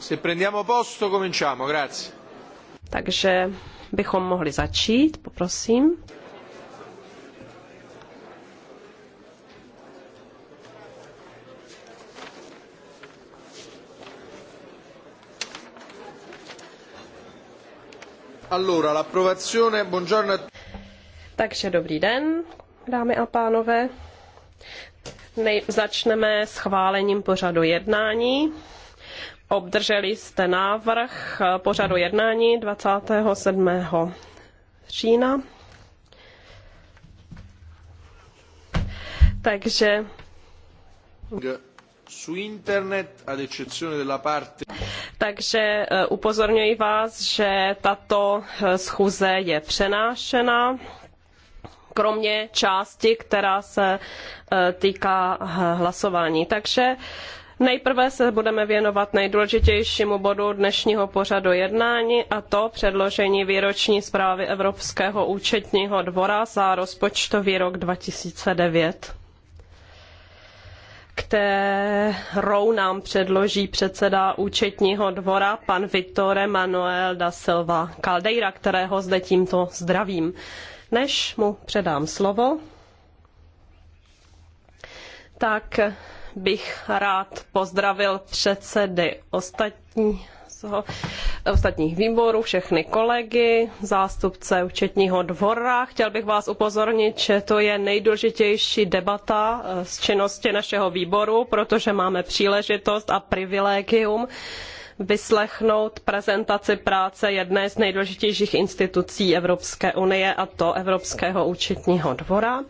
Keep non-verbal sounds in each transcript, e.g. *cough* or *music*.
Se prendiamo posto, cominciamo, grazie. Takže bychom mohli začít, poprosím. Allora, l'approvazione, buongiorno. Takže dobrý den, dámy a pánové. Nej, začneme schválením pořadu jednání. Obdrželi jste návrh pořadu jednání 27. října. Takže su internet ad eccezione della parte takže e, upozorňuji vás, že tato e, schůze je přenášena, kromě části, která se e, týká hlasování. Takže Nejprve se budeme věnovat nejdůležitějšímu bodu dnešního pořadu jednání a to předložení výroční zprávy Evropského účetního dvora za rozpočtový rok 2009 kterou nám předloží předseda účetního dvora pan Vittore Manuel da Silva Caldeira, kterého zde tímto zdravím. Než mu předám slovo, tak bych rád pozdravil předsedy ostatních výborů, všechny kolegy, zástupce účetního dvora. Chtěl bych vás upozornit, že to je nejdůležitější debata eh, z činnosti našeho výboru, protože máme příležitost a privilegium vyslechnout prezentaci práce jedné z nejdůležitějších institucí Evropské unie, a to Evropského účetního dvora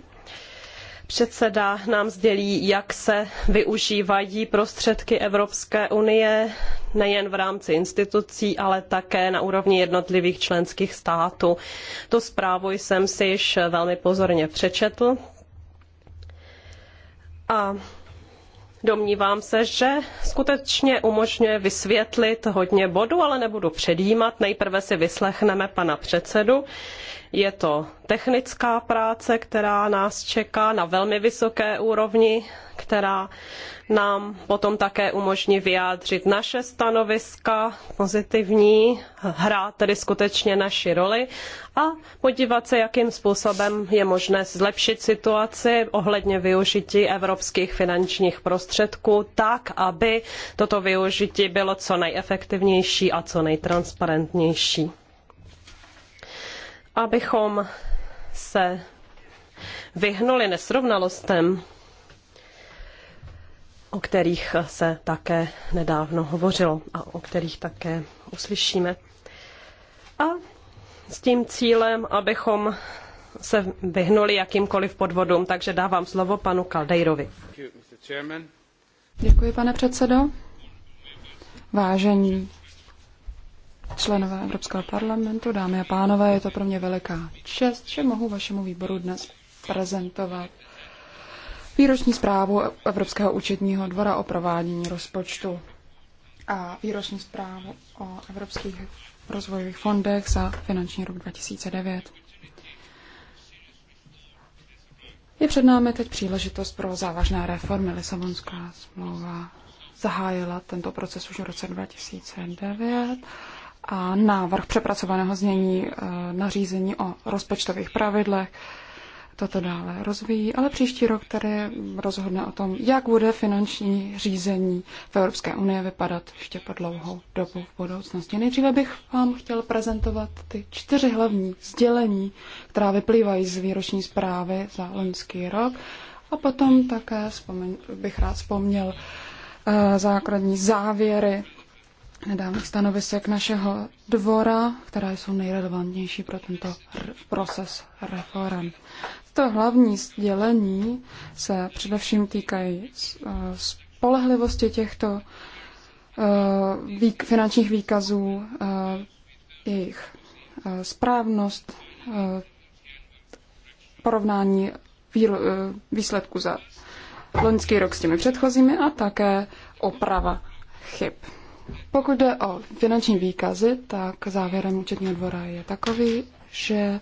předseda nám sdělí, jak se využívají prostředky Evropské unie nejen v rámci institucí, ale také na úrovni jednotlivých členských států. Tu zprávu jsem si již velmi pozorně přečetl. A Domnívám se, že skutečně umožňuje vysvětlit hodně bodů, ale nebudu předjímat. Nejprve si vyslechneme pana předsedu, je to technická práce, která nás čeká na velmi vysoké úrovni, která nám potom také umožní vyjádřit naše stanoviska pozitivní, hrát tedy skutečně naši roli a podívat se, jakým způsobem je možné zlepšit situaci ohledně využití evropských finančních prostředků tak, aby toto využití bylo co nejefektivnější a co nejtransparentnější abychom se vyhnuli nesrovnalostem, o kterých se také nedávno hovořilo a o kterých také uslyšíme. A s tím cílem, abychom se vyhnuli jakýmkoliv podvodům, takže dávám slovo panu Kaldejrovi. Děkuji, pane předsedo. Vážení členové Evropského parlamentu, dámy a pánové, je to pro mě veliká čest, že mohu vašemu výboru dnes prezentovat výroční zprávu Evropského účetního dvora o provádění rozpočtu a výroční zprávu o evropských rozvojových fondech za finanční rok 2009. Je před námi teď příležitost pro závažné reformy. Lisabonská smlouva zahájila tento proces už v roce 2009 a návrh přepracovaného znění eh, nařízení o rozpočtových pravidlech. Toto dále rozvíjí, ale příští rok tady rozhodne o tom, jak bude finanční řízení v Evropské unii vypadat ještě po dlouhou dobu v budoucnosti. Nejdříve bych vám chtěl prezentovat ty čtyři hlavní sdělení, která vyplývají z výroční zprávy za loňský rok. A potom také vzpomen, bych rád vzpomněl eh, základní závěry nedávných stanovisek našeho dvora, která jsou nejrelevantnější pro tento proces reform. To hlavní sdělení se především týkají eh, spolehlivosti těchto eh, finančních výkazů, eh, jejich správnost, porovnání výsledku za loňský rok s těmi předchozími a také oprava chyb. Pokud jde o finanční výkazy, tak závěrem účetního dvora je takový, že e,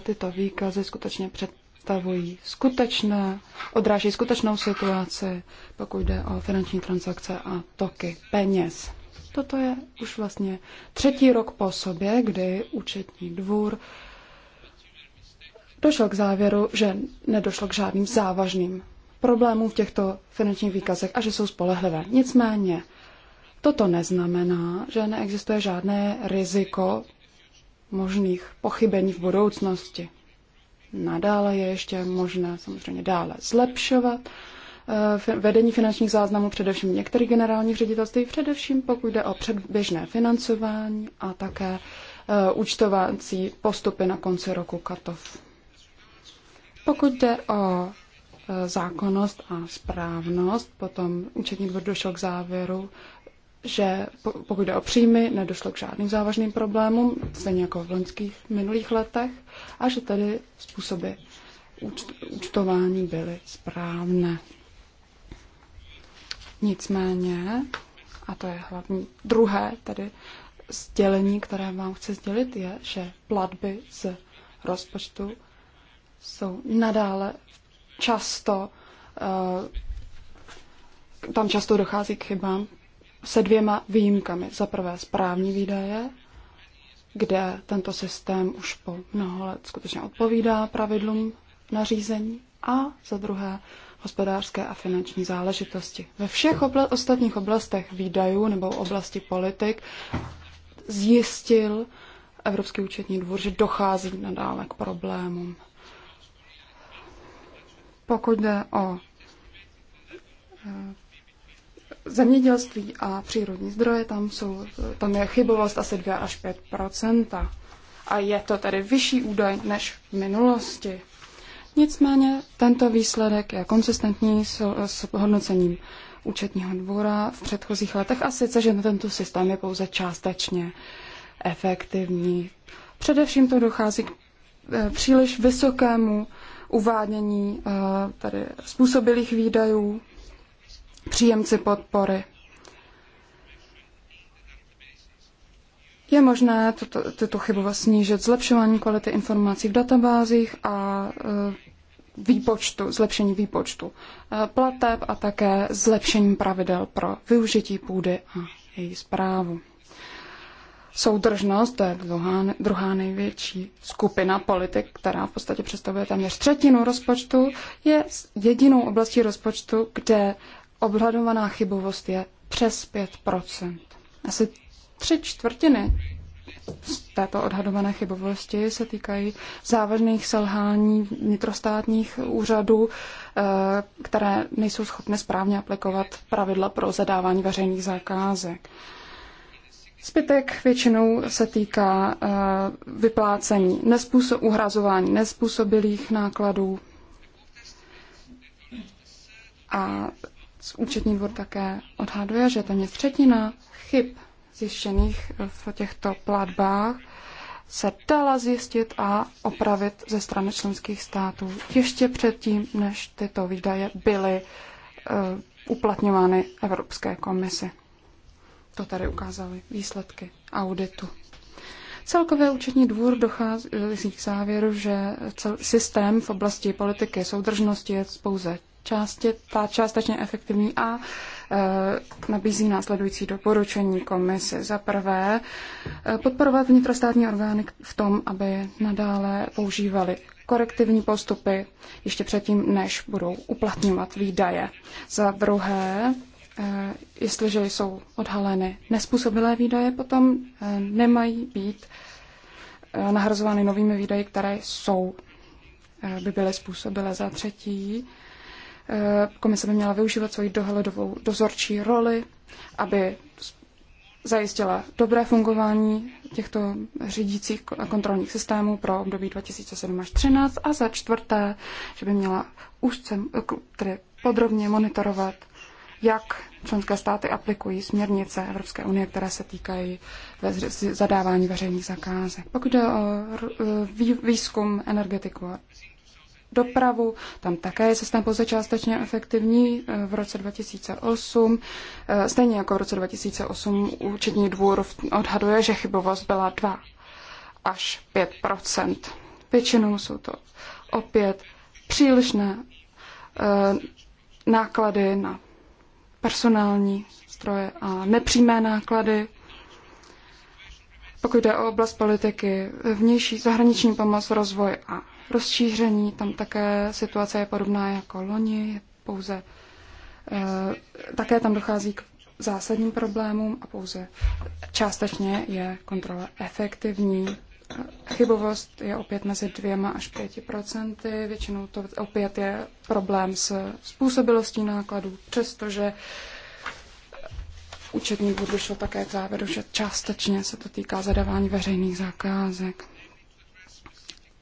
tyto výkazy skutečně představují skutečné, odráží skutečnou situaci, pokud jde o finanční transakce a toky peněz. Toto je už vlastně třetí rok po sobě, kdy účetní dvůr došel k závěru, že nedošlo k žádným závažným problémům v těchto finančních výkazech a že jsou spolehlivé. Nicméně Toto neznamená, že neexistuje žádné riziko možných pochybení v budoucnosti. Nadále je ještě možné samozřejmě dále zlepšovat eh, vedení finančních záznamů především některých generálních ředitelství, především pokud jde o předběžné financování a také eh, účtovací postupy na konci roku katov. Pokud jde o eh, zákonnost a správnost, potom účetní dvor došel k závěru, že pokud jde o příjmy, nedošlo k žádným závažným problémům, stejně jako v loňských minulých letech, a že tedy způsoby účtování byly správné. Nicméně, a to je hlavní druhé tedy sdělení, které vám chci sdělit, je, že platby z rozpočtu jsou nadále často, eh, tam často dochází k chybám, se dvěma výjimkami. Za prvé správní výdaje, kde tento systém už po mnoho let skutečně odpovídá pravidlům nařízení a za druhé hospodářské a finanční záležitosti. Ve všech obla- ostatních oblastech výdajů nebo oblasti politik zjistil Evropský účetní dvůr, že dochází nadále k problémům. Pokud jde o eh, zemědělství a přírodní zdroje, tam, jsou, tam je chybovost asi 2 až 5 A je to tedy vyšší údaj než v minulosti. Nicméně tento výsledek je konsistentní s, s hodnocením účetního dvora v předchozích letech a sice, že tento systém je pouze částečně efektivní. Především to dochází k eh, příliš vysokému uvádění eh, tady způsobilých výdajů příjemci podpory. Je možné tuto, tuto chybu snížit zlepšování kvality informací v databázích a e, výpočtu, zlepšení výpočtu e, plateb a také zlepšení pravidel pro využití půdy a její zprávu. Soudržnost, to je druhá, druhá největší skupina politik, která v podstatě představuje téměř třetinu rozpočtu, je jedinou oblastí rozpočtu, kde obhladovaná chybovost je přes 5 Asi tři čtvrtiny z této odhadované chybovosti se týkají závažných selhání vnitrostátních úřadů, eh, které nejsou schopny správně aplikovat pravidla pro zadávání veřejných zakázek. Zbytek většinou se týká eh, vyplácení nespůsob, uhrazování nespůsobilých nákladů a Účetní dvůr také odhaduje, že téměř třetina chyb zjištěných v těchto platbách se dala zjistit a opravit ze strany členských států ještě předtím, než tyto výdaje byly uh, uplatňovány Evropské komisi. To tady ukázaly výsledky auditu. Celkově účetní dvůr dochází k závěru, že systém v oblasti politiky soudržnosti je pouze část je ta částečně efektivní a e, nabízí následující doporučení komise. Za prvé, e, podporovat vnitrostátní orgány v tom, aby nadále používali korektivní postupy ještě předtím, než budou uplatňovat výdaje. Za druhé, e, jestliže jsou odhaleny nespůsobilé výdaje, potom e, nemají být e, nahrazovány novými výdaji, které jsou, by byly způsobilé. Za třetí, Komise by měla využívat svoji dohledovou dozorčí roli, aby zajistila dobré fungování těchto řídících a kontrolních systémů pro období 2007 až 2013 a za čtvrté, že by měla úzce, tedy podrobně monitorovat, jak členské státy aplikují směrnice Evropské unie, které se týkají zadávání veřejných zakázek. Pokud jde o e, výzkum, energetiku a dopravu. Tam také je systém pouze částečně efektivní eh, v roce 2008. Eh, stejně jako v roce 2008 účetní dvůr odhaduje, že chybovost byla 2 až 5 Většinou jsou to opět přílišné eh, náklady na personální stroje a nepřímé náklady. Pokud jde o oblast politiky, vnější zahraniční pomoc, rozvoj a rozšíření. Tam také situace je podobná jako loni, pouze eh, také tam dochází k zásadním problémům a pouze částečně je kontrola efektivní. Eh, chybovost je opět mezi dvěma až pěti procenty. Většinou to opět je problém s způsobilostí nákladů, přestože účetní budu šlo také k závěru, že částečně se to týká zadávání veřejných zakázek.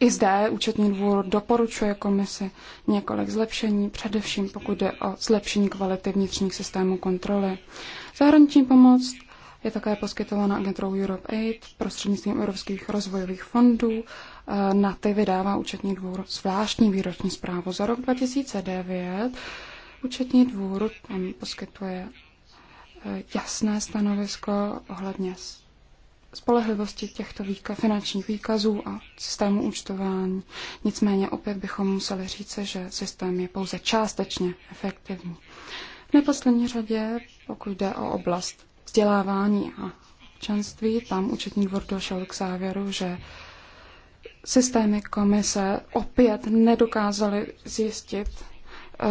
I zde účetní dvůr doporučuje komisi několik zlepšení, především pokud jde o zlepšení kvality vnitřních systémů kontroly. Zahraniční pomoc je také poskytována agenturou Europe Aid prostřednictvím evropských rozvojových fondů. E, na ty vydává účetní dvůr zvláštní výroční zprávu za rok 2009. Účetní dvůr tam poskytuje e, jasné stanovisko ohledně spolehlivosti těchto výka- finančních výkazů a systému účtování. Nicméně opět bychom museli říct, že systém je pouze částečně efektivní. V neposlední řadě, pokud jde o oblast vzdělávání a občanství, tam účetní dvor došel k závěru, že systémy komise opět nedokázaly zjistit uh,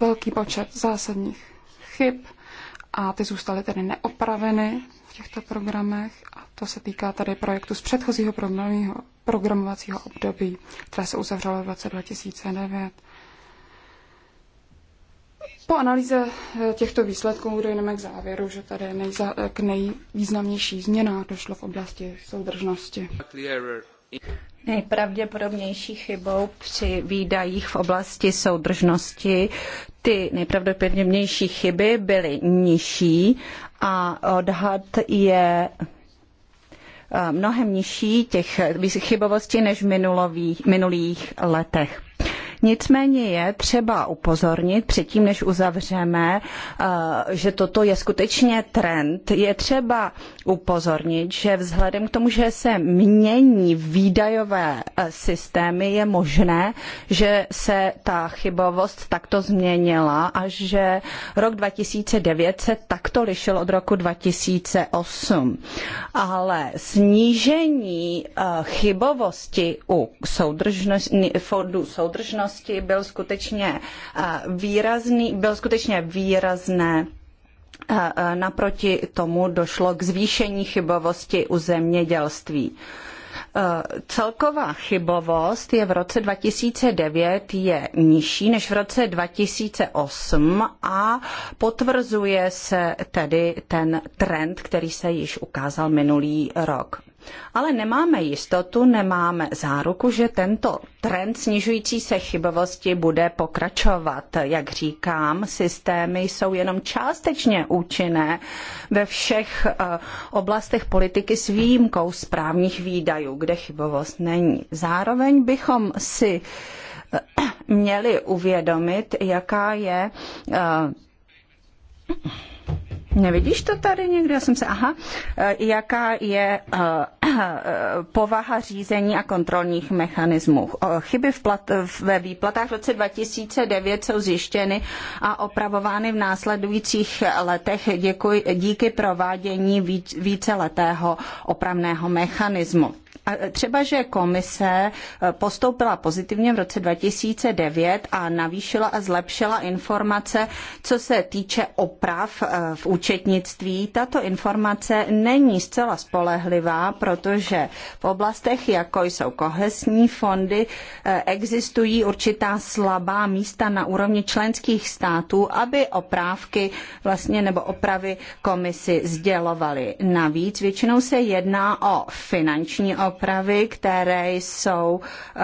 velký počet zásadních chyb a ty zůstaly tedy neopraveny těchto programech a to se týká tady projektu z předchozího programovacího období, které se uzavřelo v roce 2009. Po analýze eh, těchto výsledků dojdeme k závěru, že tady nejza, eh, k nejvýznamnější změna došlo v oblasti soudržnosti. Nejpravděpodobnější chybou při výdajích v oblasti soudržnosti ty nejpravděpodobnější chyby byly nižší a odhad je eh, mnohem nižší těch chybovostí než v minulových, minulých letech. Nicméně je třeba upozornit předtím, než uzavřeme, eh, že toto je skutečně trend. Je třeba upozornit, že vzhledem k tomu, že se mění výdajové eh, systémy, je možné, že se ta chybovost takto změnila a že rok 2009 se takto lišil od roku 2008. Ale snížení eh, chybovosti u soudržnosti, fondu soudržnosti veřejnosti byl skutečně eh, výrazný, byl skutečně výrazné eh, eh, Naproti tomu došlo k zvýšení chybovosti u zemědělství. Celková chybovost je v roce 2009 je nižší než v roce 2008 a potvrzuje se tedy ten trend, který se již ukázal minulý rok. Ale nemáme jistotu, nemáme záruku, že tento trend snižující se chybovosti bude pokračovat. Jak říkám, systémy jsou jenom částečně účinné ve všech eh, oblastech politiky s výjimkou správních výdajů, kde chybovost není. Zároveň bychom si eh, měli uvědomit, jaká je eh, Nevidíš to tady někde? Já jsem se, aha, e, jaká je e, e, povaha řízení a kontrolních mechanismů. Chyby v plat, ve výplatách v roce 2009 jsou zjištěny a opravovány v následujících letech děkuji, díky provádění víceletého opravného mechanismu třeba, že komise eh, postoupila pozitivně v roce 2009 a navýšila a zlepšila informace, co se týče oprav eh, v účetnictví. Tato informace není zcela spolehlivá, protože v oblastech, jako jsou kohesní fondy, eh, existují určitá slabá místa na úrovni členských států, aby oprávky vlastně nebo opravy komisi sdělovaly. Navíc většinou se jedná o finanční dopravy, které jsou eh,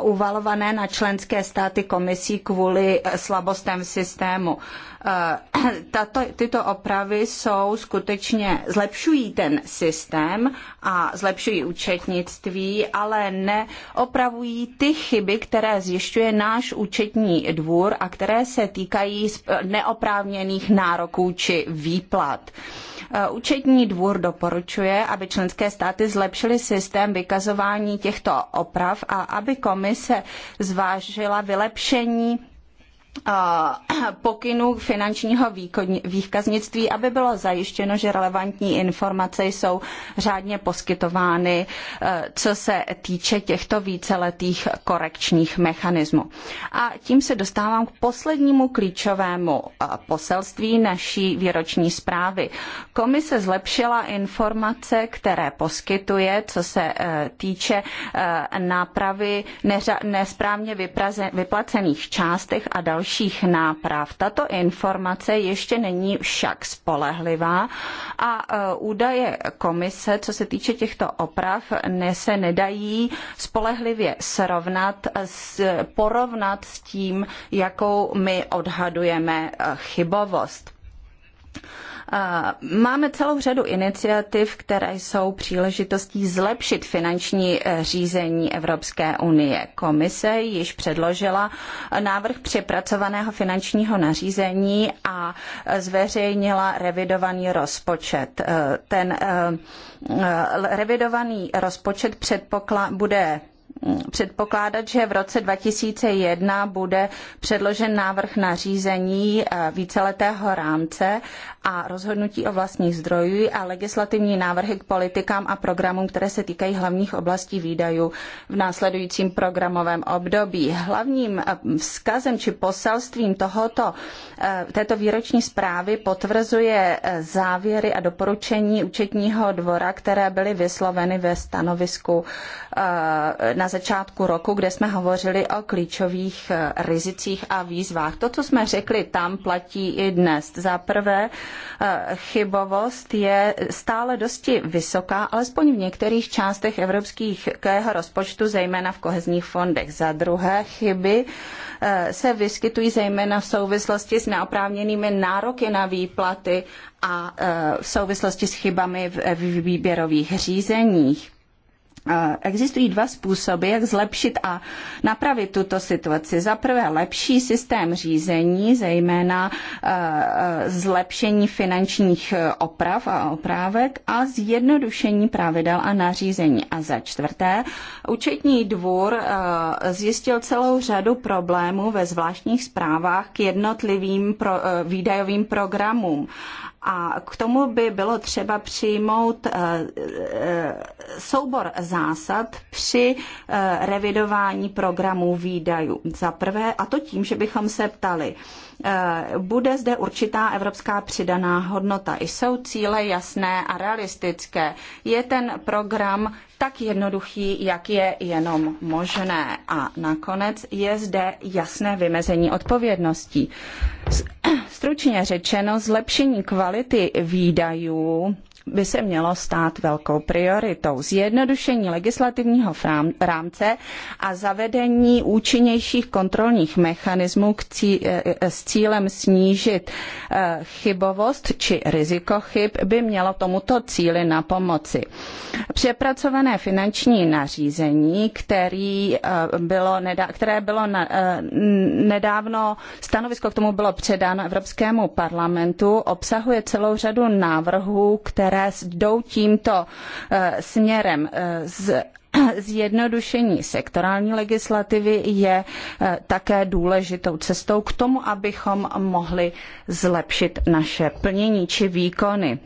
uvalované na členské státy komisí kvůli eh, slabostem systému. Eh, *clears throat* tato, tyto opravy jsou skutečně zlepšují ten systém a zlepšují účetnictví, ale neopravují ty chyby, které zjišťuje náš účetní dvůr a které se týkají neoprávněných nároků či výplat. Uh, Eh, účetní dvůr doporučuje, aby členské státy zlepšily systém vykazování těchto oprav a aby komise zvážila vylepšení *clears throat* pokynů finančního výkaznictví, aby bylo zajištěno, že relevantní informace jsou řádně poskytovány, e, co se týče těchto víceletých korekčních mechanismů. A tím se dostávám k poslednímu klíčovému e, poselství naší výroční zprávy. Komise zlepšila informace, které poskytuje, co se e, týče nápravy nesprávně vyplacených částek a dalších dalších náprav. Tato informace ještě není však spolehlivá a e, údaje komise, co se týče těchto oprav, ne, se nedají spolehlivě srovnat, porovnat s tím, jakou my odhadujeme e, chybovost. Máme celou řadu iniciativ, které jsou příležitostí zlepšit finanční eh, řízení Evropské unie. Komise již předložila eh, návrh přepracovaného finančního nařízení a eh, zveřejnila revidovaný rozpočet. Ten revidovaný rozpočet bude mm, předpokládat, že v roce 2001 bude předložen návrh nařízení víceletého rámce a rozhodnutí o vlastních zdrojů a legislativní návrhy k politikám a programům, které se týkají hlavních oblastí výdajů v následujícím programovém období. Hlavním eh, vzkazem či poselstvím tohoto, eh, této výroční zprávy potvrzuje eh, závěry a doporučení účetního dvora, které byly vysloveny ve stanovisku na začátku roku, kde jsme hovořili o klíčových rizicích a výzvách. To, co jsme řekli tam, platí i dnes. Za prvé, Eh, chybovost je stále dosti vysoká, alespoň v některých částech evropských rozpočtu, zejména v kohezních fondech. Za druhé, chyby eh, se vyskytují zejména v souvislosti s neoprávněnými nároky na výplaty a eh, v souvislosti s chybami v výběrových řízeních. Eh, existují dva způsoby, jak zlepšit a napravit tuto situaci. Za prvé lepší systém řízení, zejména eh, eh, zlepšení finančních oprav a oprávek a zjednodušení pravidel a nařízení. A za čtvrté, účetní dvůr zjistil celou řadu problémů ve zvláštních zprávách k jednotlivým výdajovým programům. A k tomu by bylo třeba přijmout eh, eh, soubor zásad při eh, revidování programů výdajů. Za prvé, a to tím, že bychom se ptali, bude zde určitá evropská přidaná hodnota. Jsou cíle jasné a realistické. Je ten program tak jednoduchý, jak je jenom možné. A nakonec je zde jasné vymezení odpovědností. *clears throat* Stručně řečeno, zlepšení kvality výdajů by se mělo stát velkou prioritou. Zjednodušení legislativního rámce a zavedení účinnějších kontrolních mechanismů cí, e, e, s cílem snížit e, chybovost či riziko chyb by mělo tomuto cíli na pomoci. Přepracované finanční nařízení, který bylo nedá, které bylo na, nedávno, stanovisko k tomu bylo předáno Evropskému parlamentu, obsahuje celou řadu návrhů, které které jdou tímto eh, směrem eh, z *clears throat* Zjednodušení sektorální legislativy je eh, také důležitou cestou k tomu, abychom mohli zlepšit naše plnění či výkony.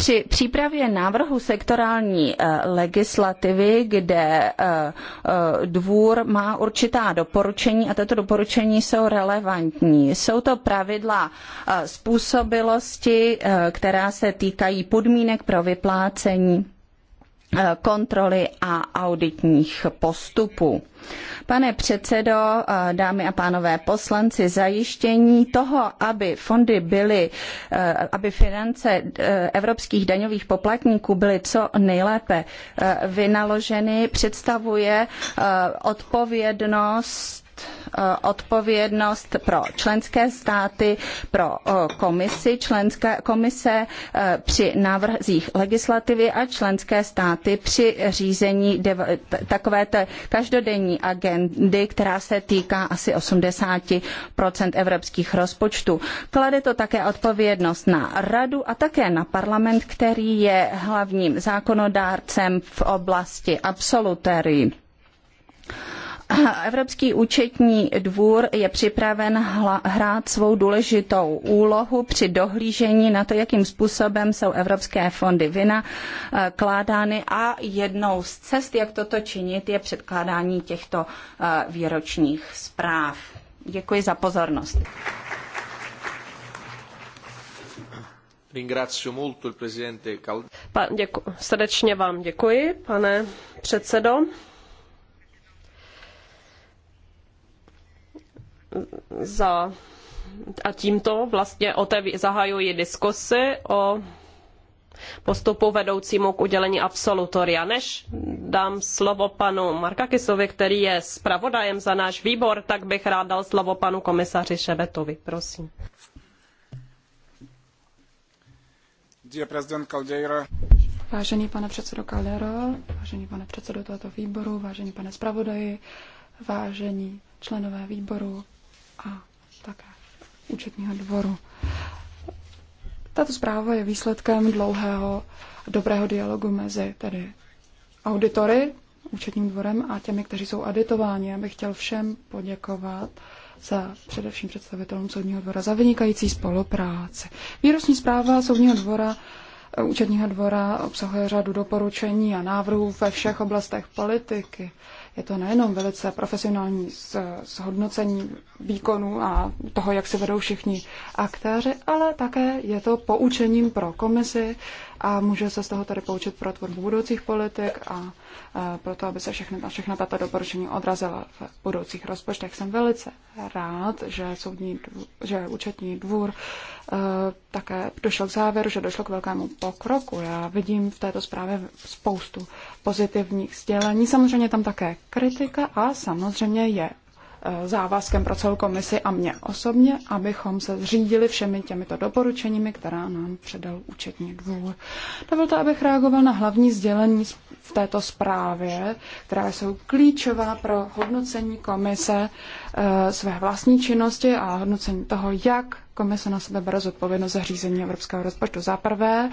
Při přípravě návrhu sektorální eh, legislativy, kde eh, eh, dvůr má určitá doporučení a tato doporučení jsou relevantní. Jsou to pravidla způsobilosti, která se týkají podmínek pro vyplácení Eh, kontroly a auditních postupů. Pane předsedo, eh, dámy a pánové poslanci, zajištění toho, aby fondy byly, eh, aby finance evropských daňových poplatníků byly co nejlépe vynaloženy, představuje odpovědnost Eh, odpovědnost pro členské státy, pro eh, komisi, členské komise eh, při návrzích legislativy a členské státy při řízení takové té každodenní agendy, která se týká asi 80 evropských rozpočtů. Klade to také odpovědnost na radu a také na parlament, který je hlavním zákonodárcem v oblasti absolutérii. *coughs* Evropský účetní dvůr je připraven hrát svou důležitou úlohu při dohlížení na to, jakým způsobem jsou evropské fondy vynakládány eh, a jednou z cest, jak toto činit, je předkládání těchto eh, výročních zpráv. Děkuji za pozornost. Pa, děku, srdečně vám děkuji, pane předsedo. za a tímto vlastně oteví, zahajuji diskusy o postupu vedoucímu k udělení absolutoria. Než dám slovo panu Markakisovi, který je zpravodajem za náš výbor, tak bych rád dal slovo panu komisaři Šebetovi. Prosím. Vážený pane předsedo Caldero, vážený pane předsedo tohoto výboru, vážený pane zpravodaji, vážení členové výboru, a také účetního dvoru. Tato zpráva je výsledkem dlouhého dobrého dialogu mezi tedy auditory, účetním dvorem a těmi, kteří jsou aditováni. Já bych chtěl všem poděkovat za především představitelům Soudního dvora za vynikající spolupráci. Výroční zpráva Soudního dvora eh, Účetního dvora obsahuje řadu doporučení a návrhů ve všech oblastech politiky. Je to nejenom velice profesionální zhodnocení výkonu a toho, jak se vedou všichni aktéři, ale také je to poučením pro komisi a může se z toho tady poučit pro tvorbu budoucích politik a pro to, aby se všechny, všechna tato doporučení odrazila v budoucích rozpočtech. Jsem velice rád, že, soudní, že účetní dvůr eh, také došel k závěru, že došlo k velkému pokroku. Já vidím v této zprávě spoustu pozitivních sdělení. Samozřejmě tam také kritika a samozřejmě je Eh, závazkem pro celou komisi a mě osobně, abychom se zřídili všemi těmito doporučeními, která nám předal účetní dvůr. Dovolte, abych reagoval na hlavní sdělení v této zprávě, která jsou klíčová pro hodnocení komise eh, své vlastní činnosti a hodnocení toho, jak komise na sebe bere zodpovědnost za řízení evropského rozpočtu. Za prvé,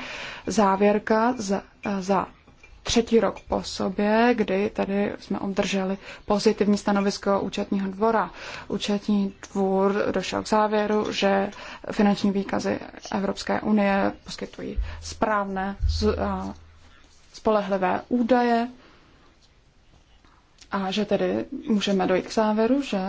závěrka eh, za, za třetí rok po sobě, kdy tady jsme obdrželi pozitivní stanovisko účetního dvora. Účetní dvůr došel k závěru, že finanční výkazy Evropské unie poskytují správné, spolehlivé údaje a že tedy můžeme dojít k závěru, že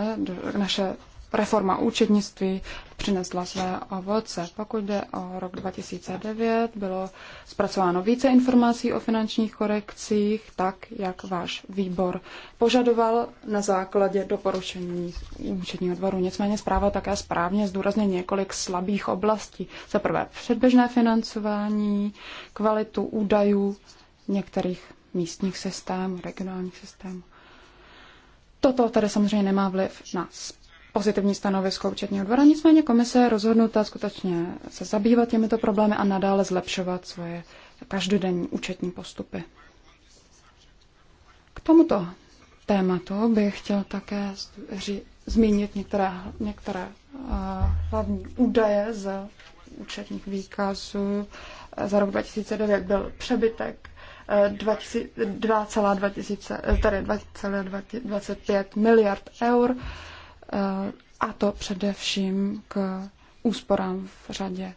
naše reforma účetnictví přinesla své ovoce. Pokud jde o rok 2009, bylo zpracováno více informací o finančních korekcích, tak jak váš výbor požadoval na základě doporučení účetního dvoru. Nicméně zpráva také správně zdůrazně několik slabých oblastí. Za prvé předběžné financování, kvalitu údajů některých místních systémů, regionálních systémů. Toto tady samozřejmě nemá vliv na pozitivní stanovisko účetního dvora, nicméně komise je rozhodnuta skutečně se zabývat těmito problémy a nadále zlepšovat svoje každodenní účetní postupy. K tomuto tématu bych chtěl také zmínit některé, některé uh, hlavní údaje z účetních výkazů. Za rok 2009 byl přebytek 2,25 eh, eh, miliard eur Eh, a to především k úsporám v řadě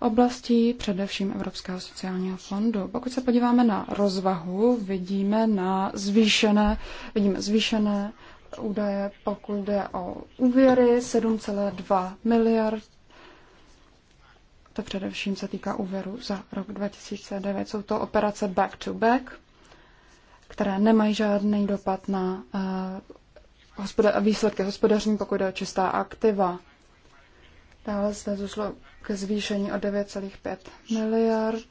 oblastí, především Evropského sociálního fondu. Pokud se podíváme na rozvahu, vidíme na zvýšené, vidíme zvýšené údaje, pokud jde o úvěry 7,2 miliard. To především se týká úvěru za rok 2009. Jsou to operace back-to-back, které nemají žádný dopad na uh, hospoda- výsledky hospodaření, pokud je o čistá aktiva. Dále se zůstalo ke zvýšení o 9,5 miliard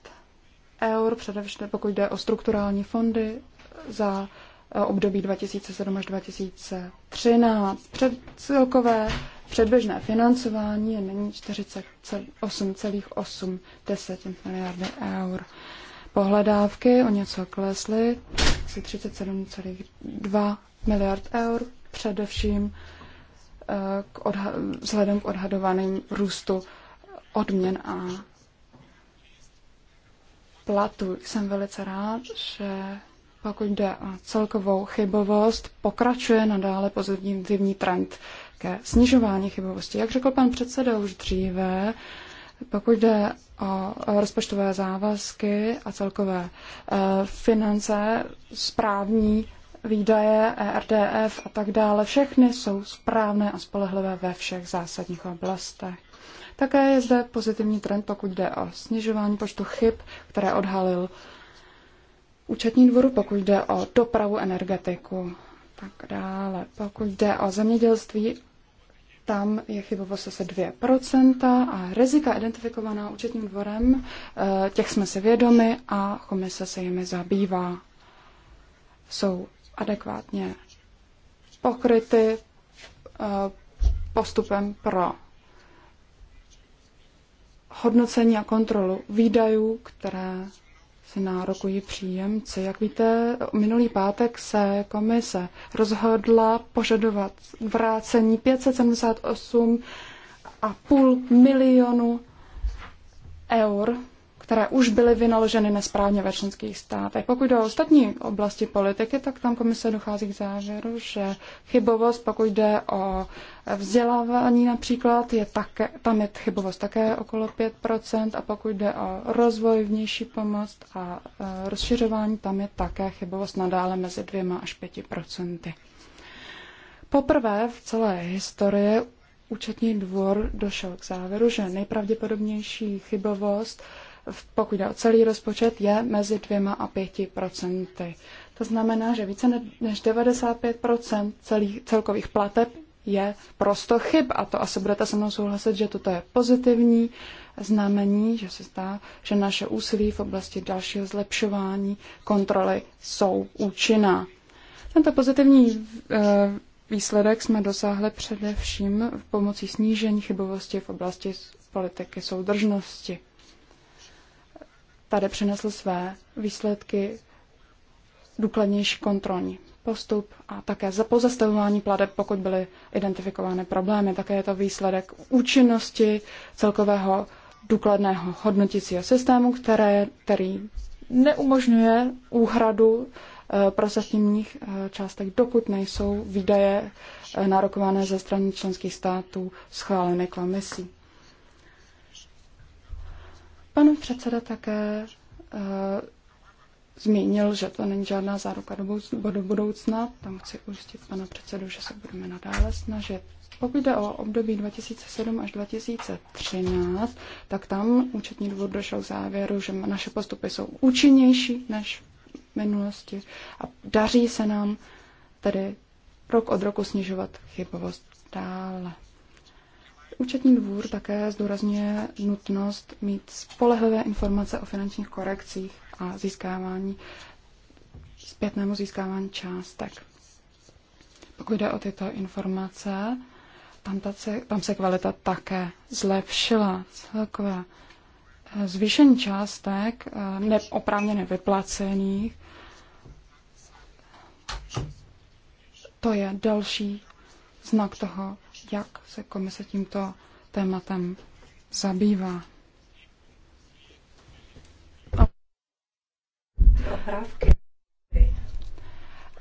eur, především pokud jde o strukturální fondy za eh, období 2007 až 2013. Před celkové předběžné financování je nyní 48,8 miliardy eur. Pohledávky o něco klesly, asi 37,2 miliard eur především eh, k odha- vzhledem k odhadovaným růstu odměn a platu. Jsem velice rád, že pokud jde o celkovou chybovost, pokračuje nadále pozitivní trend ke snižování chybovosti. Jak řekl pan předseda už dříve, pokud jde o rozpočtové závazky a celkové eh, finance, správní výdaje, ERDF a tak dále, všechny jsou správné a spolehlivé ve všech zásadních oblastech. Také je zde pozitivní trend, pokud jde o snižování počtu chyb, které odhalil účetní dvoru, pokud jde o dopravu, energetiku, tak dále. Pokud jde o zemědělství, tam je chybovost asi 2% a rizika identifikovaná účetním dvorem, eh, těch jsme si vědomi a komise se jimi zabývá. Jsou adekvátně pokryty eh, postupem pro hodnocení a kontrolu výdajů, které si nárokují příjemci. Jak víte, minulý pátek se komise rozhodla požadovat vrácení 578,5 milionu eur které už byly vynaloženy nesprávně ve členských státech. Pokud jde o ostatní oblasti politiky, tak tam komise dochází k závěru, že chybovost, pokud jde o vzdělávání například, je také, tam je chybovost také okolo 5%, a pokud jde o rozvoj, vnější pomoc a e, rozšiřování, tam je také chybovost nadále mezi 2 až 5%. Poprvé v celé historii účetní dvor došel k závěru, že nejpravděpodobnější chybovost pokud jde o celý rozpočet, je mezi dvěma a pěti procenty. To znamená, že více než 95 celých, celkových plateb je prosto chyb. A to asi budete se mnou souhlasit, že toto je pozitivní znamení, že se zdá, že naše úsilí v oblasti dalšího zlepšování kontroly jsou účinná. Tento pozitivní eh, výsledek jsme dosáhli především v pomocí snížení chybovosti v oblasti politiky soudržnosti tady přinesl své výsledky důkladnější kontrolní postup a také za pozastavování pladeb, pokud byly identifikovány problémy. Také je to výsledek účinnosti celkového důkladného hodnotícího systému, které, který neumožňuje úhradu eh, procesních eh, částek, dokud nejsou výdaje eh, nárokované ze strany členských států schváleny komisí. Pan předseda také uh, zmínil, že to není žádná záruka do budoucna. Tam chci ujistit pana předsedu, že se budeme nadále snažit. Pokud jde o období 2007 až 2013, tak tam účetní důvod došel k závěru, že naše postupy jsou účinnější než v minulosti a daří se nám tedy rok od roku snižovat chybovost dále. Účetní dvůr také zdůrazňuje nutnost mít spolehlivé informace o finančních korekcích a získávání zpětnému získávání částek. Pokud jde o tyto informace, tam, ta se, tam se kvalita také zlepšila. Celkové eh, zvýšení částek eh, neoprávně nevyplacených, to je další znak toho, jak se komise tímto tématem zabývá. Opravky.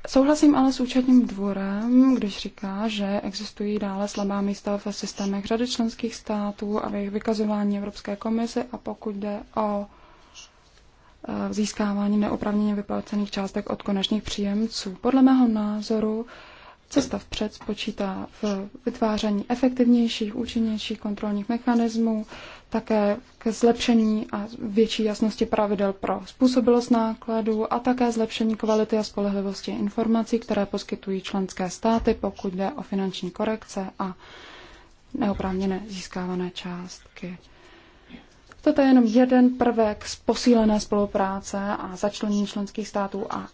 Souhlasím ale s účetním dvorem, když říká, že existují dále slabá místa ve systémech řady členských států a v jejich vykazování Evropské komise a pokud jde o e, získávání neopravněně vyplacených částek od konečných příjemců. Podle mého názoru cesta vpřed spočítá v vytváření efektivnějších, účinnějších kontrolních mechanismů, také ke zlepšení a větší jasnosti pravidel pro způsobilost nákladů a také zlepšení kvality a spolehlivosti informací, které poskytují členské státy, pokud jde o finanční korekce a neoprávněné získávané částky. Toto je jenom jeden prvek z posílené spolupráce a začlenění členských států a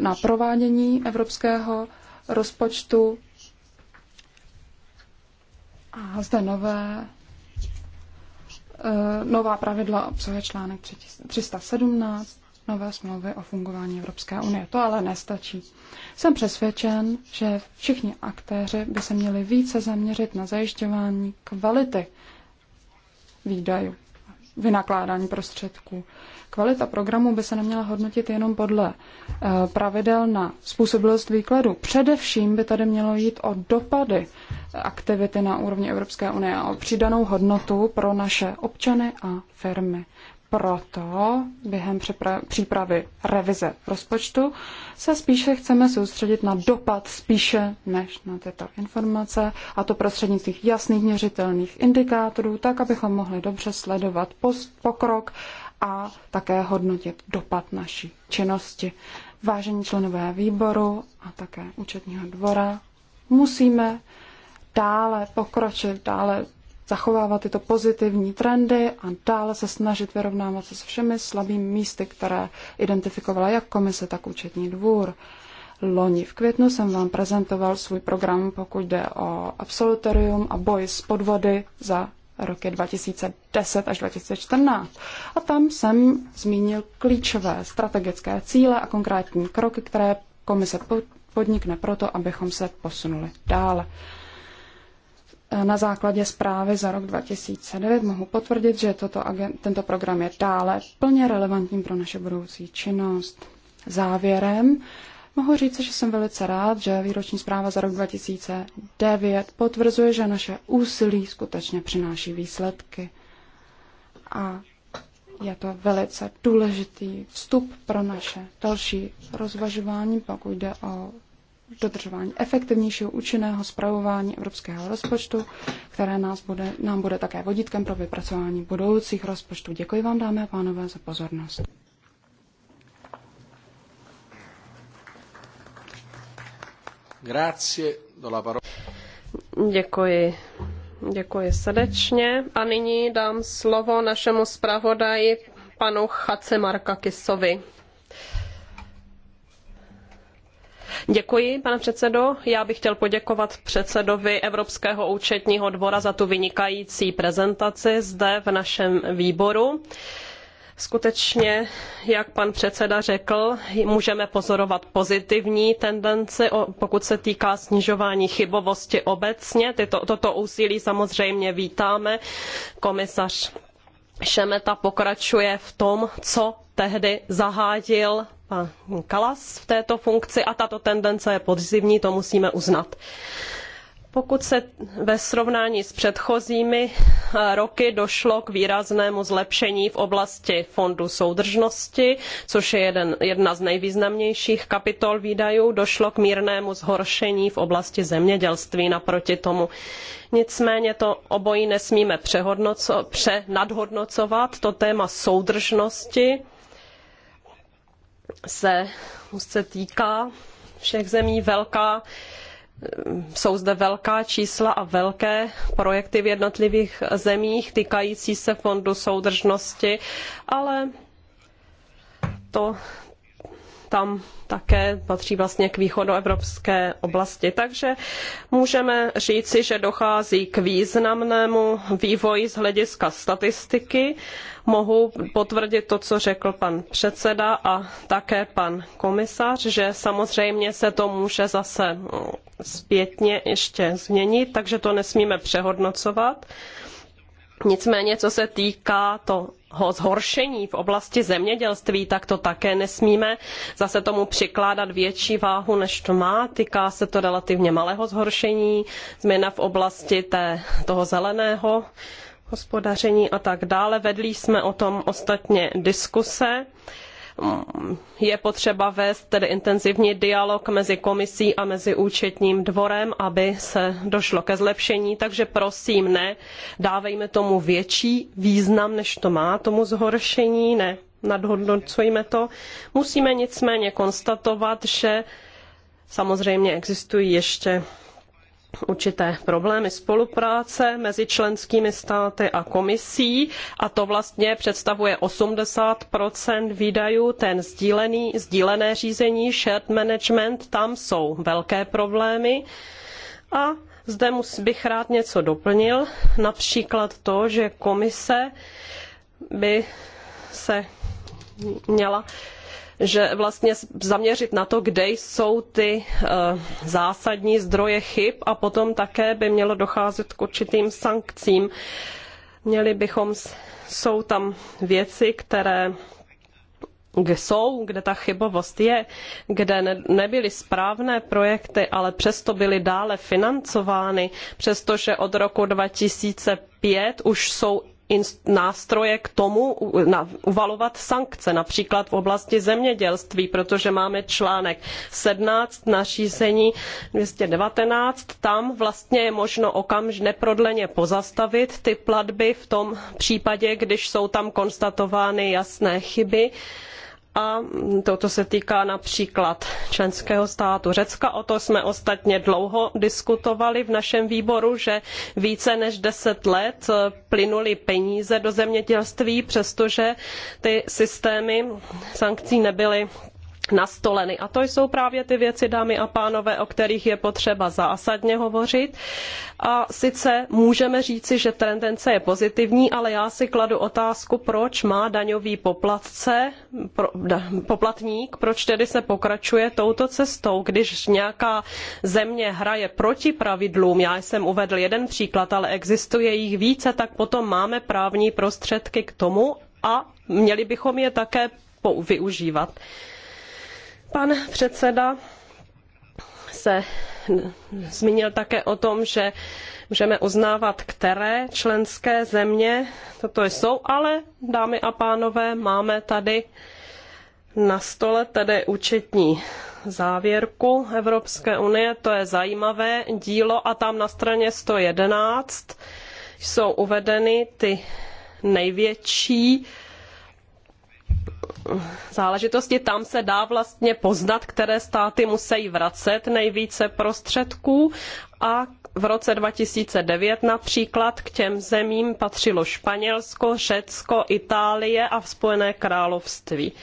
na provádění evropského rozpočtu a zde nové eh, nová pravidla obsahuje článek 317 nové smlouvy o fungování Evropské unie. To ale nestačí. Jsem přesvědčen, že všichni aktéři by se měli více zaměřit na zajišťování kvality výdajů vynakládání prostředků. Kvalita programu by se neměla hodnotit jenom podle eh, pravidel na způsobilost výkladu. Především by tady mělo jít o dopady eh, aktivity na úrovni Evropské unie a o přidanou hodnotu pro naše občany a firmy proto během přípravy revize rozpočtu se spíše chceme soustředit na dopad spíše než na tyto informace, a to prostřednictvím jasných měřitelných indikátorů, tak abychom mohli dobře sledovat post, pokrok a také hodnotit dopad naší činnosti. Vážení členové výboru a také účetního dvora, musíme dále pokročit, dále zachovávat tyto pozitivní trendy a dále se snažit vyrovnávat se s všemi slabými místy, které identifikovala jak komise, tak účetní dvůr. Loni v květnu jsem vám prezentoval svůj program, pokud jde o absolutorium a boj s podvody za roky 2010 až 2014. A tam jsem zmínil klíčové strategické cíle a konkrétní kroky, které komise podnikne proto, abychom se posunuli dále na základě zprávy za rok 2009 mohu potvrdit, že toto, tento program je dále plně relevantním pro naše budoucí činnost. Závěrem mohu říct, že jsem velice rád, že výroční zpráva za rok 2009 potvrzuje, že naše úsilí skutečně přináší výsledky. A je to velice důležitý vstup pro naše další rozvažování, pokud jde o dodržování efektivnějšího účinného zpravování evropského rozpočtu, které nás bude, nám bude také vodítkem pro vypracování budoucích rozpočtů. Děkuji vám, dámy a pánové, za pozornost. Grazie, do la parola. Děkuji. Děkuji srdečně. A nyní dám slovo našemu zpravodaji panu Chace Marka Kisovi. Děkuji, pane předsedo. Já bych chtěl poděkovat předsedovi Evropského účetního dvora za tu vynikající prezentaci zde v našem výboru. Skutečně, jak pan předseda řekl, můžeme pozorovat pozitivní tendenci, pokud se týká snižování chybovosti obecně. Tyto, toto úsilí samozřejmě vítáme. Komisař Šemeta pokračuje v tom, co tehdy zahájil pan Kalas v této funkci a tato tendence je podzimní, to musíme uznat. Pokud se ve srovnání s předchozími eh, roky došlo k výraznému zlepšení v oblasti fondu soudržnosti, což je jeden, jedna z nejvýznamnějších kapitol výdajů, došlo k mírnému zhoršení v oblasti zemědělství naproti tomu. Nicméně to obojí nesmíme pře nadhodnocovat, to téma soudržnosti se, úzce týká všech zemí velká, jsou zde velká čísla a velké projekty v jednotlivých zemích týkající se fondu soudržnosti, ale to tam také patří vlastně k východoevropské oblasti. Takže můžeme říci, že dochází k významnému vývoji z hlediska statistiky Mohu potvrdit to, co řekl pan předseda a také pan komisař, že samozřejmě se to může zase mm, zpětně ještě změnit, takže to nesmíme přehodnocovat. Nicméně, co se týká toho zhoršení v oblasti zemědělství, tak to také nesmíme zase tomu přikládat větší váhu, než to má. Týká se to relativně malého zhoršení, změna v oblasti té, toho zeleného hospodaření a tak dále. Vedli jsme o tom ostatně diskuse. Je potřeba vést tedy intenzivní dialog mezi komisí a mezi účetním dvorem, aby se došlo ke zlepšení, takže prosím ne, dávejme tomu větší význam, než to má tomu zhoršení, ne, nadhodnocujme to. Musíme nicméně konstatovat, že samozřejmě existují ještě určité problémy spolupráce mezi členskými státy a komisí a to vlastně představuje 80 výdajů, ten sdílený, sdílené řízení, shared management, tam jsou velké problémy a zde bych rád něco doplnil, například to, že komise by se měla že vlastně zaměřit na to, kde jsou ty eh, zásadní zdroje chyb a potom také by mělo docházet k určitým sankcím. Měli bychom, jsou tam věci, které kde jsou, kde ta chybovost je, kde nebyly správné projekty, ale přesto byly dále financovány, přestože od roku 2005 už jsou nástroje k tomu uvalovat sankce, například v oblasti zemědělství, protože máme článek 17 nařízení 219, tam vlastně je možno okamž neprodleně pozastavit ty platby v tom případě, když jsou tam konstatovány jasné chyby. Uh, a toto se týká například členského státu Řecka. O to jsme ostatně dlouho diskutovali v našem výboru, že více než deset let plynuly peníze do zemědělství, přestože ty systémy sankcí nebyly nastoleny. A to jsou právě ty věci, dámy a pánové, o kterých je potřeba zásadně hovořit. A sice můžeme říci, že tendence je pozitivní, ale já si kladu otázku, proč má daňový poplatce, pro, da, poplatník, proč tedy se pokračuje touto cestou, když nějaká země hraje proti pravidlům. Já jsem uvedl jeden příklad, ale existuje jich více, tak potom máme právní prostředky k tomu a měli bychom je také využívat. Pan předseda se zmínil také o tom, že můžeme uznávat, které členské země toto jsou, ale dámy a pánové, máme tady na stole tedy účetní závěrku Evropské unie, to je zajímavé dílo a tam na straně 111 jsou uvedeny ty největší záležitosti. Tam se dá vlastně poznat, které státy musí vracet nejvíce prostředků a v roce 2009 například k těm zemím patřilo Španělsko, Řecko, Itálie a Spojené království. Uh,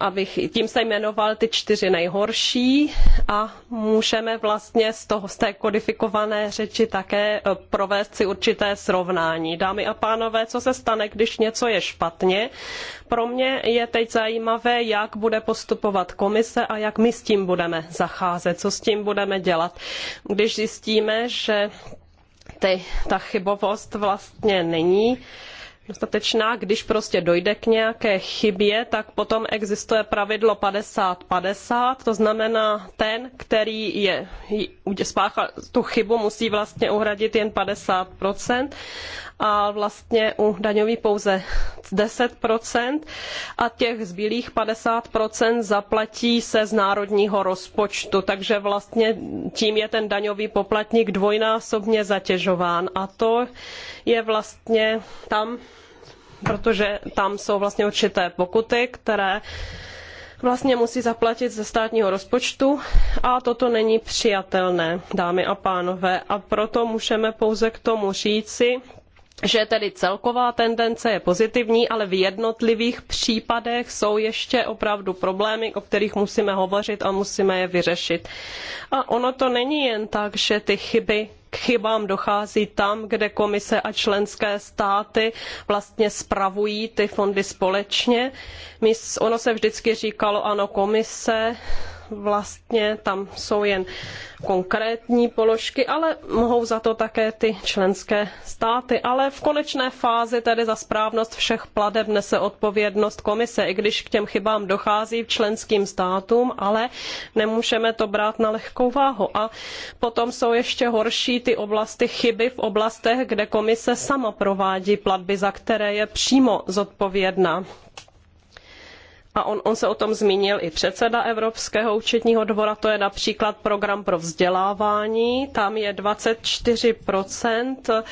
abych tím se jmenoval ty čtyři nejhorší a můžeme vlastně z, toho, z té kodifikované řeči také eh, provést si určité srovnání. Dámy a pánové, co se stane, když něco je špatně? Pro mě je teď zajímavé, jak bude postupovat komise a jak my s tím budeme zacházet, co s tím budeme dělat. Když zjistíme, že ty, ta chybovost vlastně není, dostatečná, když prostě dojde k nějaké chybě, tak potom existuje pravidlo 50-50, to znamená ten, který je, spáchal tu chybu, musí vlastně uhradit jen 50% a vlastně u daňový pouze 10% a těch zbylých 50% zaplatí se z národního rozpočtu, takže vlastně tím je ten daňový poplatník dvojnásobně zatěžován a to je vlastně tam protože tam jsou vlastně určité pokuty, které vlastně musí zaplatit ze státního rozpočtu a toto není přijatelné, dámy a pánové. A proto můžeme pouze k tomu říci, že tedy celková tendence je pozitivní, ale v jednotlivých případech jsou ještě opravdu problémy, o kterých musíme hovořit a musíme je vyřešit. A ono to není jen tak, že ty chyby k chybám dochází tam, kde komise a členské státy vlastně spravují ty fondy společně. Ono se vždycky říkalo, ano, komise vlastně tam jsou jen konkrétní položky, ale mohou za to také ty členské státy. Ale v konečné fázi tedy za správnost všech pladeb nese odpovědnost komise, i když k těm chybám dochází v členským státům, ale nemůžeme to brát na lehkou váhu. A potom jsou ještě horší ty oblasti chyby v oblastech, kde komise sama provádí platby, za které je přímo zodpovědná a on, on se o tom zmínil i předseda Evropského účetního dvora, to je například program pro vzdělávání, tam je 24%,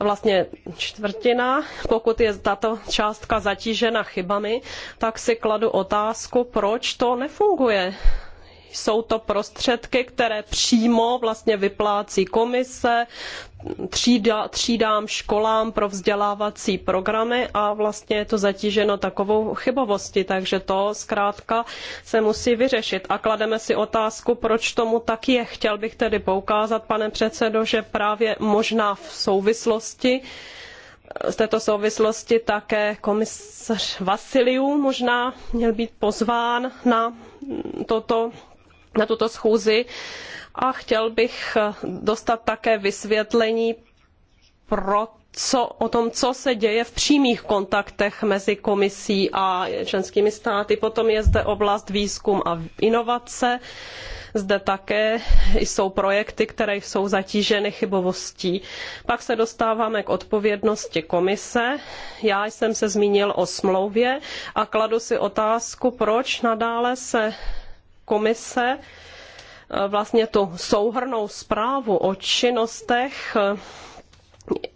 vlastně čtvrtina, pokud je tato částka zatížena chybami, tak si kladu otázku, proč to nefunguje jsou to prostředky, které přímo vlastně vyplácí komise třída, třídám, školám pro vzdělávací programy a vlastně je to zatíženo takovou chybovostí, takže to zkrátka se musí vyřešit. A klademe si otázku, proč tomu tak je. Chtěl bych tedy poukázat, pane předsedo, že právě možná v souvislosti z této souvislosti také komisař Vasiliu možná měl být pozván na toto na tuto schůzi a chtěl bych dostat také vysvětlení pro co, o tom, co se děje v přímých kontaktech mezi komisí a členskými státy. Potom je zde oblast výzkum a inovace. Zde také jsou projekty, které jsou zatíženy chybovostí. Pak se dostáváme k odpovědnosti komise. Já jsem se zmínil o smlouvě a kladu si otázku, proč nadále se komise eh, vlastně tu souhrnou zprávu o činnostech eh,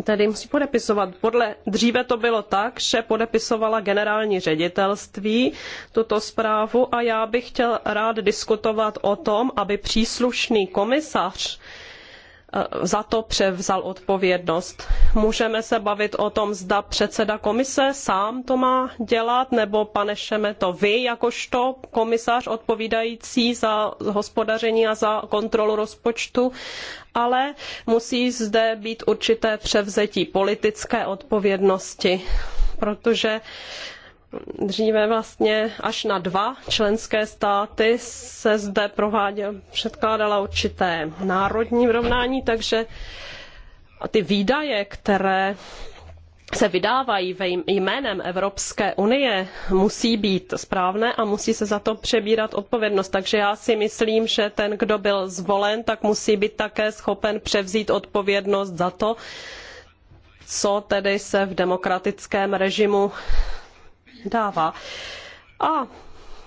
tedy musí podepisovat. Podle, dříve to bylo tak, že podepisovala generální ředitelství tuto zprávu a já bych chtěl rád diskutovat o tom, aby příslušný komisař Eh, za to převzal odpovědnost. Můžeme se bavit o tom, zda předseda komise sám to má dělat, nebo pane Šemeto, vy jakožto komisař odpovídající za hospodaření a za kontrolu rozpočtu, ale musí zde být určité převzetí politické odpovědnosti, protože Dříve vlastně až na dva členské státy se zde prováděl, předkládala určité národní vyrovnání, takže ty výdaje, které se vydávají ve jménem Evropské unie, musí být správné a musí se za to přebírat odpovědnost. Takže já si myslím, že ten, kdo byl zvolen, tak musí být také schopen převzít odpovědnost za to, co tedy se v demokratickém režimu dává. A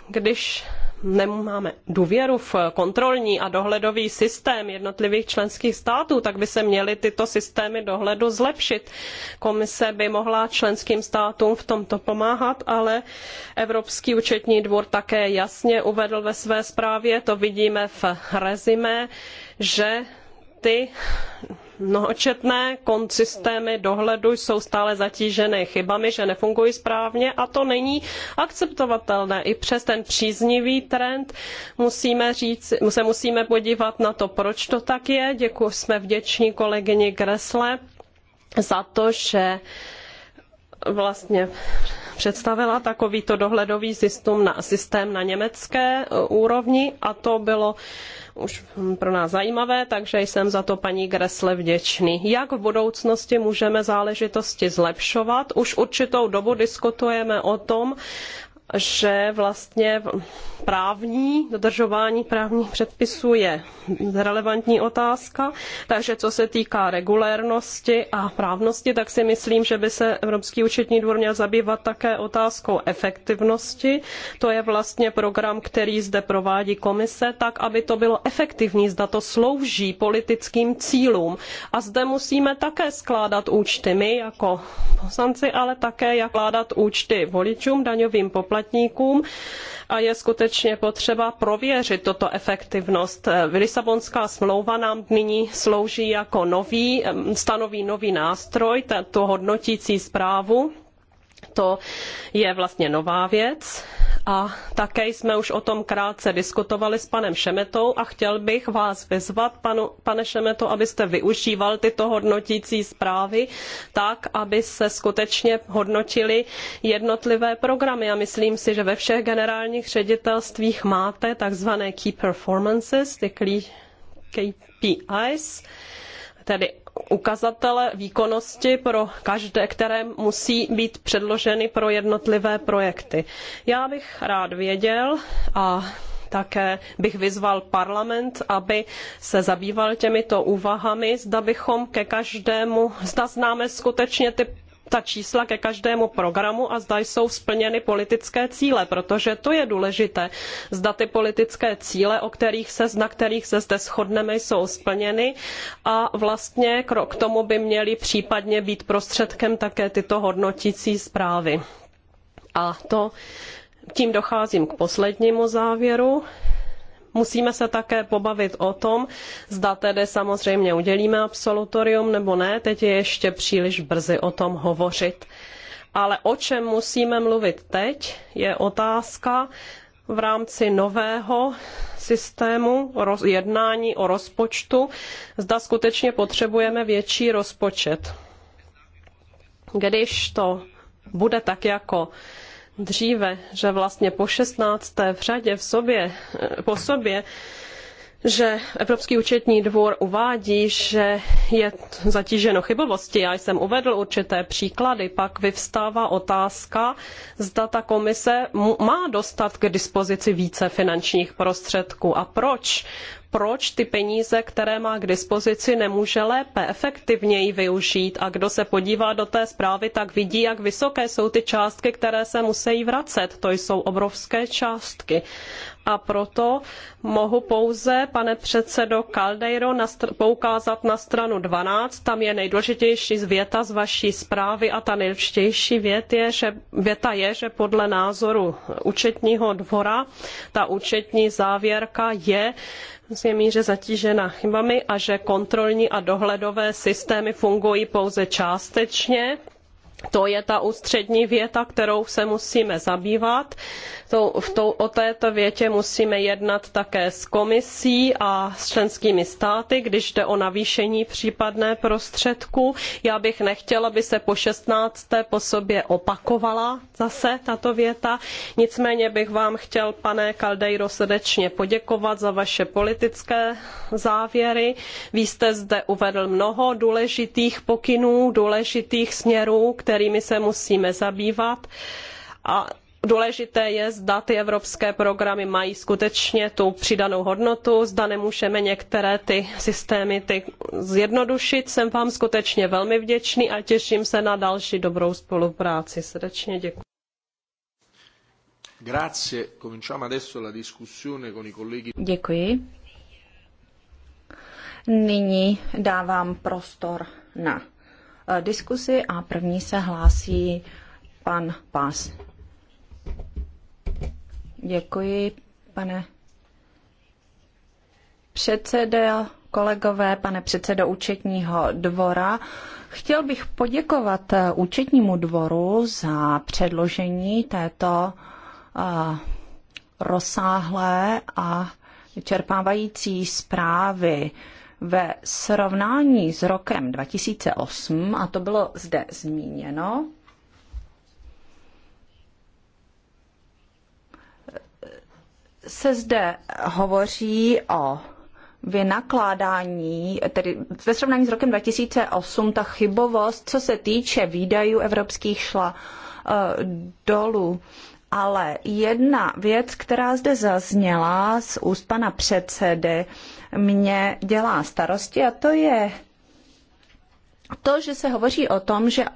když nemáme důvěru v kontrolní a dohledový systém jednotlivých členských států, tak by se měly tyto systémy dohledu zlepšit. Komise by mohla členským státům v tomto pomáhat, ale Evropský účetní dvůr také jasně uvedl ve své zprávě, to vidíme v rezime, že ty Mnohočetné systémy dohledu jsou stále zatíženy chybami, že nefungují správně a to není akceptovatelné. I přes ten příznivý trend musíme říct, se musíme podívat na to, proč to tak je. Děkuji, jsme vděční kolegyni Gresle za to, že vlastně představila takovýto dohledový systém na, německé e, úrovni a to bylo už pro nás zajímavé, takže jsem za to paní Gresle vděčný. Jak v budoucnosti můžeme záležitosti zlepšovat? Už určitou dobu diskutujeme o tom, že vlastně právní, dodržování právních předpisů je relevantní otázka, takže co se týká regulérnosti a právnosti, tak si myslím, že by se Evropský účetní dvůr měl zabývat také otázkou efektivnosti. To je vlastně program, který zde provádí komise, tak aby to bylo efektivní, zda to slouží politickým cílům. A zde musíme také skládat účty my jako poslanci, ale také jak skládat účty voličům, daňovým poplatníkům poplatníkům a je skutečně potřeba prověřit tuto efektivnost. Lisabonská smlouva nám nyní slouží jako nový, stanoví nový nástroj, tu hodnotící zprávu to je vlastně nová věc a také jsme už o tom krátce diskutovali s panem Šemetou a chtěl bych vás vyzvat, panu, pane Šemeto, abyste využíval tyto hodnotící zprávy tak, aby se skutečně hodnotily jednotlivé programy. A myslím si, že ve všech generálních ředitelstvích máte takzvané key performances, ty KPIs, tedy ukazatele výkonnosti pro každé, které musí být předloženy pro jednotlivé projekty. Já bych rád věděl a také bych vyzval parlament, aby se zabýval těmito úvahami, zda bychom ke každému, zda známe skutečně ty ta čísla ke každému programu a zda jsou splněny politické cíle, protože to je důležité. Zda ty politické cíle, o kterých se, na kterých se zde shodneme, jsou splněny a vlastně k tomu by měly případně být prostředkem také tyto hodnotící zprávy. A to tím docházím k poslednímu závěru Musíme se také pobavit o tom, zda tedy samozřejmě udělíme absolutorium nebo ne, teď je ještě příliš brzy o tom hovořit. Ale o čem musíme mluvit teď, je otázka v rámci nového systému jednání o rozpočtu, zda skutečně potřebujeme větší rozpočet. Když to bude tak jako dříve, že vlastně po 16. v řadě v sobě, po sobě že Evropský účetní dvůr uvádí, že je zatíženo chybovosti. Já jsem uvedl určité příklady, pak vyvstává otázka, zda ta komise má dostat k dispozici více finančních prostředků a proč proč ty peníze, které má k dispozici, nemůže lépe, efektivněji využít. A kdo se podívá do té zprávy, tak vidí, jak vysoké jsou ty částky, které se musí vracet. To jsou obrovské částky. A proto mohu pouze, pane předsedo Caldeiro, poukázat na stranu 12. Tam je nejdůležitější věta z vaší zprávy a ta nejdůležitější vět je, že, věta je, že podle názoru účetního dvora ta účetní závěrka je je míře zatížena chybami a že kontrolní a dohledové systémy fungují pouze částečně. To je ta ústřední věta, kterou se musíme zabývat v to, o této větě musíme jednat také s komisí a s členskými státy, když jde o navýšení případné prostředku. Já bych nechtěla, aby se po 16. po sobě opakovala zase tato věta. Nicméně bych vám chtěl, pane Caldeiro, srdečně poděkovat za vaše politické závěry. Vy jste zde uvedl mnoho důležitých pokynů, důležitých směrů, kterými se musíme zabývat a důležité je, zda ty evropské programy mají skutečně tu přidanou hodnotu, zda nemůžeme některé ty systémy ty zjednodušit. Jsem vám skutečně velmi vděčný a těším se na další dobrou spolupráci. Srdečně děkuji. Grazie. Cominciamo adesso la discussione con i colleghi. Děkuji. Nyní dávám prostor na eh, diskusi a první se hlásí pan Pás. Děkuji, pane předsedo, kolegové, pane předsedo účetního dvora. Chtěl bych poděkovat eh, účetnímu dvoru za předložení této eh, rozsáhlé a čerpávající zprávy ve srovnání s rokem 2008, a to bylo zde zmíněno, se zde hovoří o vynakládání, tedy ve srovnání s rokem 2008, ta chybovost, co se týče výdajů evropských, šla uh, dolů. Ale jedna věc, která zde zazněla z úst pana předsedy, mě dělá starosti a to je to, že se hovoří o tom, že e,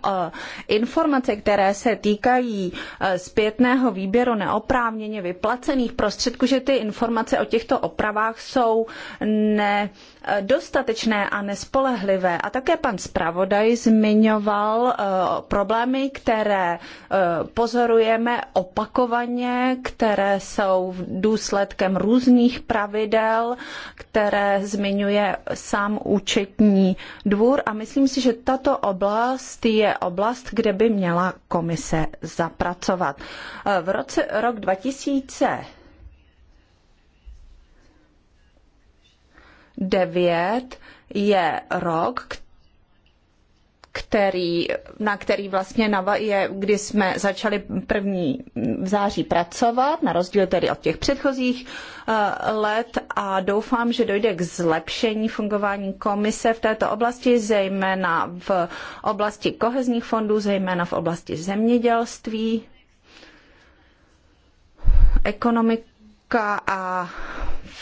informace, které se týkají e, zpětného výběru neoprávněně vyplacených prostředků, že ty informace o těchto opravách jsou nedostatečné a nespolehlivé. A také pan zpravodaj zmiňoval e, problémy, které pozorujeme opakovaně, které jsou důsledkem různých pravidel, které zmiňuje sám účetní dvůr. A myslím si, že tato oblast je oblast, kde by měla komise zapracovat. V roce, rok 2000 9 je rok, který, na který vlastně je, kdy jsme začali první v září pracovat, na rozdíl tedy od těch předchozích eh, let a doufám, že dojde k zlepšení fungování komise v této oblasti, zejména v oblasti kohezních fondů, zejména v oblasti zemědělství, ekonomika a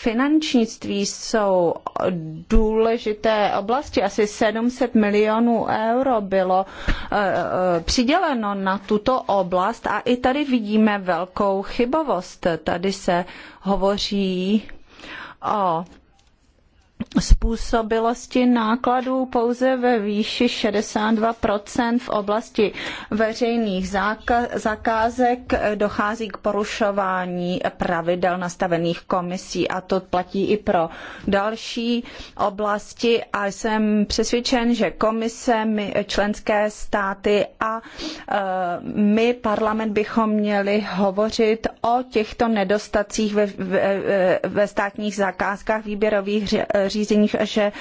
finančnictví jsou důležité oblasti. Asi 700 milionů euro bylo eh, eh, přiděleno na tuto oblast a i tady vidíme velkou chybovost. Tady se hovoří o způsobilosti nákladů pouze ve výši 62% v oblasti veřejných zakázek dochází k porušování pravidel nastavených komisí a to platí i pro další oblasti a jsem přesvědčen, že komise, my, členské státy a e, my, parlament, bychom měli hovořit o těchto nedostacích ve, ve, ve státních zakázkách výběrových řízení nařízeních, že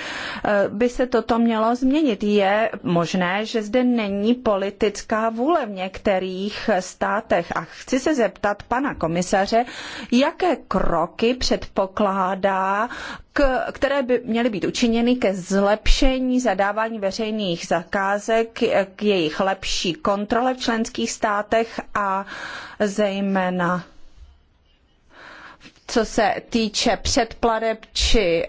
eh, by se toto mělo změnit. Je možné, že zde není politická vůle v některých státech. A chci se zeptat pana komisaře, jaké kroky předpokládá k, které by měly být učiněny ke zlepšení zadávání veřejných zakázek, k jejich lepší kontrole v členských státech a zejména co se týče předplateb či eh,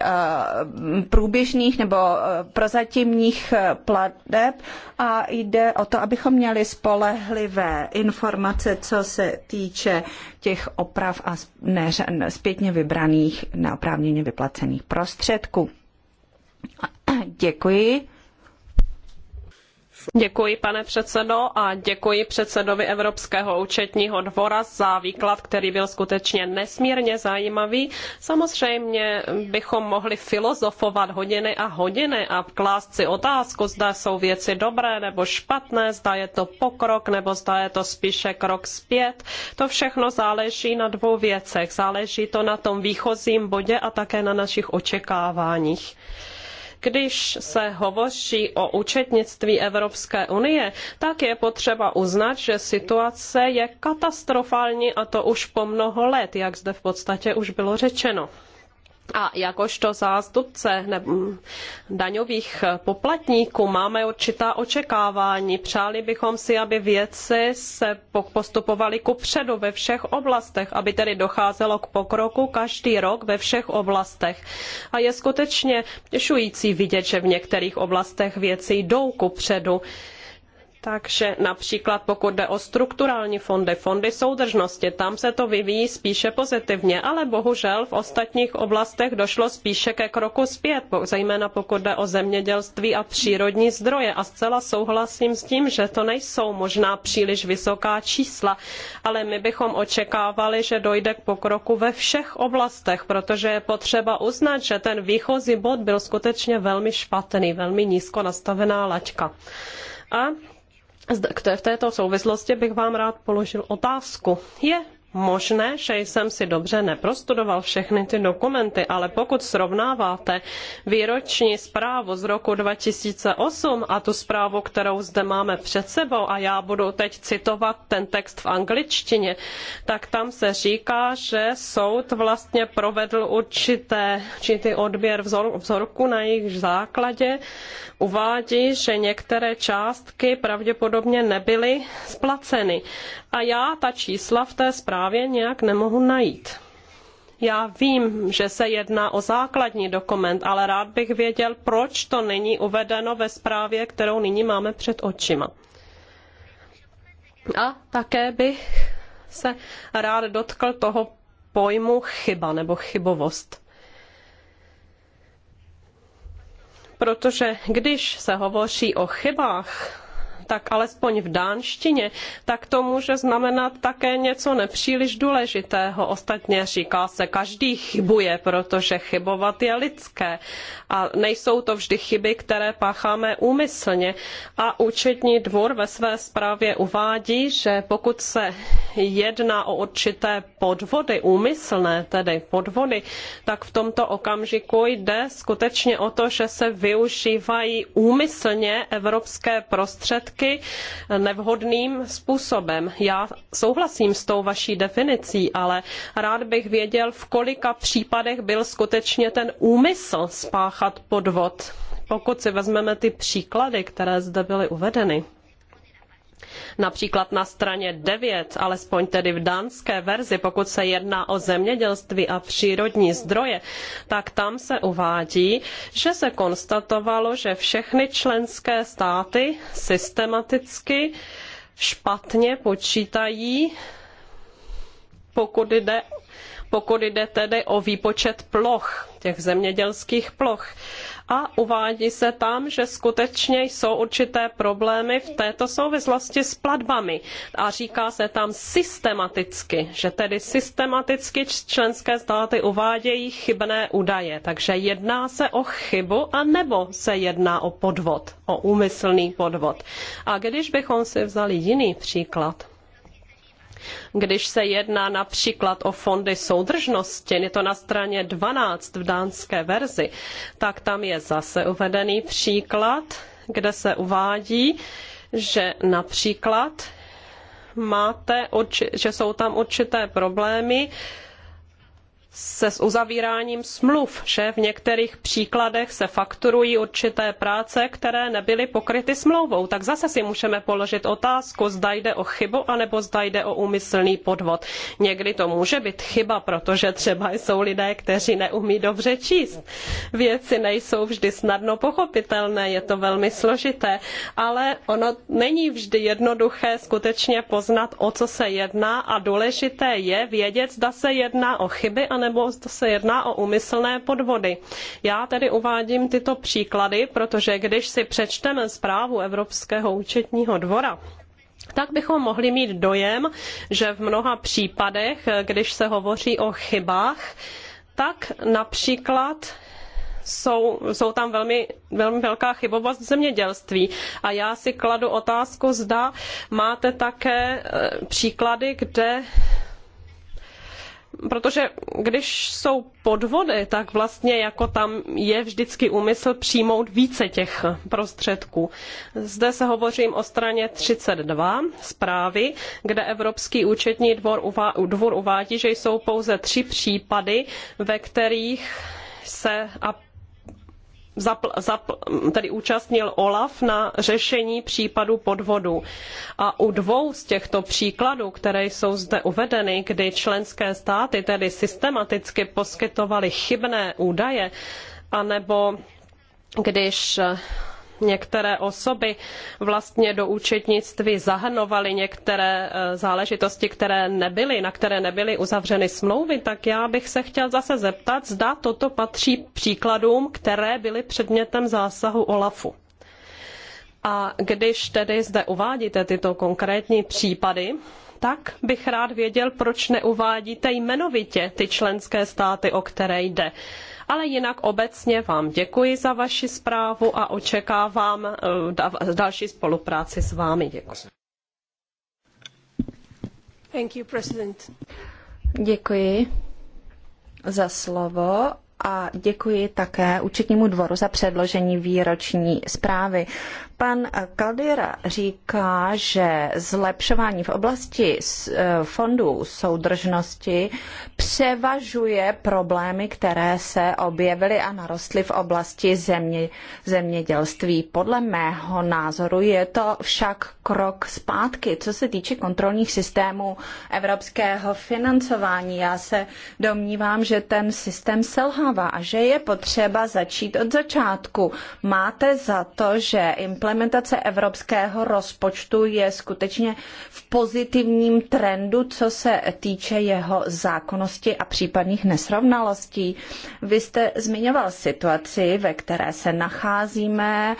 průběžných nebo eh, prozatímních eh, plateb a jde o to, abychom měli spolehlivé informace, co se týče těch oprav a zpětně vybraných neoprávněně vyplacených prostředků. *clears throat* Děkuji. Děkuji, pane předsedo, a děkuji předsedovi Evropského účetního dvora za výklad, který byl skutečně nesmírně zajímavý. Samozřejmě bychom mohli filozofovat hodiny a hodiny a klást si otázku, zda jsou věci dobré nebo špatné, zda je to pokrok nebo zda je to spíše krok zpět. To všechno záleží na dvou věcech. Záleží to na tom výchozím bodě a také na našich očekáváních. Když se hovoří o účetnictví Evropské unie, tak je potřeba uznat, že situace je katastrofální a to už po mnoho let, jak zde v podstatě už bylo řečeno. A jakožto zástupce daňových poplatníků máme určitá očekávání. Přáli bychom si, aby věci se postupovaly kupředu ve všech oblastech, aby tedy docházelo k pokroku každý rok ve všech oblastech. A je skutečně těšující vidět, že v některých oblastech věci jdou kupředu. předu takže například pokud jde o strukturální fondy, fondy soudržnosti, tam se to vyvíjí spíše pozitivně, ale bohužel v ostatních oblastech došlo spíše ke kroku zpět, zejména pokud jde o zemědělství a přírodní zdroje. A zcela souhlasím s tím, že to nejsou možná příliš vysoká čísla, ale my bychom očekávali, že dojde k pokroku ve všech oblastech, protože je potřeba uznat, že ten výchozí bod byl skutečně velmi špatný, velmi nízko nastavená laťka. A v této souvislosti bych vám rád položil otázku. Je možné, že jsem si dobře neprostudoval všechny ty dokumenty, ale pokud srovnáváte výroční zprávu z roku 2008 a tu zprávu, kterou zde máme před sebou, a já budu teď citovat ten text v angličtině, tak tam se říká, že soud vlastně provedl určité, určitý odběr vzor, vzorku na jejich základě, uvádí, že některé částky pravděpodobně nebyly splaceny. A já ta čísla v té zprávě zprávě nějak nemohu najít. Já vím, že se jedná o základní dokument, ale rád bych věděl, proč to není uvedeno ve zprávě, kterou nyní máme před očima. A také bych se rád dotkl toho pojmu chyba nebo chybovost. Protože když se hovoří o chybách, tak alespoň v dánštině, tak to může znamenat také něco nepříliš důležitého. Ostatně říká se, každý chybuje, protože chybovat je lidské. A nejsou to vždy chyby, které pácháme úmyslně. A účetní dvůr ve své zprávě uvádí, že pokud se jedná o určité podvody, úmyslné tedy podvody, tak v tomto okamžiku jde skutečně o to, že se využívají úmyslně evropské prostředky prostředky nevhodným způsobem. Já souhlasím s tou vaší definicí, ale rád bych věděl, v kolika případech byl skutečně ten úmysl spáchat podvod. Pokud si vezmeme ty příklady, které zde byly uvedeny. Například na straně 9, alespoň tedy v dánské verzi, pokud se jedná o zemědělství a přírodní zdroje, tak tam se uvádí, že se konstatovalo, že všechny členské státy systematicky špatně počítají pokud jde pokud jde tedy o výpočet ploch, těch zemědělských ploch. A uvádí se tam, že skutečně jsou určité problémy v této souvislosti s platbami. A říká se tam systematicky, že tedy systematicky členské státy uvádějí chybné údaje. Takže jedná se o chybu a nebo se jedná o podvod, o úmyslný podvod. A když bychom si vzali jiný příklad, když se jedná například o fondy soudržnosti, je to na straně 12 v dánské verzi, tak tam je zase uvedený příklad, kde se uvádí, že například máte, že jsou tam určité problémy, se s uzavíráním smluv, že v některých příkladech se fakturují určité práce, které nebyly pokryty smlouvou. Tak zase si můžeme položit otázku, zda jde o chybu, anebo zda jde o úmyslný podvod. Někdy to může být chyba, protože třeba jsou lidé, kteří neumí dobře číst. Věci nejsou vždy snadno pochopitelné, je to velmi složité, ale ono není vždy jednoduché skutečně poznat, o co se jedná a důležité je vědět, zda se jedná o chyby, anebo nebo zda se jedná o úmyslné podvody. Já tedy uvádím tyto příklady, protože když si přečteme zprávu Evropského účetního dvora, tak bychom mohli mít dojem, že v mnoha případech, když se hovoří o chybách, tak například jsou, jsou tam velmi, velmi velká chybovost v zemědělství. A já si kladu otázku, zda máte také eh, příklady, kde protože když jsou podvody, tak vlastně jako tam je vždycky úmysl přijmout více těch prostředků. Zde se hovořím o straně 32 zprávy, kde Evropský účetní dvor, uvá, dvor uvádí, že jsou pouze tři případy, ve kterých se a tedy účastnil OLAF na řešení případu podvodu. A u dvou z těchto příkladů, které jsou zde uvedeny, kdy členské státy tedy systematicky poskytovaly chybné údaje, anebo když některé osoby vlastně do účetnictví zahrnovaly některé eh, záležitosti, které nebyly, na které nebyly uzavřeny smlouvy, tak já bych se chtěl zase zeptat, zda toto patří příkladům, které byly předmětem zásahu OLAFu. A když tedy zde uvádíte tyto konkrétní případy, tak bych rád věděl, proč neuvádíte jmenovitě ty členské státy, o které jde ale jinak obecně vám děkuji za vaši zprávu a očekávám eh, další spolupráci s vámi. Děkuji. Thank you, President. Děkuji za slovo a děkuji také účetnímu dvoru za předložení výroční zprávy. Pan Caldera říká, že zlepšování v oblasti eh, fondů soudržnosti převažuje problémy, které se objevily a narostly v oblasti země, zemědělství. Podle mého názoru je to však krok zpátky, co se týče kontrolních systémů evropského financování. Já se domnívám, že ten systém selhává a že je potřeba začít od začátku. Máte za to, že implementace implementace evropského rozpočtu je skutečně v pozitivním trendu, co se týče jeho zákonnosti a případných nesrovnalostí. Vy jste zmiňoval situaci, ve které se nacházíme,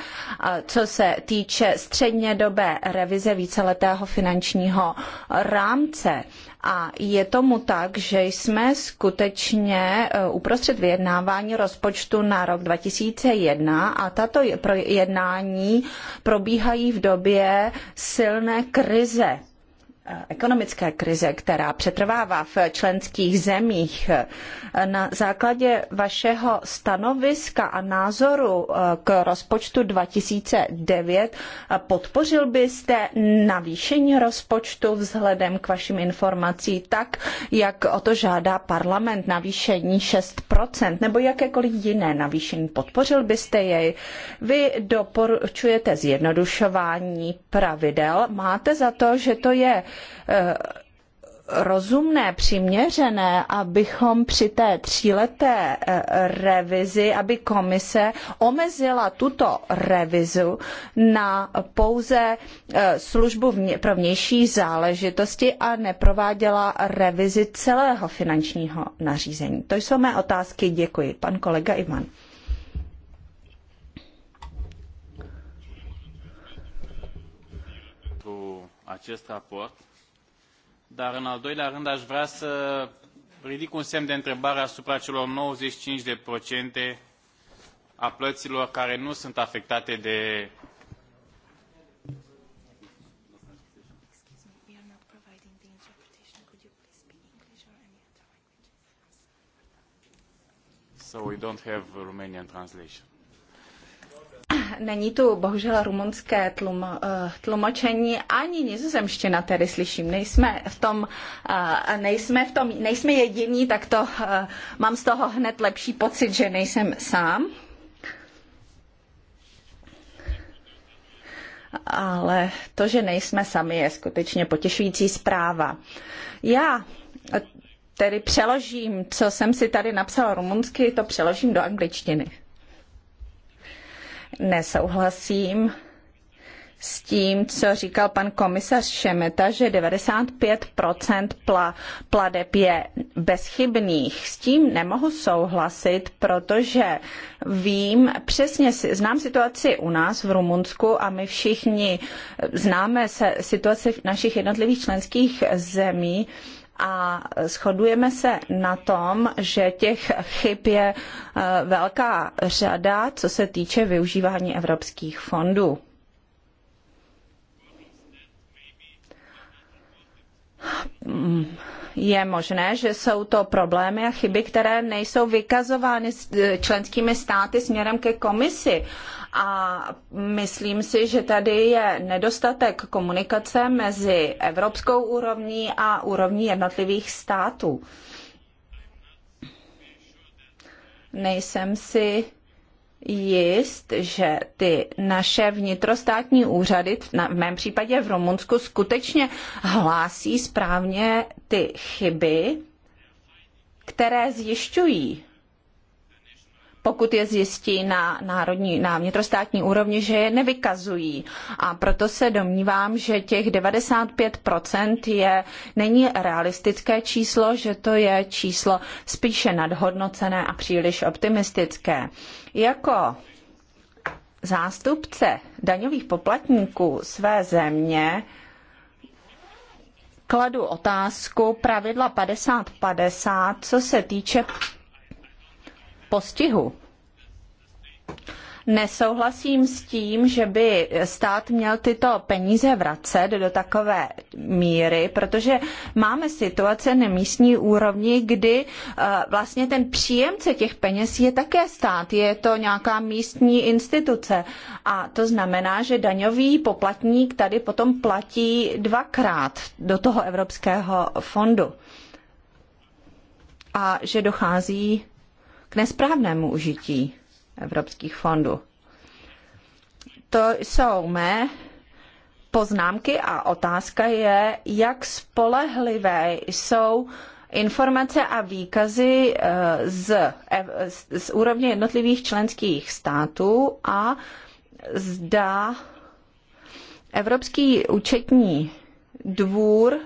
co se týče střednědobé revize víceletého finančního rámce. A je tomu tak, že jsme skutečně e, uprostřed vyjednávání rozpočtu na rok 2001 a tato jednání probíhají v době silné krize Eh, ekonomické krize, která přetrvává v členských zemích. Eh, na základě vašeho stanoviska a názoru eh, k rozpočtu 2009 podpořil byste navýšení rozpočtu vzhledem k vašim informacím, tak, jak o to žádá parlament navýšení 6 nebo jakékoliv jiné navýšení. Podpořil byste jej? Vy doporučujete zjednodušování pravidel. Máte za to, že to je eh, rozumné, přiměřené, abychom při té tříleté e, revizi, aby komise omezila tuto revizu na pouze e, službu pro vnější záležitosti a neprováděla revizi celého finančního nařízení. To jsou mé otázky. Děkuji. Pan kolega Ivan. acest raport Dar în al doilea rând aș vrea să ridic un semn de întrebare asupra celor 95% a plăților care nu sunt afectate de so we don't have Romanian translation. Není tu bohužel rumunské tlum, eh, tlumočení ani nizozemština, tedy slyším. Nejsme v tom, eh, nejsme v tom, nejsme jediní, tak to eh, mám z toho hned lepší pocit, že nejsem sám. Ale to, že nejsme sami, je skutečně potěšující zpráva. Já tedy přeložím, co jsem si tady napsala rumunsky, to přeložím do angličtiny nesouhlasím s tím, co říkal pan komisař Šemeta, že 95% pla, pladeb je bezchybných. S tím nemohu souhlasit, protože vím, přesně znám situaci u nás v Rumunsku a my všichni známe se situaci v našich jednotlivých členských zemí a shodujeme se na tom, že těch chyb je eh, velká řada, co se týče využívání evropských fondů. Je možné, že jsou to problémy a chyby, které nejsou vykazovány eh, členskými státy směrem ke komisi a myslím si, že tady je nedostatek komunikace mezi evropskou úrovní a úrovní jednotlivých států. Nejsem si jist, že ty naše vnitrostátní úřady, v mém případě v Rumunsku, skutečně hlásí správně ty chyby, které zjišťují pokud je zjistí na, národní, na vnitrostátní úrovni, že je nevykazují. A proto se domnívám, že těch 95% je, není realistické číslo, že to je číslo spíše nadhodnocené a příliš optimistické. Jako zástupce daňových poplatníků své země kladu otázku pravidla 50-50, co se týče postihu. Nesouhlasím s tím, že by stát měl tyto peníze vracet do takové míry, protože máme situace na místní úrovni, kdy eh, vlastně ten příjemce těch peněz je také stát, je to nějaká místní instituce. A to znamená, že daňový poplatník tady potom platí dvakrát do toho Evropského fondu. A že dochází k nesprávnému užití evropských fondů. To jsou mé poznámky a otázka je, jak spolehlivé jsou informace a výkazy eh, eh, z, z úrovně jednotlivých členských států a zda Evropský účetní dvůr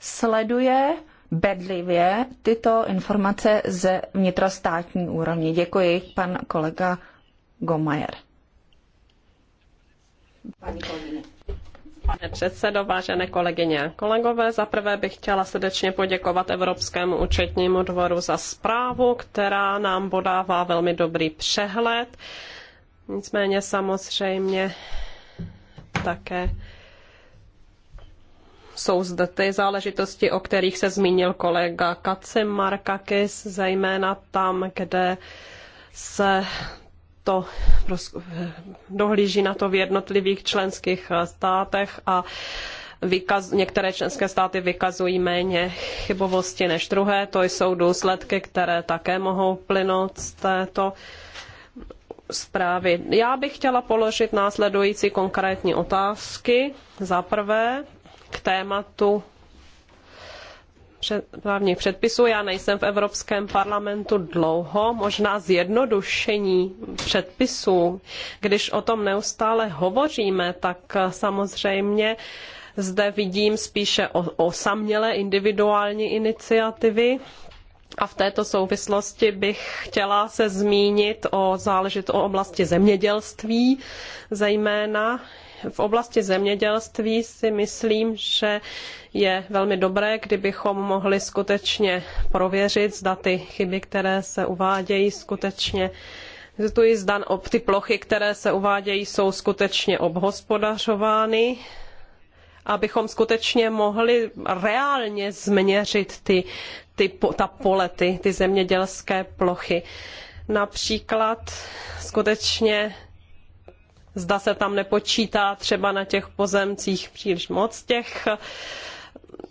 sleduje bedlivě tyto informace ze vnitrostátní úrovně. Děkuji, pan kolega Gomajer. Pane předsedo, vážené kolegyně a kolegové, zaprvé bych chtěla srdečně poděkovat Evropskému účetnímu dvoru za zprávu, která nám podává velmi dobrý přehled. Nicméně samozřejmě také jsou zde ty záležitosti, o kterých se zmínil kolega Kacim Markakis, zejména tam, kde se to dohlíží na to v jednotlivých členských státech a Vykaz, některé členské státy vykazují méně chybovosti než druhé. To jsou důsledky, které také mohou plynout z této zprávy. Já bych chtěla položit následující konkrétní otázky. Za prvé, k tématu právních předpisů. Já nejsem v Evropském parlamentu dlouho, možná zjednodušení předpisů. Když o tom neustále hovoříme, tak samozřejmě zde vidím spíše osamělé individuální iniciativy, a v této souvislosti bych chtěla se zmínit o záležitosti oblasti zemědělství, zejména v oblasti zemědělství si myslím, že je velmi dobré, kdybychom mohli skutečně prověřit, zda ty chyby, které se uvádějí, skutečně existují, zda ty plochy, které se uvádějí, jsou skutečně obhospodařovány, abychom skutečně mohli reálně změřit ty, ty, ta pole, ty, ty zemědělské plochy. Například skutečně Zda se tam nepočítá třeba na těch pozemcích příliš moc těch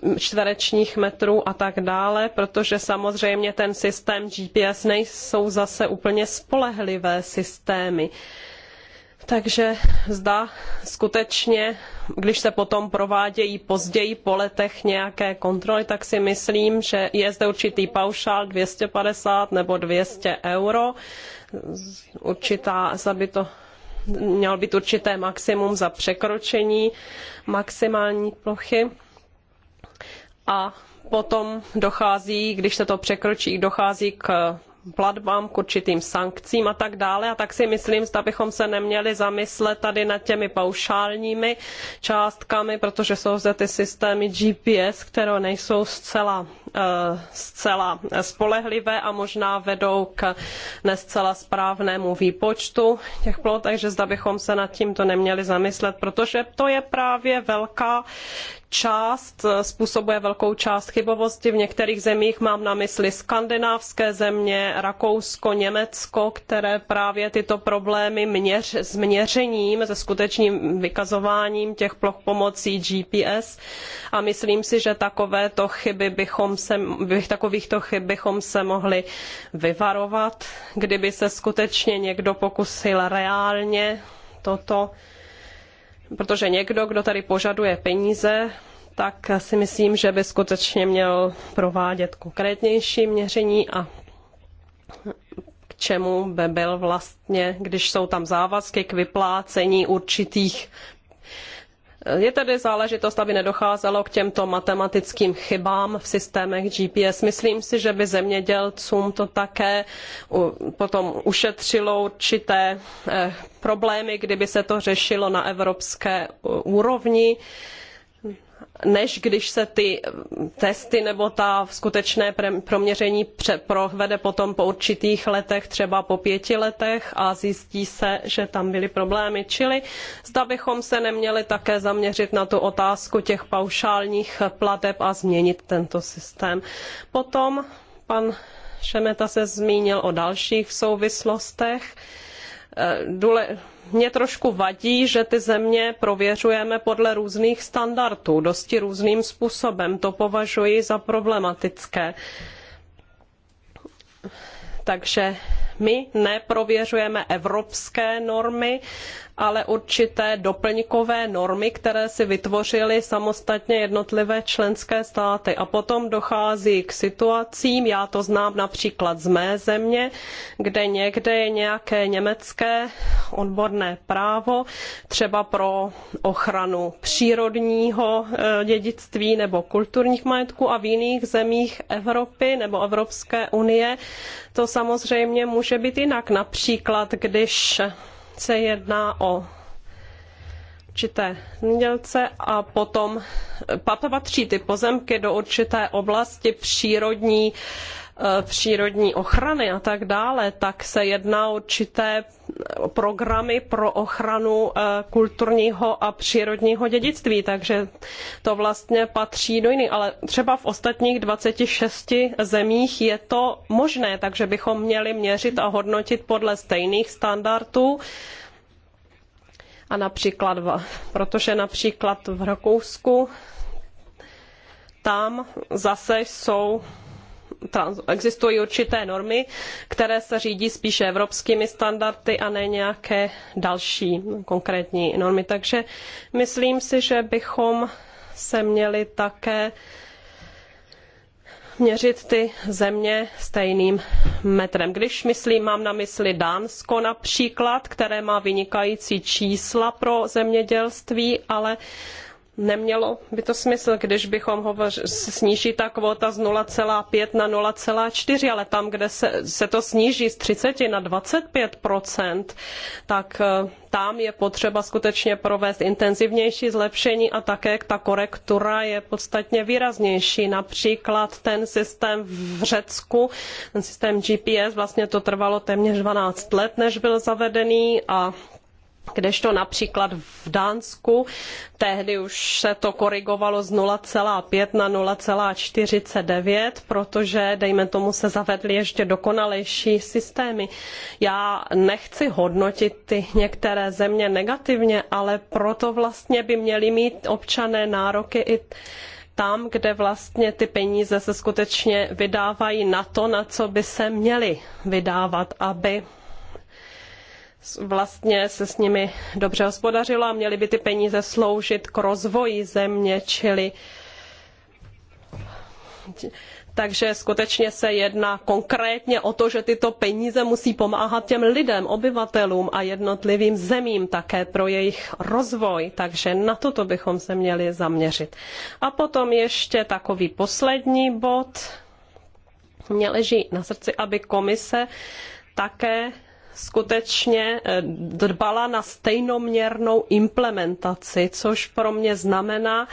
mm, čtverečních metrů a tak dále, protože samozřejmě ten systém GPS nejsou zase úplně spolehlivé systémy. Takže zda skutečně, když se potom provádějí později po letech nějaké kontroly, tak si myslím, že je zde určitý paušál 250 nebo 200 euro. Určitá, zda by to měl být určité maximum za překročení maximální plochy a potom dochází, když se to překročí, dochází k platbám, k určitým sankcím a tak dále. A tak si myslím, zda bychom se neměli zamyslet tady nad těmi paušálními částkami, protože jsou zde ty systémy GPS, které nejsou zcela Eh, zcela spolehlivé a možná vedou k nescela správnému výpočtu těch ploch, takže zda bychom se nad tímto neměli zamyslet, protože to je právě velká část, eh, způsobuje velkou část chybovosti. V některých zemích mám na mysli skandinávské země, Rakousko, Německo, které právě tyto problémy měř, s měřením, se skutečným vykazováním těch ploch pomocí GPS. A myslím si, že takovéto chyby bychom se, bych takovýchto chyb bychom se mohli vyvarovat, kdyby se skutečně někdo pokusil reálně toto, protože někdo, kdo tady požaduje peníze, tak si myslím, že by skutečně měl provádět konkrétnější měření a k čemu by byl vlastně, když jsou tam závazky k vyplácení určitých je tedy záležitost, aby nedocházelo k těmto matematickým chybám v systémech GPS. Myslím si, že by zemědělcům to také potom ušetřilo určité eh, problémy, kdyby se to řešilo na evropské úrovni než když se ty testy nebo ta skutečné proměření provede potom po určitých letech, třeba po pěti letech a zjistí se, že tam byly problémy. Čili zda bychom se neměli také zaměřit na tu otázku těch paušálních plateb a změnit tento systém. Potom pan Šemeta se zmínil o dalších souvislostech. Eh, důle, mě trošku vadí, že ty země prověřujeme podle různých standardů, dosti různým způsobem. To považuji za problematické. Takže my neprověřujeme evropské normy, ale určité doplňkové normy, které si vytvořily samostatně jednotlivé členské státy. A potom dochází k situacím, já to znám například z mé země, kde někde je nějaké německé odborné právo, třeba pro ochranu přírodního e, dědictví nebo kulturních majetků a v jiných zemích Evropy nebo Evropské unie to samozřejmě může být jinak. Například, když se jedná o určité zemědělce a potom tři ty pozemky do určité oblasti přírodní Eh, přírodní ochrany a tak dále, tak se jedná o určité programy pro ochranu eh, kulturního a přírodního dědictví, takže to vlastně patří do jiných, ale třeba v ostatních 26 zemích je to možné, takže bychom měli měřit a hodnotit podle stejných standardů, a například, protože například v Rakousku tam zase jsou existují určité normy, které se řídí spíše evropskými standardy a ne nějaké další konkrétní normy. Takže myslím si, že bychom se měli také měřit ty země stejným metrem. Když myslím, mám na mysli Dánsko například, které má vynikající čísla pro zemědělství, ale Nemělo by to smysl, když bychom hovořili, sníží ta kvóta z 0,5 na 0,4, ale tam, kde se, se to sníží z 30 na 25 tak eh, tam je potřeba skutečně provést intenzivnější zlepšení a také ta korektura je podstatně výraznější. Například ten systém v Řecku, ten systém GPS, vlastně to trvalo téměř 12 let, než byl zavedený a kdežto například v Dánsku tehdy už se to korigovalo z 0,5 na 0,49, protože dejme tomu se zavedly ještě dokonalejší systémy. Já nechci hodnotit ty některé země negativně, ale proto vlastně by měli mít občané nároky i tam, kde vlastně ty peníze se skutečně vydávají na to, na co by se měly vydávat, aby vlastně se s nimi dobře hospodařilo a měly by ty peníze sloužit k rozvoji země, čili takže skutečně se jedná konkrétně o to, že tyto peníze musí pomáhat těm lidem, obyvatelům a jednotlivým zemím také pro jejich rozvoj. Takže na toto bychom se měli zaměřit. A potom ještě takový poslední bod. Mně leží na srdci, aby komise také skutečně eh, dbala na stejnoměrnou implementaci, což pro mě znamená,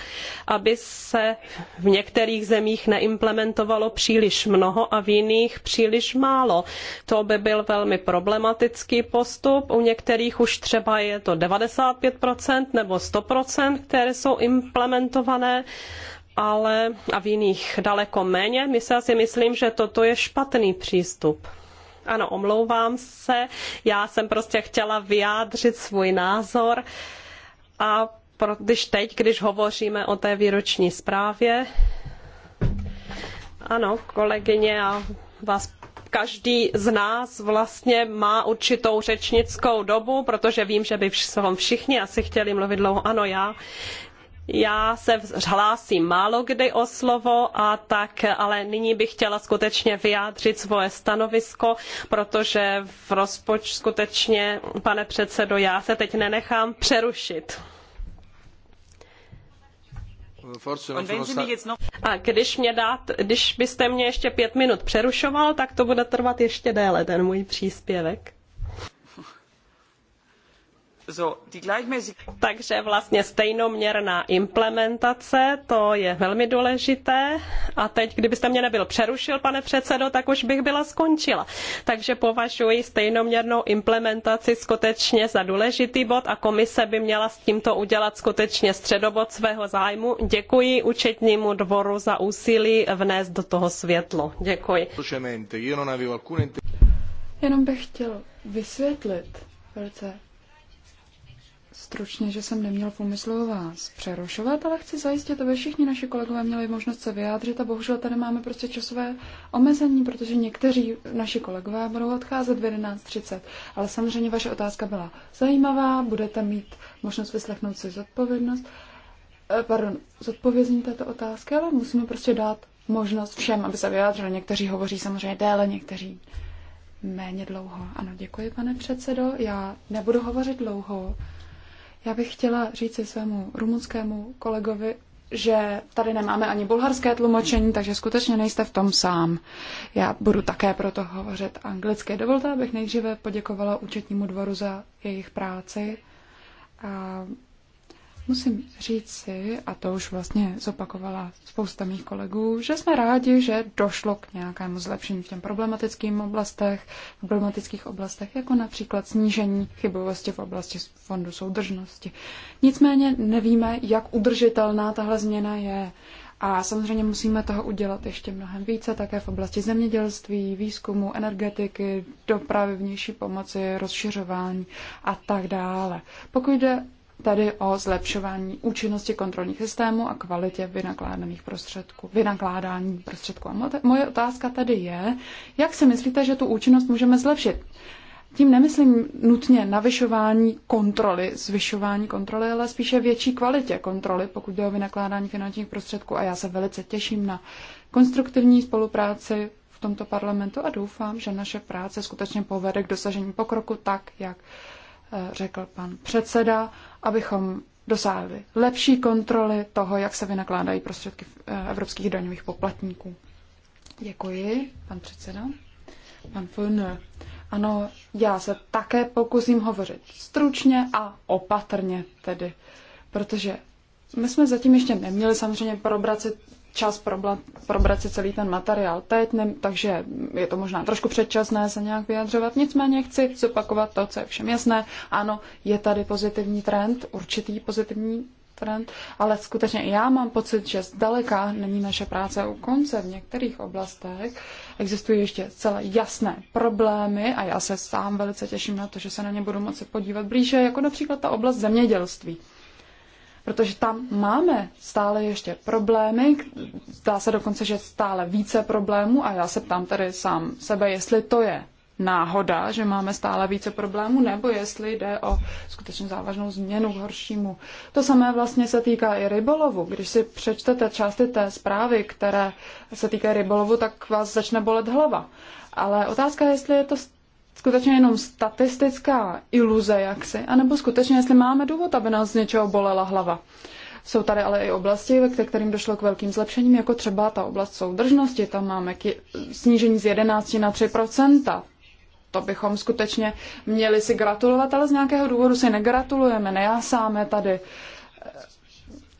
aby se v některých zemích neimplementovalo příliš mnoho a v jiných příliš málo. To by byl velmi problematický postup. U některých už třeba je to 95% nebo 100%, které jsou implementované ale a v jiných daleko méně. My si asi myslím, že toto je špatný přístup. Ano, omlouvám se. Já jsem prostě chtěla vyjádřit svůj názor a pro, když teď, když hovoříme o té výroční zprávě, ano, kolegyně, a vás každý z nás vlastně má určitou řečnickou dobu, protože vím, že by všichni asi chtěli mluvit dlouho. Ano, já já se hlásím málo kdy o slovo a tak, ale nyní bych chtěla skutečně vyjádřit svoje stanovisko, protože v rozpoč skutečně, pane předsedo, já se teď nenechám přerušit. A když, mě dát, když byste mě ještě pět minut přerušoval, tak to bude trvat ještě déle, ten můj příspěvek. Takže vlastně stejnoměrná implementace, to je velmi důležité. A teď, kdybyste mě nebyl přerušil, pane předsedo, tak už bych byla skončila. Takže považuji stejnoměrnou implementaci skutečně za důležitý bod a komise by měla s tímto udělat skutečně středobod svého zájmu. Děkuji účetnímu dvoru za úsilí vnést do toho světlo. Děkuji. Jenom bych chtěl vysvětlit velice stručně, že jsem neměl v úmyslu vás přerušovat, ale chci zajistit, aby všichni naši kolegové měli možnost se vyjádřit a bohužel tady máme prostě časové omezení, protože někteří naši kolegové budou odcházet v 11.30. Ale samozřejmě vaše otázka byla zajímavá, budete mít možnost vyslechnout si zodpovědnost, eh, pardon, zodpovězení této otázky, ale musíme prostě dát možnost všem, aby se vyjádřili. Někteří hovoří samozřejmě déle, někteří méně dlouho. Ano, děkuji, pane předsedo. Já nebudu hovořit dlouho. Já bych chtěla říct si svému rumunskému kolegovi, že tady nemáme ani bulharské tlumočení, takže skutečně nejste v tom sám. Já budu také proto hovořit anglicky. Dovolte, abych nejdříve poděkovala účetnímu dvoru za jejich práci. A Musím říct si, a to už vlastně zopakovala spousta mých kolegů, že jsme rádi, že došlo k nějakému zlepšení v těm problematickým oblastech, v problematických oblastech, jako například snížení chybovosti v oblasti fondu soudržnosti. Nicméně nevíme, jak udržitelná tahle změna je. A samozřejmě musíme toho udělat ještě mnohem více, také v oblasti zemědělství, výzkumu, energetiky, dopravy, vnější pomoci, rozšiřování a tak dále. Pokud jde tady o zlepšování účinnosti kontrolních systémů a kvalitě vynakládaných prostředků, vynakládání prostředků. A moje otázka tady je, jak si myslíte, že tu účinnost můžeme zlepšit? Tím nemyslím nutně navyšování kontroly, zvyšování kontroly, ale spíše větší kvalitě kontroly, pokud jde o vynakládání finančních prostředků. A já se velice těším na konstruktivní spolupráci v tomto parlamentu a doufám, že naše práce skutečně povede k dosažení pokroku tak, jak řekl pan předseda, abychom dosáhli lepší kontroly toho, jak se vynakládají prostředky eh, evropských daňových poplatníků. Děkuji, pan předseda. Pan Fulner. Ano, já se také pokusím hovořit stručně a opatrně tedy, protože my jsme zatím ještě neměli samozřejmě probrat si čas probrat, probrat si celý ten materiál teď, ne, takže je to možná trošku předčasné se nějak vyjadřovat. Nicméně chci zopakovat to, co je všem jasné. Ano, je tady pozitivní trend, určitý pozitivní trend, ale skutečně já mám pocit, že zdaleka není naše práce u konce. V některých oblastech existují ještě celé jasné problémy a já se sám velice těším na to, že se na ně budu moci podívat blíže, jako například ta oblast zemědělství protože tam máme stále ještě problémy, zdá se dokonce, že stále více problémů a já se ptám tady sám sebe, jestli to je náhoda, že máme stále více problémů, nebo jestli jde o skutečně závažnou změnu k horšímu. To samé vlastně se týká i rybolovu. Když si přečtete části té zprávy, které se týkají rybolovu, tak vás začne bolet hlava. Ale otázka je, jestli je to skutečně jenom statistická iluze jaksi, anebo skutečně, jestli máme důvod, aby nás z něčeho bolela hlava. Jsou tady ale i oblasti, ve kterým došlo k velkým zlepšením, jako třeba ta oblast soudržnosti. Tam máme snížení z 11 na 3 to bychom skutečně měli si gratulovat, ale z nějakého důvodu si negratulujeme, nejásáme tady.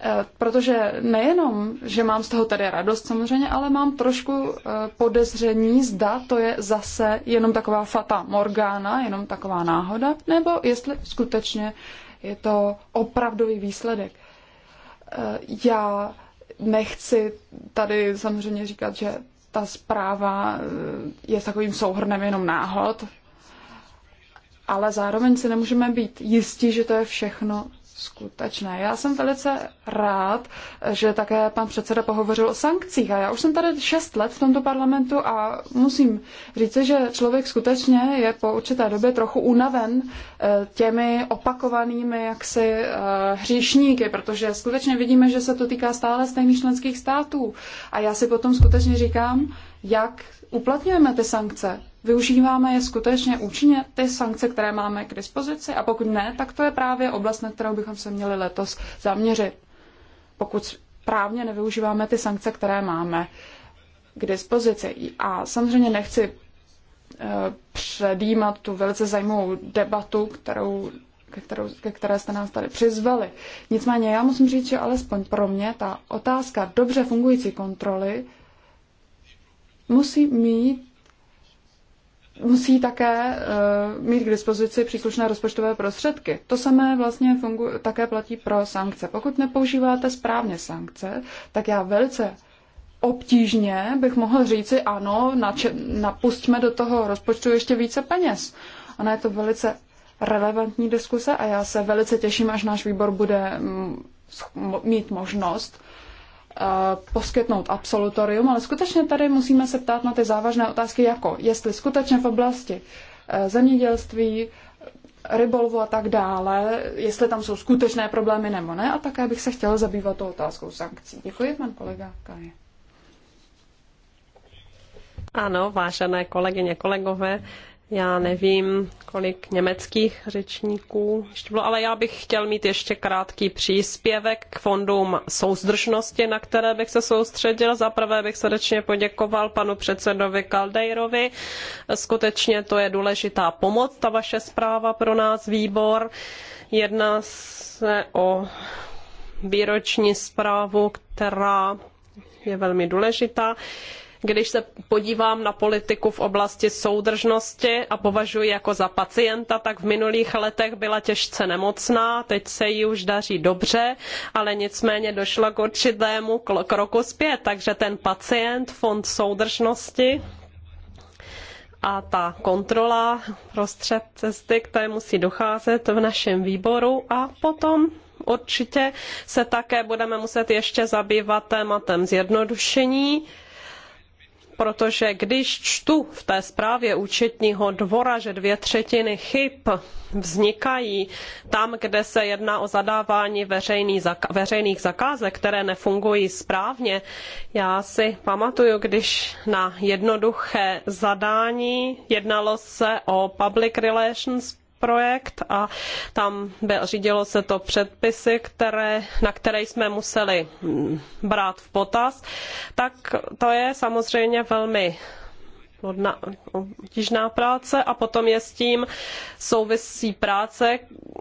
Eh, protože nejenom, že mám z toho tady radost samozřejmě, ale mám trošku eh, podezření, zda to je zase jenom taková fata morgana, jenom taková náhoda, nebo jestli skutečně je to opravdový výsledek. Eh, já nechci tady samozřejmě říkat, že ta zpráva je s takovým souhrnem jenom náhod, ale zároveň si nemůžeme být jistí, že to je všechno skutečné. Já jsem velice rád, že také pan předseda pohovořil o sankcích. A já už jsem tady šest let v tomto parlamentu a musím říct, že člověk skutečně je po určité době trochu unaven eh, těmi opakovanými jaksi eh, hříšníky, protože skutečně vidíme, že se to týká stále stejných členských států. A já si potom skutečně říkám, jak uplatňujeme ty sankce. Využíváme je skutečně účinně ty sankce, které máme k dispozici a pokud ne, tak to je právě oblast, na kterou bychom se měli letos zaměřit. Pokud právně nevyužíváme ty sankce, které máme k dispozici. A samozřejmě nechci eh, předjímat tu velice zajímavou debatu, kterou, ke, kterou, ke které jste nás tady přizvali. Nicméně já musím říct, že alespoň pro mě ta otázka dobře fungující kontroly musí mít musí také uh, mít k dispozici příslušné rozpočtové prostředky. To samé vlastně fungu- také platí pro sankce. Pokud nepoužíváte správně sankce, tak já velice obtížně bych mohl říci ano, nače- napustíme do toho rozpočtu ještě více peněz. Ona je to velice relevantní diskuse a já se velice těším, až náš výbor bude mm, mít možnost Eh, poskytnout absolutorium, ale skutečně tady musíme se ptát na ty závažné otázky, jako jestli skutečně v oblasti eh, zemědělství, rybolovu a tak dále, jestli tam jsou skutečné problémy nebo ne, a také bych se chtěla zabývat tou otázkou sankcí. Děkuji, pan kolega Kaje. Ano, vážené kolegyně, kolegové, já nevím, kolik německých řečníků ještě bylo, ale já bych chtěl mít ještě krátký příspěvek k fondům soudržnosti, na které bych se soustředil. Zaprvé bych srdečně poděkoval panu předsedovi Kaldejrovi. Skutečně to je důležitá pomoc, ta vaše zpráva pro nás výbor. Jedná se o výroční zprávu, která je velmi důležitá. Když se podívám na politiku v oblasti soudržnosti a považuji jako za pacienta, tak v minulých letech byla těžce nemocná, teď se jí už daří dobře, ale nicméně došlo k určitému kroku zpět, takže ten pacient, fond soudržnosti, a ta kontrola prostřed cesty, které musí docházet v našem výboru a potom určitě se také budeme muset ještě zabývat tématem zjednodušení protože když čtu v té zprávě účetního dvora, že dvě třetiny chyb vznikají tam, kde se jedná o zadávání veřejných zakázek, které nefungují správně. Já si pamatuju, když na jednoduché zadání jednalo se o public relations projekt a tam byl, řídilo se to předpisy, které, na které jsme museli mm, brát v potaz, tak to je samozřejmě velmi obtížná práce a potom je s tím souvisí práce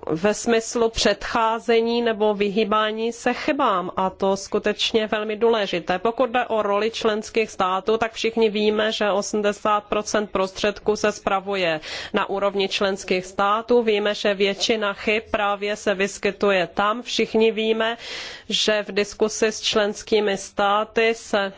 ve smyslu předcházení nebo vyhýbání se chybám a to skutečně velmi důležité. Pokud jde o roli členských států, tak všichni víme, že 80% prostředků se spravuje na úrovni členských států. Víme, že většina chyb právě se vyskytuje tam. Všichni víme, že v diskusi s členskými státy se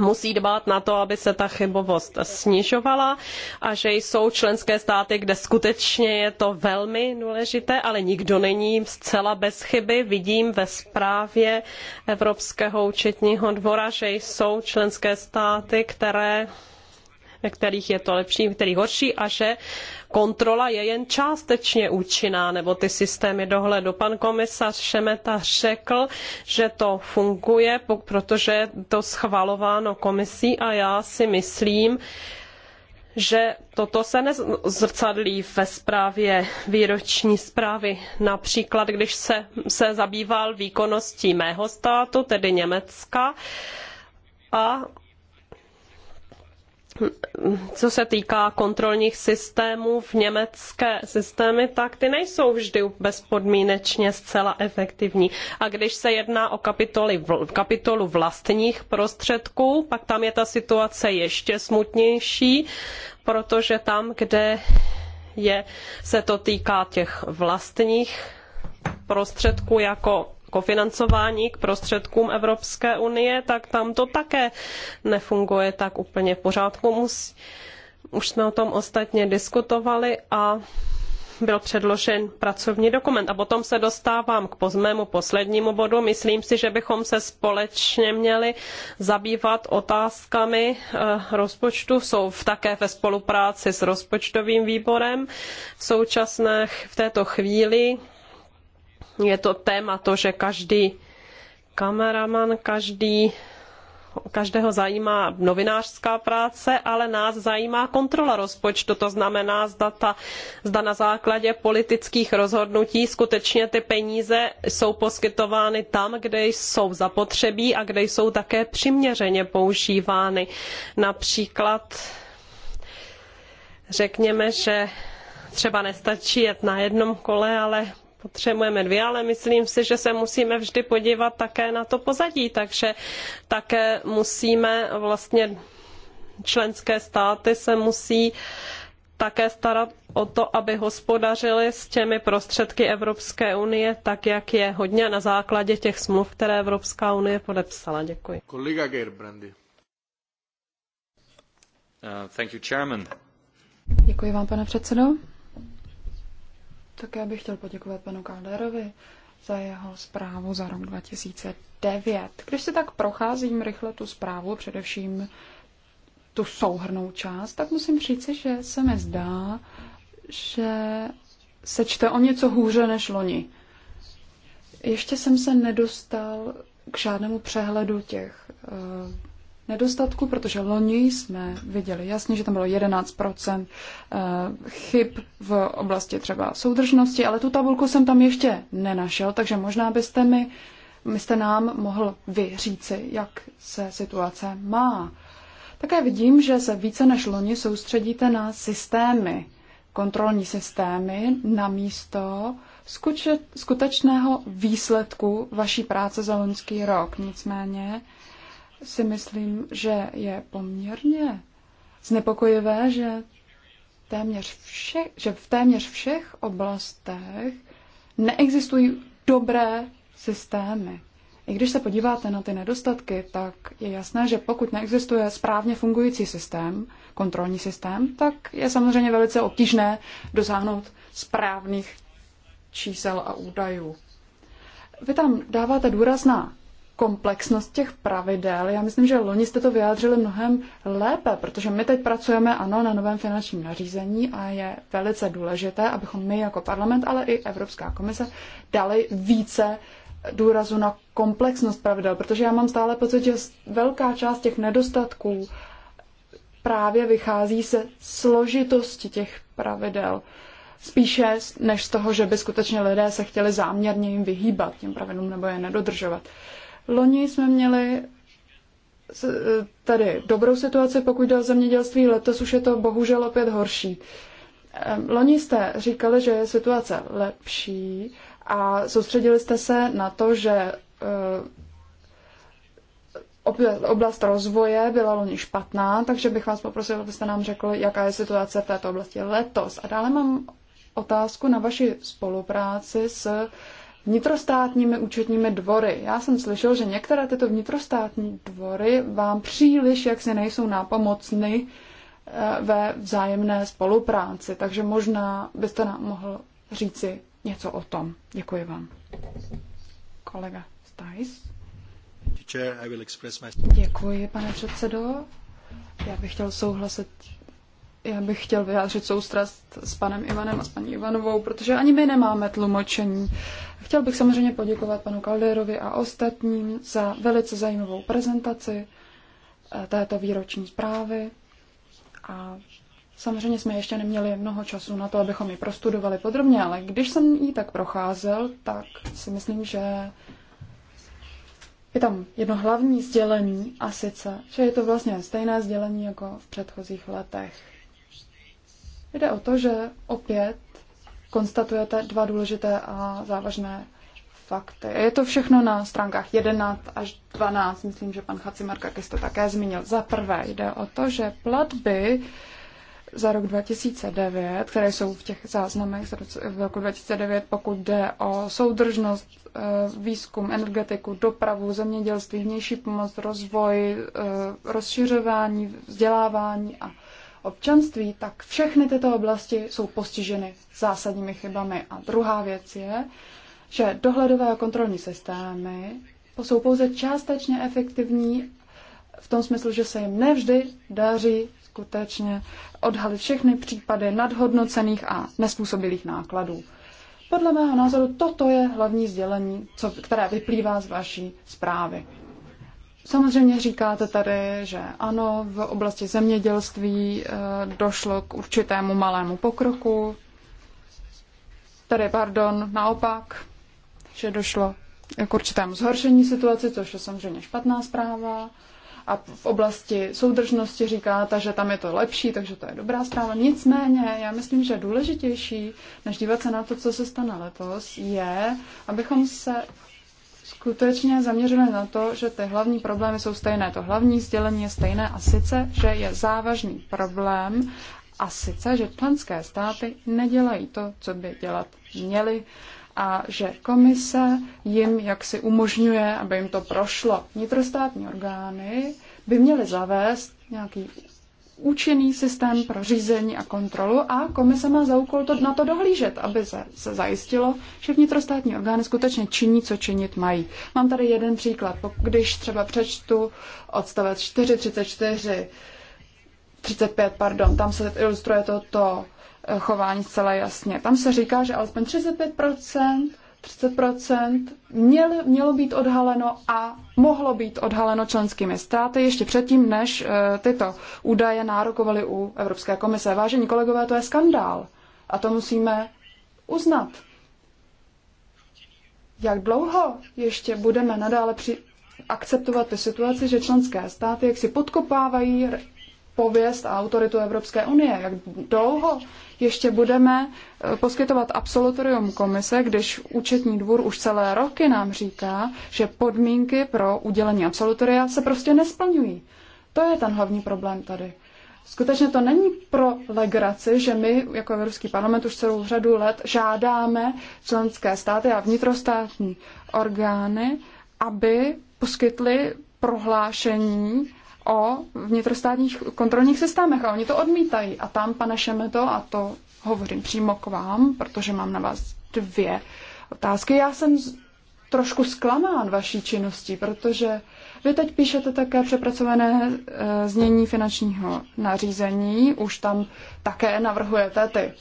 musí dbát na to, aby se ta chybovost snižovala a že jsou členské státy, kde skutečně je to velmi důležité, ale nikdo není zcela bez chyby. Vidím ve zprávě Evropského účetního dvora, že jsou členské státy, které ve kterých je to lepší, ve kterých horší a že kontrola je jen částečně účinná, nebo ty systémy dohledu. Pan komisař Šemeta řekl, že to funguje, protože je to schvalováno komisí a já si myslím, že toto se nezrcadlí ve zprávě výroční zprávy. Například, když se, se zabýval výkonností mého státu, tedy Německa, a co se týká kontrolních systémů v německé systémy, tak ty nejsou vždy bezpodmínečně zcela efektivní. A když se jedná o kapitoly, kapitolu vlastních prostředků, pak tam je ta situace ještě smutnější, protože tam, kde je, se to týká těch vlastních prostředků jako kofinancování k prostředkům Evropské unie, tak tam to také nefunguje tak úplně v pořádku. Musí, už jsme o tom ostatně diskutovali a byl předložen pracovní dokument. A potom se dostávám k pozmému poslednímu bodu. Myslím si, že bychom se společně měli zabývat otázkami eh, rozpočtu. Jsou také ve spolupráci s rozpočtovým výborem. V současné, v této chvíli je to téma to, že každý kameraman, každý každého zajímá novinářská práce, ale nás zajímá kontrola rozpočtu. To znamená, zda, ta, zda na základě politických rozhodnutí skutečně ty peníze jsou poskytovány tam, kde jsou zapotřebí a kde jsou také přiměřeně používány. Například řekněme, že třeba nestačí jet na jednom kole, ale potřebujeme dvě, ale myslím si, že se musíme vždy podívat také na to pozadí, takže také musíme vlastně členské státy se musí také starat o to, aby hospodařili s těmi prostředky Evropské unie, tak jak je hodně na základě těch smluv, které Evropská unie podepsala. Děkuji. Kolega Gerbrandy. Uh, thank you, chairman. Děkuji vám, pane předsedo já bych chtěl poděkovat panu Kalderovi za jeho zprávu za rok 2009. Když se tak procházím rychle tu zprávu, především tu souhrnou část, tak musím říct, že se mi zdá, že se čte o něco hůře než loni. Ještě jsem se nedostal k žádnému přehledu těch eh, nedostatku, protože loni jsme viděli jasně, že tam bylo 11 eh, chyb v oblasti třeba soudržnosti, ale tu tabulku jsem tam ještě nenašel, takže možná byste mi byste nám mohl vyříci, jak se situace má. Také vidím, že se více než loni soustředíte na systémy, kontrolní systémy na místo skutečného výsledku vaší práce za loňský rok. Nicméně si myslím, že je poměrně znepokojivé, že, téměř všech, že v téměř všech oblastech neexistují dobré systémy. I když se podíváte na ty nedostatky, tak je jasné, že pokud neexistuje správně fungující systém, kontrolní systém, tak je samozřejmě velice obtížné dosáhnout správných čísel a údajů. Vy tam dáváte důraz na komplexnost těch pravidel. Já myslím, že loni jste to vyjádřili mnohem lépe, protože my teď pracujeme, ano, na novém finančním nařízení a je velice důležité, abychom my jako parlament, ale i Evropská komise dali více důrazu na komplexnost pravidel, protože já mám stále pocit, že velká část těch nedostatků právě vychází se složitosti těch pravidel spíše než z toho, že by skutečně lidé se chtěli záměrně jim vyhýbat, těm pravidlům nebo je nedodržovat. Loni jsme měli tady dobrou situaci, pokud jde o zemědělství, letos už je to bohužel opět horší. Loni jste říkali, že je situace lepší a soustředili jste se na to, že eh, oblast rozvoje byla loni špatná, takže bych vás poprosil, abyste nám řekli, jaká je situace v této oblasti letos. A dále mám otázku na vaši spolupráci s vnitrostátními účetními dvory. Já jsem slyšel, že některé tyto vnitrostátní dvory vám příliš jaksi nejsou nápomocny eh, ve vzájemné spolupráci, takže možná byste nám mohl říci něco o tom. Děkuji vám. Kolega Stajs. Děkuji, pane předsedo. Já bych chtěl souhlasit já bych chtěl vyjádřit soustrast s panem Ivanem a s paní Ivanovou, protože ani my nemáme tlumočení. Chtěl bych samozřejmě poděkovat panu Kalderovi a ostatním za velice zajímavou prezentaci eh, této výroční zprávy. A samozřejmě jsme ještě neměli mnoho času na to, abychom ji prostudovali podrobně, ale když jsem ji tak procházel, tak si myslím, že je tam jedno hlavní sdělení a sice, že je to vlastně stejné sdělení jako v předchozích letech. Jde o to, že opět konstatujete dva důležité a závažné fakty. Je to všechno na stránkách 11 až 12, myslím, že pan Chacimarkakis to také zmínil. Za prvé jde o to, že platby za rok 2009, které jsou v těch záznamech z roku 2009, pokud jde o soudržnost, eh, výzkum, energetiku, dopravu, zemědělství, vnější pomoc, rozvoj, eh, rozšiřování, vzdělávání a občanství, tak všechny tyto oblasti jsou postiženy zásadními chybami. A druhá věc je, že dohledové a kontrolní systémy jsou pouze částečně efektivní v tom smyslu, že se jim nevždy daří skutečně odhalit všechny případy nadhodnocených a nespůsobilých nákladů. Podle mého názoru toto je hlavní sdělení, co, které vyplývá z vaší zprávy. Samozřejmě říkáte tady, že ano, v oblasti zemědělství eh, došlo k určitému malému pokroku, Tady, pardon, naopak, že došlo k určitému zhoršení situace, což je samozřejmě špatná zpráva. A v oblasti soudržnosti říkáte, že tam je to lepší, takže to je dobrá zpráva. Nicméně, já myslím, že důležitější, než dívat se na to, co se stane letos, je, abychom se skutečně zaměřili na to, že ty hlavní problémy jsou stejné. To hlavní sdělení je stejné a sice, že je závažný problém a sice, že členské státy nedělají to, co by dělat měly a že komise jim jaksi umožňuje, aby jim to prošlo. nitrostátní orgány by měly zavést nějaký účinný systém pro řízení a kontrolu a komise má za úkol to, na to dohlížet, aby se, se zajistilo, že vnitrostátní orgány skutečně činí, co činit mají. Mám tady jeden příklad. Když třeba přečtu odstavec 434, 35, pardon, tam se ilustruje toto eh, chování zcela jasně. Tam se říká, že alespoň 35 30% měl, mělo být odhaleno a mohlo být odhaleno členskými státy ještě předtím, než eh, tyto údaje nárokovaly u Evropské komise. Vážení kolegové, to je skandál a to musíme uznat. Jak dlouho ještě budeme nadále při akceptovat tu situaci, že členské státy jaksi podkopávají pověst a autoritu Evropské unie. Jak dlouho ještě budeme eh, poskytovat absolutorium komise, když účetní dvůr už celé roky nám říká, že podmínky pro udělení absolutoria se prostě nesplňují. To je ten hlavní problém tady. Skutečně to není pro legraci, že my jako Evropský parlament už celou řadu let žádáme členské státy a vnitrostátní orgány, aby poskytly prohlášení o vnitrostátních kontrolních systémech a oni to odmítají. A tam, pane Šemeto, a to hovořím přímo k vám, protože mám na vás dvě otázky. Já jsem trošku zklamán vaší činností, protože vy teď píšete také přepracované e, znění finančního nařízení, už tam také navrhujete ty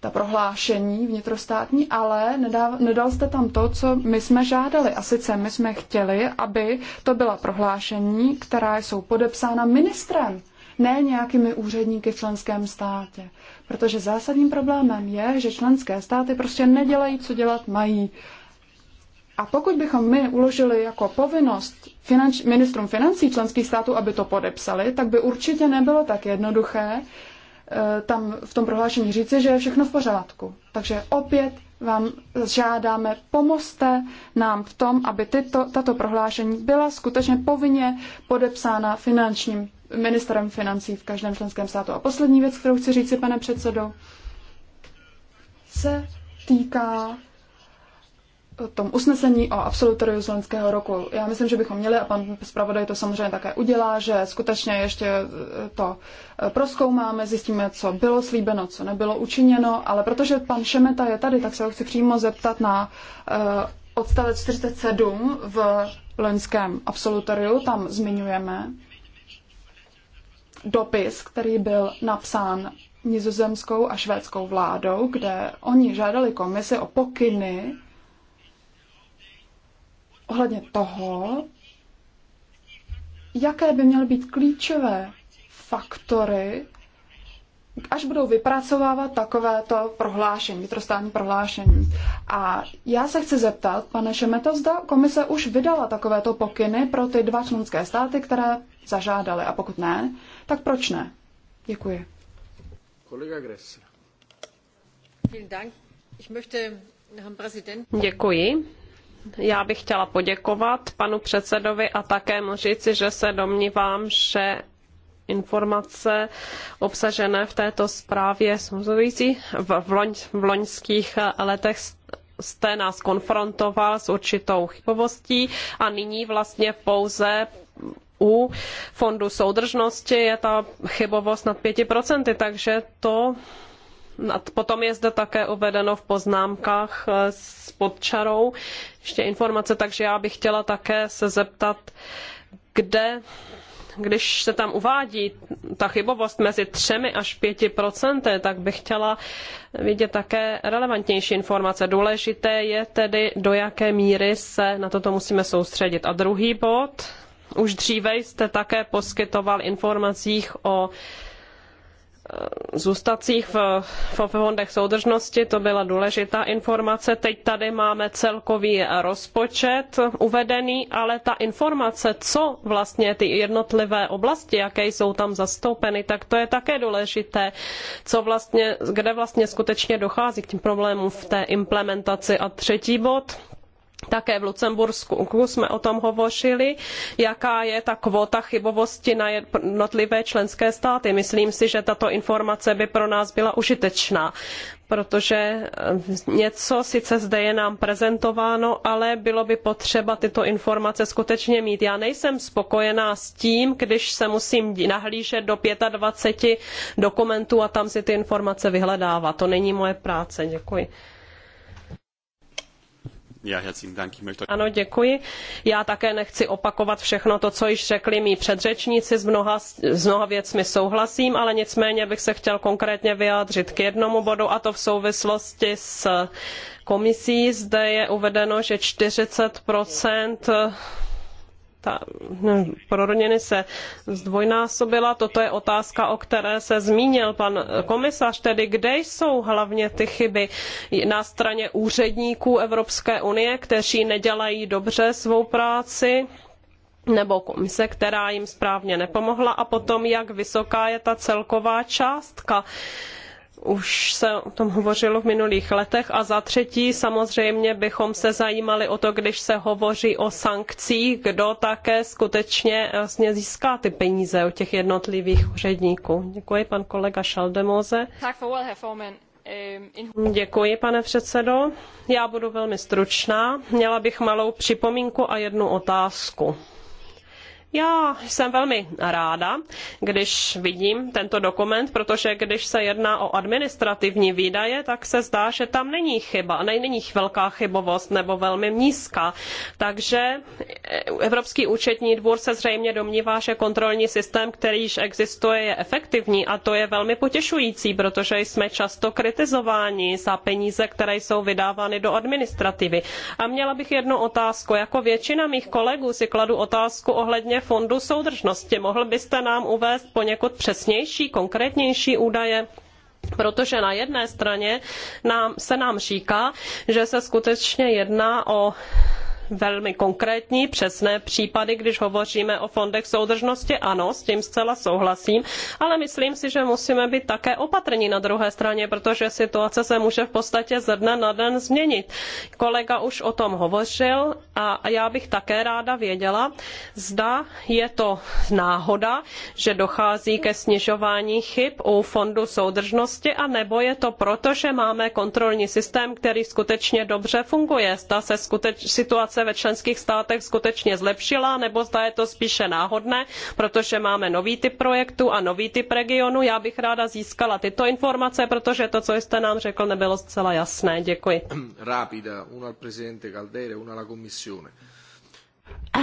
ta prohlášení vnitrostátní, ale nedal, nedal jste tam to, co my jsme žádali. A sice my jsme chtěli, aby to byla prohlášení, která jsou podepsána ministrem, ne nějakými úředníky v členském státě. Protože zásadním problémem je, že členské státy prostě nedělají, co dělat mají. A pokud bychom my uložili jako povinnost finanč, ministrům financí členských států, aby to podepsali, tak by určitě nebylo tak jednoduché Eh, tam v tom prohlášení říci, že je všechno v pořádku. Takže opět vám žádáme, pomozte nám v tom, aby tyto, tato prohlášení byla skutečně povinně podepsána finančním ministrem financí v každém členském státu. A poslední věc, kterou chci říci, pane předsedo, se týká tom usnesení o absolutoriu z loňského roku. Já myslím, že bychom měli, a pan zpravodaj to samozřejmě také udělá, že skutečně ještě e, to e, proskoumáme, zjistíme, co bylo slíbeno, co nebylo učiněno, ale protože pan Šemeta je tady, tak se ho chci přímo zeptat na e, odstavec 47 v loňském absolutoriu, tam zmiňujeme dopis, který byl napsán nizozemskou a švédskou vládou, kde oni žádali komisi o pokyny ohledně toho, jaké by měly být klíčové faktory, až budou vypracovávat takovéto prohlášení, vytrostání prohlášení. A já se chci zeptat, pane Šemeto, zda komise už vydala takovéto pokyny pro ty dva členské státy, které zažádaly. A pokud ne, tak proč ne? Děkuji. Kolega Gressler. Děkuji. Já bych chtěla poděkovat panu předsedovi a také mu říci, že se domnívám, že informace obsažené v této zprávě související v, loň, v loňských letech jste nás konfrontoval s určitou chybovostí a nyní vlastně pouze u fondu soudržnosti je ta chybovost nad 5%, takže to Potom je zde také uvedeno v poznámkách eh, s podčarou ještě informace, takže já bych chtěla také se zeptat, kde když se tam uvádí ta chybovost mezi 3 až 5 procenty, tak bych chtěla vidět také relevantnější informace. Důležité je tedy, do jaké míry se na toto musíme soustředit. A druhý bod, už dříve jste také poskytoval informacích o zůstacích v, v fondech soudržnosti, to byla důležitá informace. Teď tady máme celkový rozpočet uvedený, ale ta informace, co vlastně ty jednotlivé oblasti, jaké jsou tam zastoupeny, tak to je také důležité, co vlastně, kde vlastně skutečně dochází k těm problémům v té implementaci. A třetí bod, také v Lucembursku jsme o tom hovořili, jaká je ta kvota chybovosti na jednotlivé členské státy. Myslím si, že tato informace by pro nás byla užitečná protože eh, něco sice zde je nám prezentováno, ale bylo by potřeba tyto informace skutečně mít. Já nejsem spokojená s tím, když se musím nahlížet do 25 dokumentů a tam si ty informace vyhledávat. To není moje práce. Děkuji. Ano, děkuji. Já také nechci opakovat všechno to, co již řekli mí předřečníci. S mnoha, s mnoha věcmi souhlasím, ale nicméně bych se chtěl konkrétně vyjádřit k jednomu bodu, a to v souvislosti s komisí. Zde je uvedeno, že 40 ta, se zdvojnásobila. Toto je otázka, o které se zmínil pan komisař, tedy kde jsou hlavně ty chyby na straně úředníků Evropské unie, kteří nedělají dobře svou práci, nebo komise, která jim správně nepomohla a potom, jak vysoká je ta celková částka už se o tom hovořilo v minulých letech. A za třetí, samozřejmě bychom se zajímali o to, když se hovoří o sankcích, kdo také skutečně eh, vlastně získá ty peníze od těch jednotlivých úředníků. Děkuji, pan kolega Šaldemoze. Děkuji, pane předsedo. Já budu velmi stručná. Měla bych malou připomínku a jednu otázku já jsem velmi ráda, když vidím tento dokument, protože když se jedná o administrativní výdaje, tak se zdá, že tam není chyba, není velká chybovost nebo velmi nízká. Takže eh, Evropský účetní dvůr se zřejmě domnívá, že kontrolní systém, který již existuje, je efektivní a to je velmi potěšující, protože jsme často kritizováni za peníze, které jsou vydávány do administrativy. A měla bych jednu otázku. Jako většina mých kolegů si kladu otázku ohledně případě fondu soudržnosti. Mohl byste nám uvést poněkud přesnější, konkrétnější údaje? Protože na jedné straně nám, se nám říká, že se skutečně jedná o velmi konkrétní, přesné případy, když hovoříme o fondech soudržnosti. Ano, s tím zcela souhlasím, ale myslím si, že musíme být také opatrní na druhé straně, protože situace se může v podstatě ze dne na den změnit. Kolega už o tom hovořil a já bych také ráda věděla, zda je to náhoda, že dochází ke snižování chyb u fondu soudržnosti, anebo je to proto, že máme kontrolní systém, který skutečně dobře funguje. Zda se skuteč, situace situace ve členských státech skutečně zlepšila, nebo zda je to spíše náhodné, protože máme nový typ projektu a nový typ regionu. Já bych ráda získala tyto informace, protože to, co jste nám řekl, nebylo zcela jasné. Děkuji. Rápida, una al una alla commissione.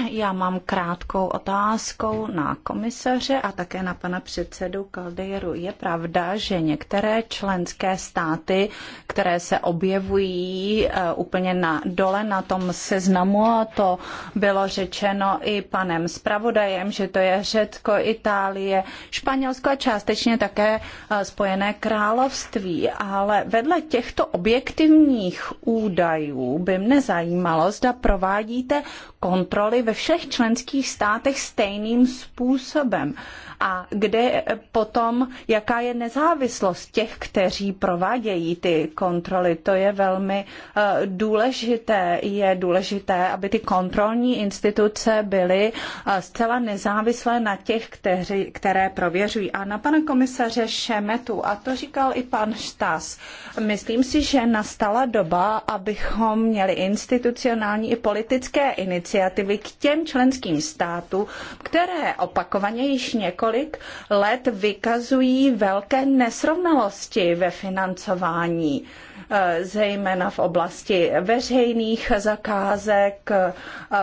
Já mám krátkou otázku na komisaře a také na pana předsedu Kaldejeru. Je pravda, že některé členské státy, které se objevují eh, úplně na dole na tom seznamu, a to bylo řečeno i panem zpravodajem, že to je Řecko, Itálie, Španělsko a částečně také eh, Spojené království. Ale vedle těchto objektivních údajů by mne zajímalo, zda provádíte kontrolu kontroly ve všech členských státech stejným způsobem a kde potom, jaká je nezávislost těch, kteří provádějí ty kontroly. To je velmi eh, důležité. Je důležité, aby ty kontrolní instituce byly eh, zcela nezávislé na těch, kteří, které prověřují. A na pana komisaře Šemetu, a to říkal i pan Štas, myslím si, že nastala doba, abychom měli institucionální i politické iniciativy k těm členským státům, které opakovaně již několik několik let vykazují velké nesrovnalosti ve financování, eh, zejména v oblasti veřejných zakázek, eh,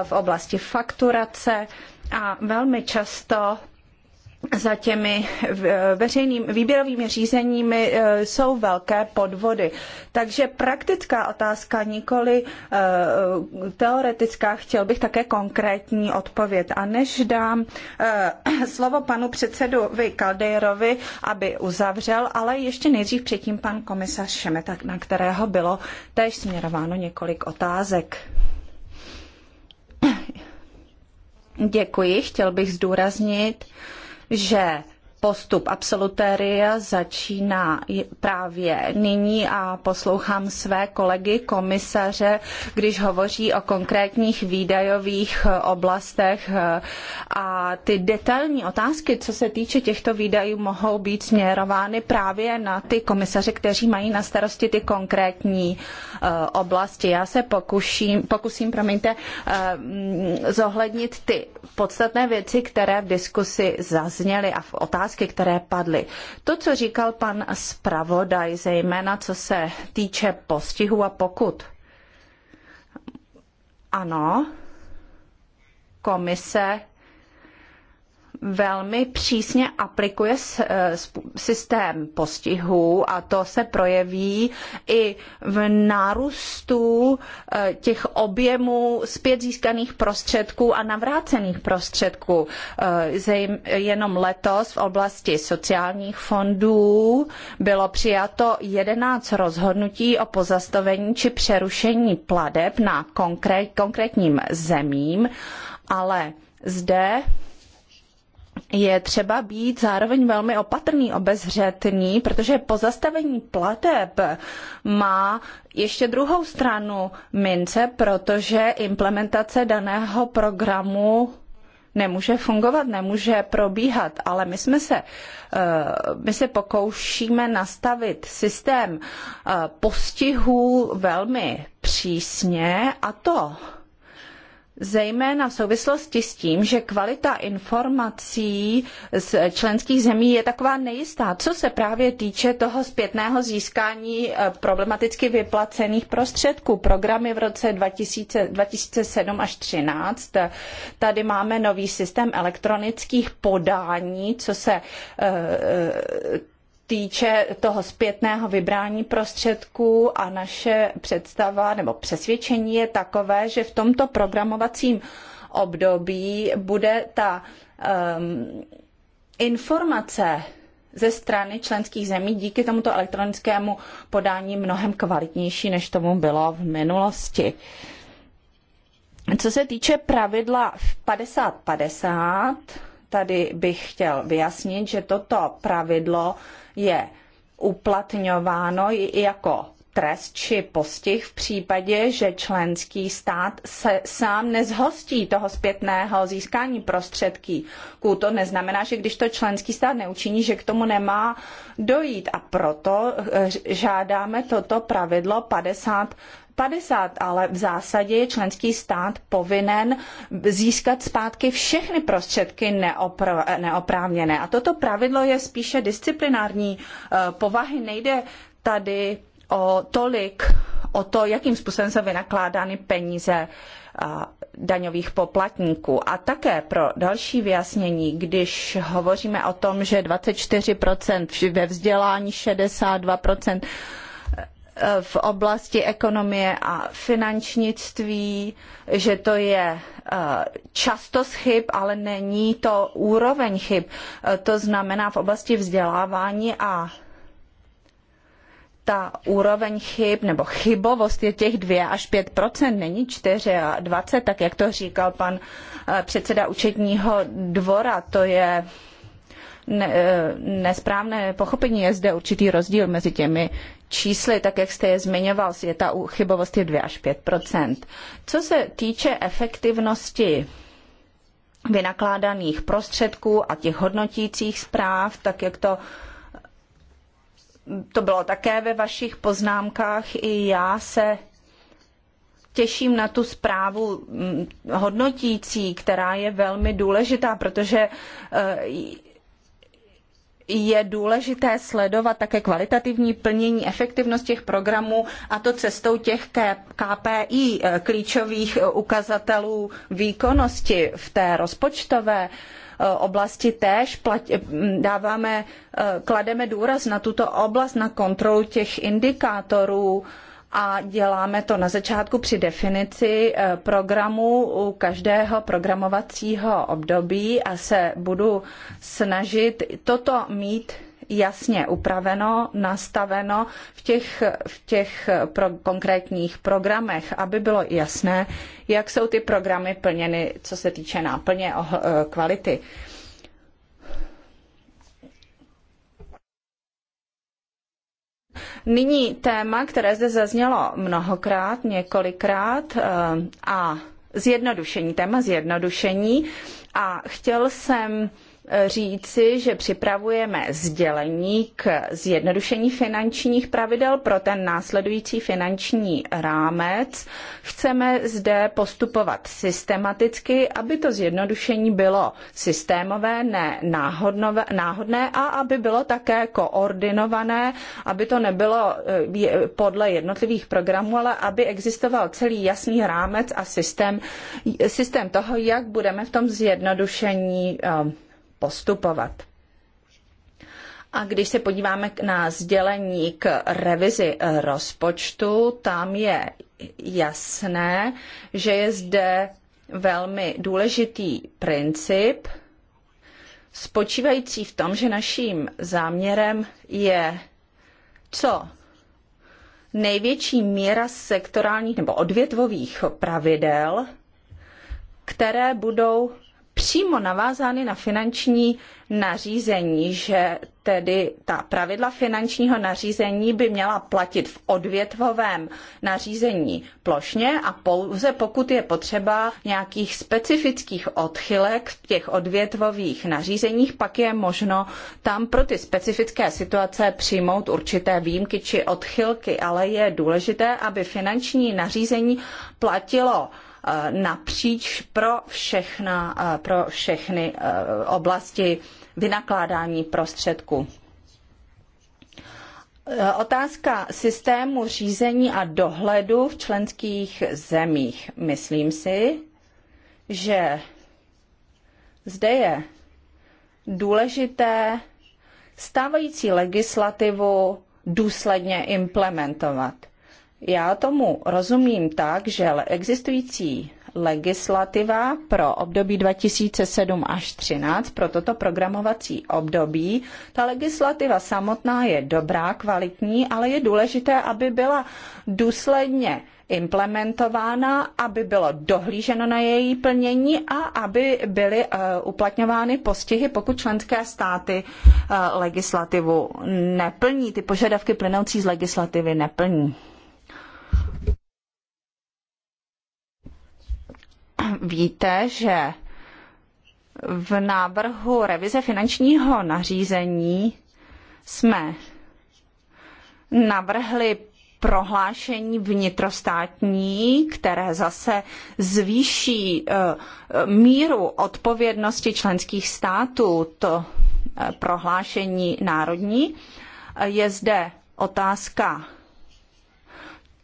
v oblasti fakturace a velmi často za těmi eh, veřejnými výběrovými řízeními eh, jsou velké podvody. Takže praktická otázka, nikoli eh, teoretická, chtěl bych také konkrétní odpověď. A než dám *clears throat* slovo panu předsedovi Kaldejrovi, aby uzavřel, ale ještě nejdřív předtím pan komisař Šemeta, na kterého bylo též směrováno několik otázek. *clears throat* Děkuji, chtěl bych zdůraznit, že postup absolutéria začíná právě nyní a poslouchám své kolegy komisaře, když hovoří o konkrétních výdajových oblastech a ty detailní otázky, co se týče těchto výdajů, mohou být směrovány právě na ty komisaře, kteří mají na starosti ty konkrétní e, oblasti. Já se pokuším, pokusím, promiňte, e, zohlednit ty podstatné věci, které v diskusi zazněly a v otázkách otázky, které padly. To, co říkal pan zpravodaj, zejména co se týče postihu a pokut. Ano, komise velmi přísně aplikuje eh, systém postihů a to se projeví i v nárůstu eh, těch objemů zpět získaných prostředků a navrácených prostředků. Eh, jenom letos v oblasti sociálních fondů bylo přijato 11 rozhodnutí o pozastavení či přerušení pladeb na konkrétním zemím, ale zde je třeba být zároveň velmi opatrný, obezřetný, protože pozastavení plateb má ještě druhou stranu mince, protože implementace daného programu nemůže fungovat, nemůže probíhat, ale my jsme se, eh, my se pokoušíme nastavit systém eh, postihů velmi přísně a to zejména v souvislosti s tím, že kvalita informací z členských zemí je taková nejistá, co se právě týče toho zpětného získání eh, problematicky vyplacených prostředků. Programy v roce 2000, 2007 až 2013. Eh, tady máme nový systém elektronických podání, co se eh, týče toho zpětného vybrání prostředků a naše představa nebo přesvědčení je takové, že v tomto programovacím období bude ta um, informace ze strany členských zemí díky tomuto elektronickému podání mnohem kvalitnější, než tomu bylo v minulosti. Co se týče pravidla 50-50, tady bych chtěl vyjasnit, že toto pravidlo je uplatňováno jako trest či postih v případě, že členský stát se sám nezhostí toho zpětného získání prostředků. To neznamená, že když to členský stát neučiní, že k tomu nemá dojít. A proto eh, žádáme toto pravidlo 50 50, ale v zásadě je členský stát povinen získat zpátky všechny prostředky neopr- neoprávněné. A toto pravidlo je spíše disciplinární eh, povahy. Nejde tady o tolik o to, jakým způsobem jsou vynakládány peníze eh, daňových poplatníků. A také pro další vyjasnění, když hovoříme o tom, že 24% ve vzdělání, 62% v oblasti ekonomie a finančnictví, že to je eh, často chyb, ale není to úroveň chyb. Eh, to znamená v oblasti vzdělávání a ta úroveň chyb nebo chybovost je těch 2 až 5 není 4 a 20, tak jak to říkal pan eh, předseda účetního dvora. To je ne, nesprávné pochopení. Je zde určitý rozdíl mezi těmi čísly, tak jak jste je zmiňoval, je ta chybovost je 2 až 5 Co se týče efektivnosti vynakládaných prostředků a těch hodnotících zpráv, tak jak to to bylo také ve vašich poznámkách, i já se těším na tu zprávu mm, hodnotící, která je velmi důležitá, protože eh, je důležité sledovat také kvalitativní plnění, efektivnost těch programů a to cestou těch KPI, eh, klíčových eh, ukazatelů výkonnosti v té rozpočtové eh, oblasti též dáváme, klademe důraz na tuto oblast, na kontrolu těch indikátorů, a děláme to na začátku při definici eh, programu u každého programovacího období a se budu snažit toto mít jasně upraveno, nastaveno v těch, v těch eh, pro konkrétních programech, aby bylo jasné, jak jsou ty programy plněny, co se týče náplně eh, kvality. Nyní téma, které zde zaznělo mnohokrát, několikrát eh, a zjednodušení, téma zjednodušení a chtěl jsem říci, že připravujeme sdělení k zjednodušení finančních pravidel pro ten následující finanční rámec. Chceme zde postupovat systematicky, aby to zjednodušení bylo systémové, ne náhodnové, náhodné a aby bylo také koordinované, aby to nebylo eh, podle jednotlivých programů, ale aby existoval celý jasný rámec a systém, systém toho, jak budeme v tom zjednodušení eh, postupovat. A když se podíváme na sdělení k revizi eh, rozpočtu, tam je jasné, že je zde velmi důležitý princip, spočívající v tom, že naším záměrem je co největší míra sektorálních nebo odvětvových pravidel, které budou přímo navázány na finanční nařízení, že tedy ta pravidla finančního nařízení by měla platit v odvětvovém nařízení plošně a pouze pokud je potřeba nějakých specifických odchylek v těch odvětvových nařízeních, pak je možno tam pro ty specifické situace přijmout určité výjimky či odchylky, ale je důležité, aby finanční nařízení platilo Eh, napříč pro, všechna, eh, pro všechny eh, oblasti vynakládání prostředků. Otázka systému řízení a dohledu v členských zemích. Myslím si, že zde je důležité stávající legislativu důsledně implementovat. Já tomu rozumím tak, že existující legislativa pro období 2007 až 2013, pro toto programovací období. Ta legislativa samotná je dobrá, kvalitní, ale je důležité, aby byla důsledně implementována, aby bylo dohlíženo na její plnění a aby byly eh, uplatňovány postihy, pokud členské státy eh, legislativu neplní, ty požadavky plynoucí z legislativy neplní. víte, že v návrhu revize finančního nařízení jsme navrhli prohlášení vnitrostátní, které zase zvýší eh, míru odpovědnosti členských států, to eh, prohlášení národní. Je zde otázka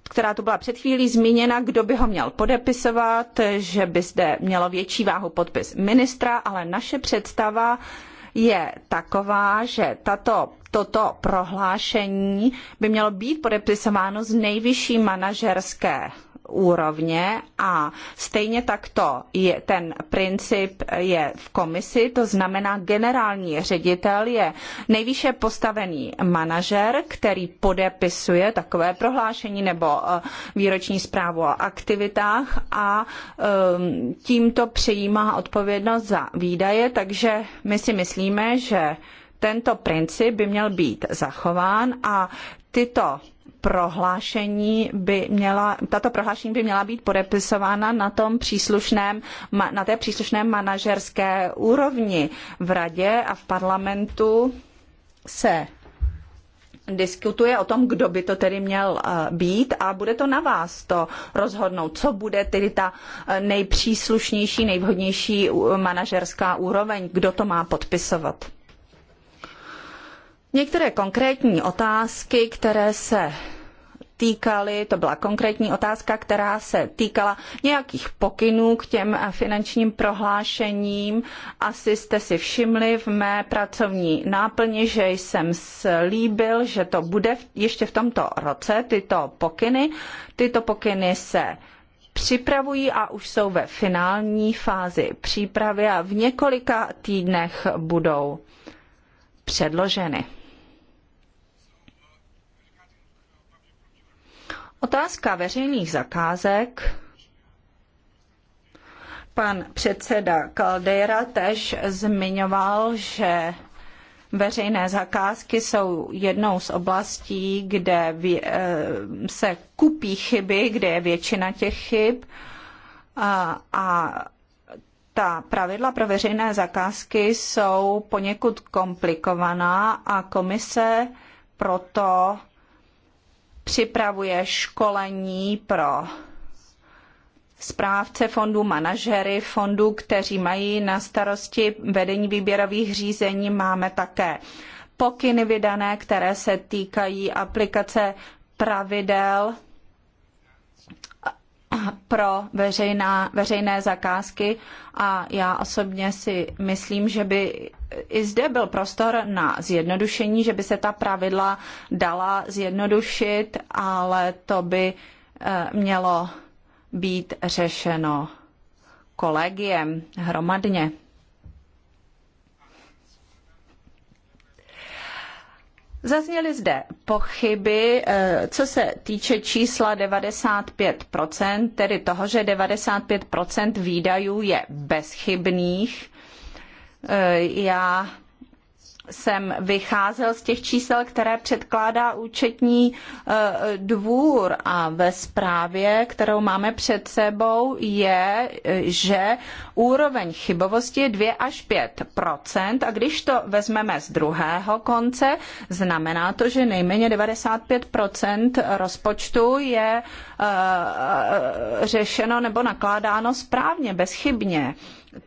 která tu byla před chvílí zmíněna, kdo by ho měl podepisovat, že by zde mělo větší váhu podpis ministra, ale naše představa je taková, že tato, toto prohlášení by mělo být podepisováno z nejvyšší manažerské úrovně a stejně to je ten princip je v komisi, to znamená generální ředitel je nejvýše postavený manažer, který podepisuje takové prohlášení nebo eh, výroční zprávu o aktivitách a ehm, tímto přejímá odpovědnost za výdaje, takže my si myslíme, že tento princip by měl být zachován a tyto prohlášení by měla, tato prohlášení by měla být podepisována na tom příslušném, na té příslušné manažerské úrovni v radě a v parlamentu se diskutuje o tom, kdo by to tedy měl eh, být a bude to na vás to rozhodnout, co bude tedy ta eh, nejpříslušnější, nejvhodnější manažerská úroveň, kdo to má podpisovat. Některé konkrétní otázky, které se týkaly, to byla konkrétní otázka, která se týkala nějakých pokynů k těm finančním prohlášením. Asi jste si všimli v mé pracovní náplni, že jsem slíbil, že to bude ještě v tomto roce tyto pokyny. Tyto pokyny se připravují a už jsou ve finální fázi přípravy a v několika týdnech budou předloženy. Otázka veřejných zakázek. Pan předseda Caldera tež zmiňoval, že veřejné zakázky jsou jednou z oblastí, kde eh, se kupí chyby, kde je většina těch chyb. A, a ta pravidla pro veřejné zakázky jsou poněkud komplikovaná a komise proto připravuje školení pro správce fondů, manažery fondů, kteří mají na starosti vedení výběrových řízení. Máme také pokyny vydané, které se týkají aplikace pravidel pro veřejná, veřejné zakázky a já osobně si myslím, že by i zde byl prostor na zjednodušení, že by se ta pravidla dala zjednodušit, ale to by eh, mělo být řešeno kolegiem hromadně. Zazněly zde pochyby, eh, co se týče čísla 95%, tedy toho, že 95% výdajů je bezchybných Eh, já jsem vycházel z těch čísel, které předkládá účetní eh, dvůr a ve zprávě, kterou máme před sebou, je, eh, že úroveň chybovosti je 2 až 5 a když to vezmeme z druhého konce, znamená to, že nejméně 95 rozpočtu je řešeno nebo nakládáno správně, bezchybně.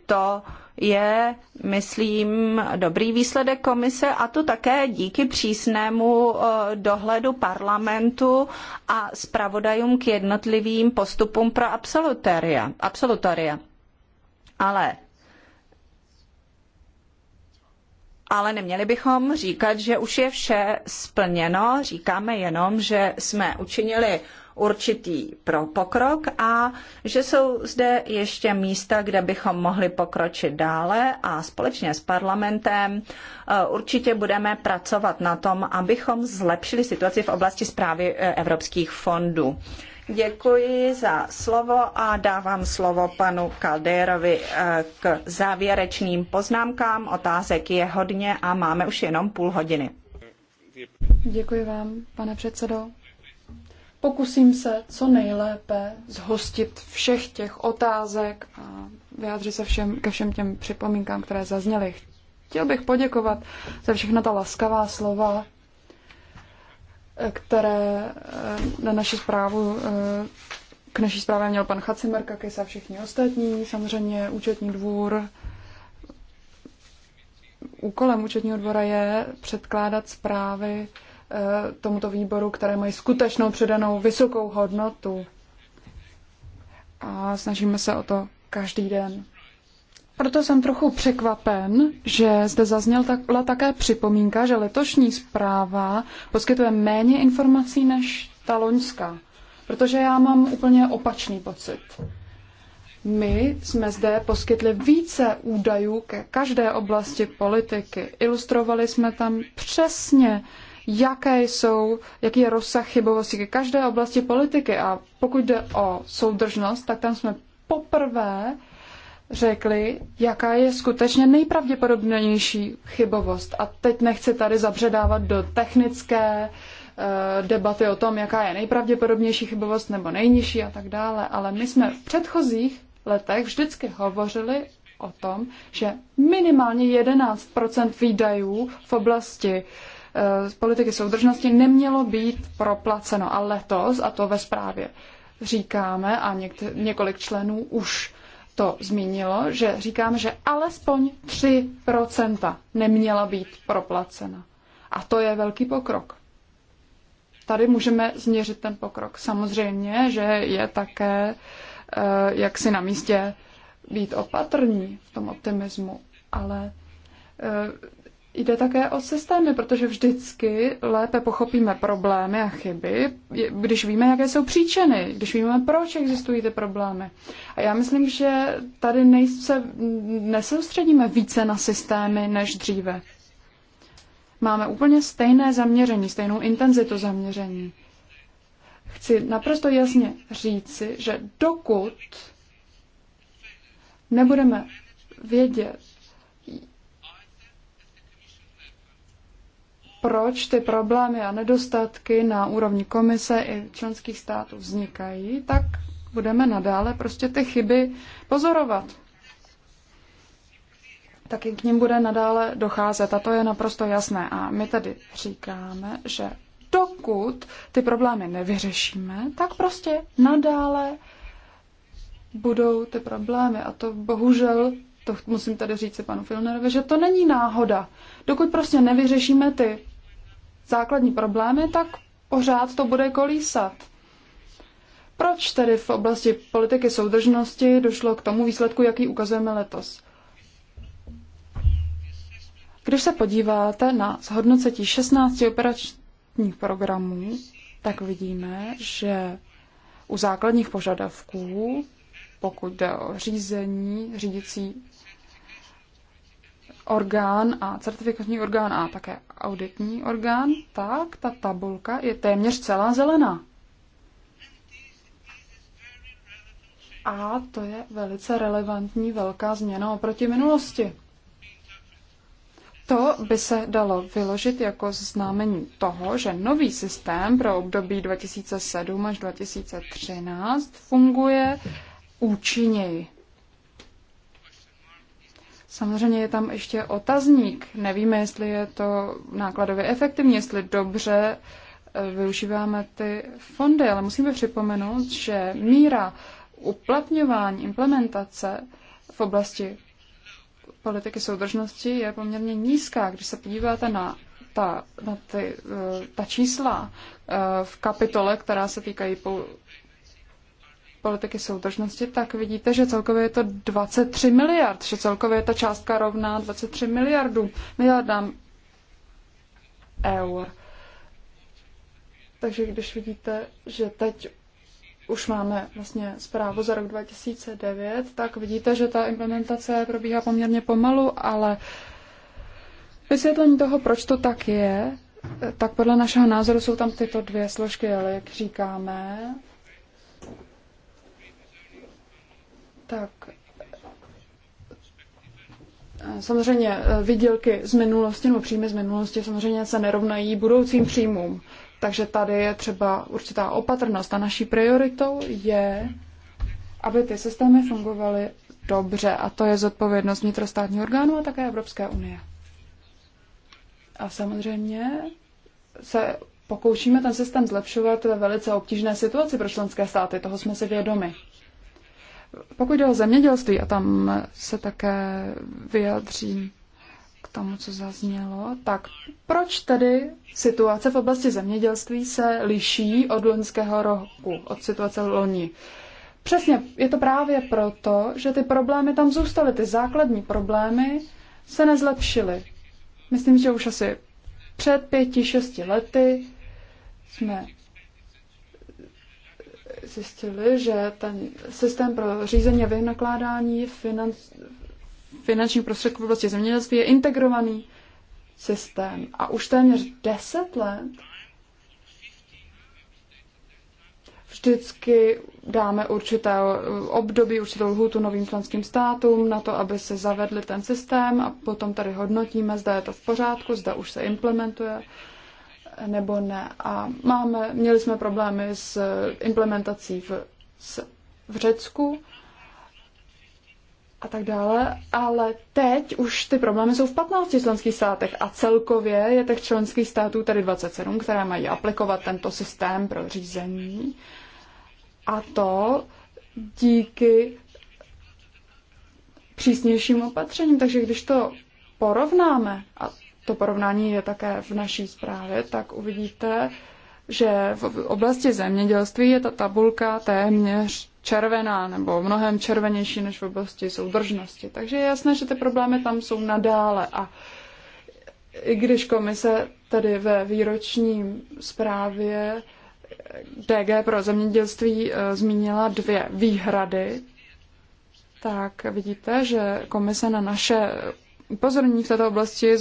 To je, myslím, dobrý výsledek komise a to také díky přísnému eh, dohledu parlamentu a zpravodajům k jednotlivým postupům pro absolutoria. absolutoria. Ale ale neměli bychom říkat, že už je vše splněno. Říkáme jenom, že jsme učinili určitý pro pokrok a že jsou zde ještě místa, kde bychom mohli pokročit dále a společně s parlamentem eh, určitě budeme pracovat na tom, abychom zlepšili situaci v oblasti zprávy eh, evropských fondů. Děkuji za slovo a dávám slovo panu Kaldérovi eh, k závěrečným poznámkám. Otázek je hodně a máme už jenom půl hodiny. Děkuji vám, pane předsedo. Pokusím se co nejlépe zhostit všech těch otázek a vyjádřit se všem, ke všem těm připomínkám, které zazněly. Chtěl bych poděkovat za všechna ta laskavá slova, eh, které eh, na naši zprávu eh, k naší zprávě měl pan Chacimerkakis a všichni ostatní, samozřejmě účetní dvůr. Úkolem účetního dvora je předkládat zprávy Eh, tomuto výboru, které mají skutečnou předanou vysokou hodnotu. A snažíme se o to každý den. Proto jsem trochu překvapen, že zde zazněla také připomínka, že letošní zpráva poskytuje méně informací než ta loňská. Protože já mám úplně opačný pocit. My jsme zde poskytli více údajů ke každé oblasti politiky. Ilustrovali jsme tam přesně jaké jsou, jaký je rozsah chybovosti ke každé oblasti politiky. A pokud jde o soudržnost, tak tam jsme poprvé řekli, jaká je skutečně nejpravděpodobnější chybovost. A teď nechci tady zabředávat do technické eh, debaty o tom, jaká je nejpravděpodobnější chybovost nebo nejnižší a tak dále, ale my jsme v předchozích letech vždycky hovořili o tom, že minimálně 11 výdajů v oblasti z politiky soudržnosti nemělo být proplaceno. A letos, a to ve zprávě říkáme, a někde, několik členů už to zmínilo, že říkáme, že alespoň 3% neměla být proplacena. A to je velký pokrok. Tady můžeme změřit ten pokrok. Samozřejmě, že je také eh, jak si na místě být opatrní v tom optimismu, ale eh, Jde také o systémy, protože vždycky lépe pochopíme problémy a chyby, když víme, jaké jsou příčiny, když víme, proč existují ty problémy. A já myslím, že tady nejse, nesoustředíme více na systémy než dříve. Máme úplně stejné zaměření, stejnou intenzitu zaměření. Chci naprosto jasně říci, že dokud nebudeme vědět, proč ty problémy a nedostatky na úrovni komise i členských států vznikají, tak budeme nadále prostě ty chyby pozorovat. Taky k ním bude nadále docházet a to je naprosto jasné. A my tedy říkáme, že dokud ty problémy nevyřešíme, tak prostě nadále budou ty problémy. A to bohužel, to musím tady říct panu Filnerovi, že to není náhoda. Dokud prostě nevyřešíme ty základní problémy, tak pořád to bude kolísat. Proč tedy v oblasti politiky soudržnosti došlo k tomu výsledku, jaký ukazujeme letos? Když se podíváte na zhodnocení 16 operačních programů, tak vidíme, že u základních požadavků, pokud jde o řízení, řídící orgán a certifikační orgán a také auditní orgán, tak ta tabulka je téměř celá zelená. A to je velice relevantní velká změna oproti minulosti. To by se dalo vyložit jako známení toho, že nový systém pro období 2007 až 2013 funguje účinněji. Samozřejmě je tam ještě otazník. Nevíme, jestli je to nákladově efektivní, jestli dobře eh, využíváme ty fondy, ale musíme připomenout, že míra uplatňování, implementace v oblasti politiky soudržnosti je poměrně nízká. Když se podíváte na ta, na ty, eh, ta čísla eh, v kapitole, která se týkají politiky soudržnosti, tak vidíte, že celkově je to 23 miliard, že celkově je ta částka rovná 23 miliardů, miliardám eur. Takže když vidíte, že teď už máme vlastně zprávu za rok 2009, tak vidíte, že ta implementace probíhá poměrně pomalu, ale vysvětlení toho, proč to tak je, tak podle našeho názoru jsou tam tyto dvě složky, ale jak říkáme, Tak Samozřejmě eh, výdělky z minulosti nebo příjmy z minulosti samozřejmě se nerovnají budoucím příjmům. Takže tady je třeba určitá opatrnost. A naší prioritou je, aby ty systémy fungovaly dobře. A to je zodpovědnost vnitrostátního orgánu a také Evropské unie. A samozřejmě se pokoušíme ten systém zlepšovat ve velice obtížné situaci pro členské státy. Toho jsme si vědomi. Pokud jde o zemědělství, a tam se také vyjadřím k tomu, co zaznělo, tak proč tedy situace v oblasti zemědělství se liší od loňského roku, od situace loni? Přesně, je to právě proto, že ty problémy tam zůstaly, ty základní problémy se nezlepšily. Myslím, že už asi před pěti, šesti lety jsme zjistili, že ten systém pro řízení a vynakládání financ, finančních prostředků v oblasti zemědělství je integrovaný systém. A už téměř deset let vždycky dáme určité období, určitou lhůtu novým členským státům na to, aby se zavedli ten systém a potom tady hodnotíme, zda je to v pořádku, zda už se implementuje nebo ne. A máme, měli jsme problémy s implementací v, s, v Řecku a tak dále, ale teď už ty problémy jsou v 15 členských státech a celkově je těch členských států tedy 27, které mají aplikovat tento systém pro řízení a to díky přísnějším opatřením. Takže když to porovnáme a to porovnání je také v naší zprávě, tak uvidíte, že v oblasti zemědělství je ta tabulka téměř červená nebo mnohem červenější než v oblasti soudržnosti. Takže je jasné, že ty problémy tam jsou nadále a i když komise tedy ve výročním zprávě DG pro zemědělství e, zmínila dvě výhrady, tak vidíte, že komise na naše upozornění v této oblasti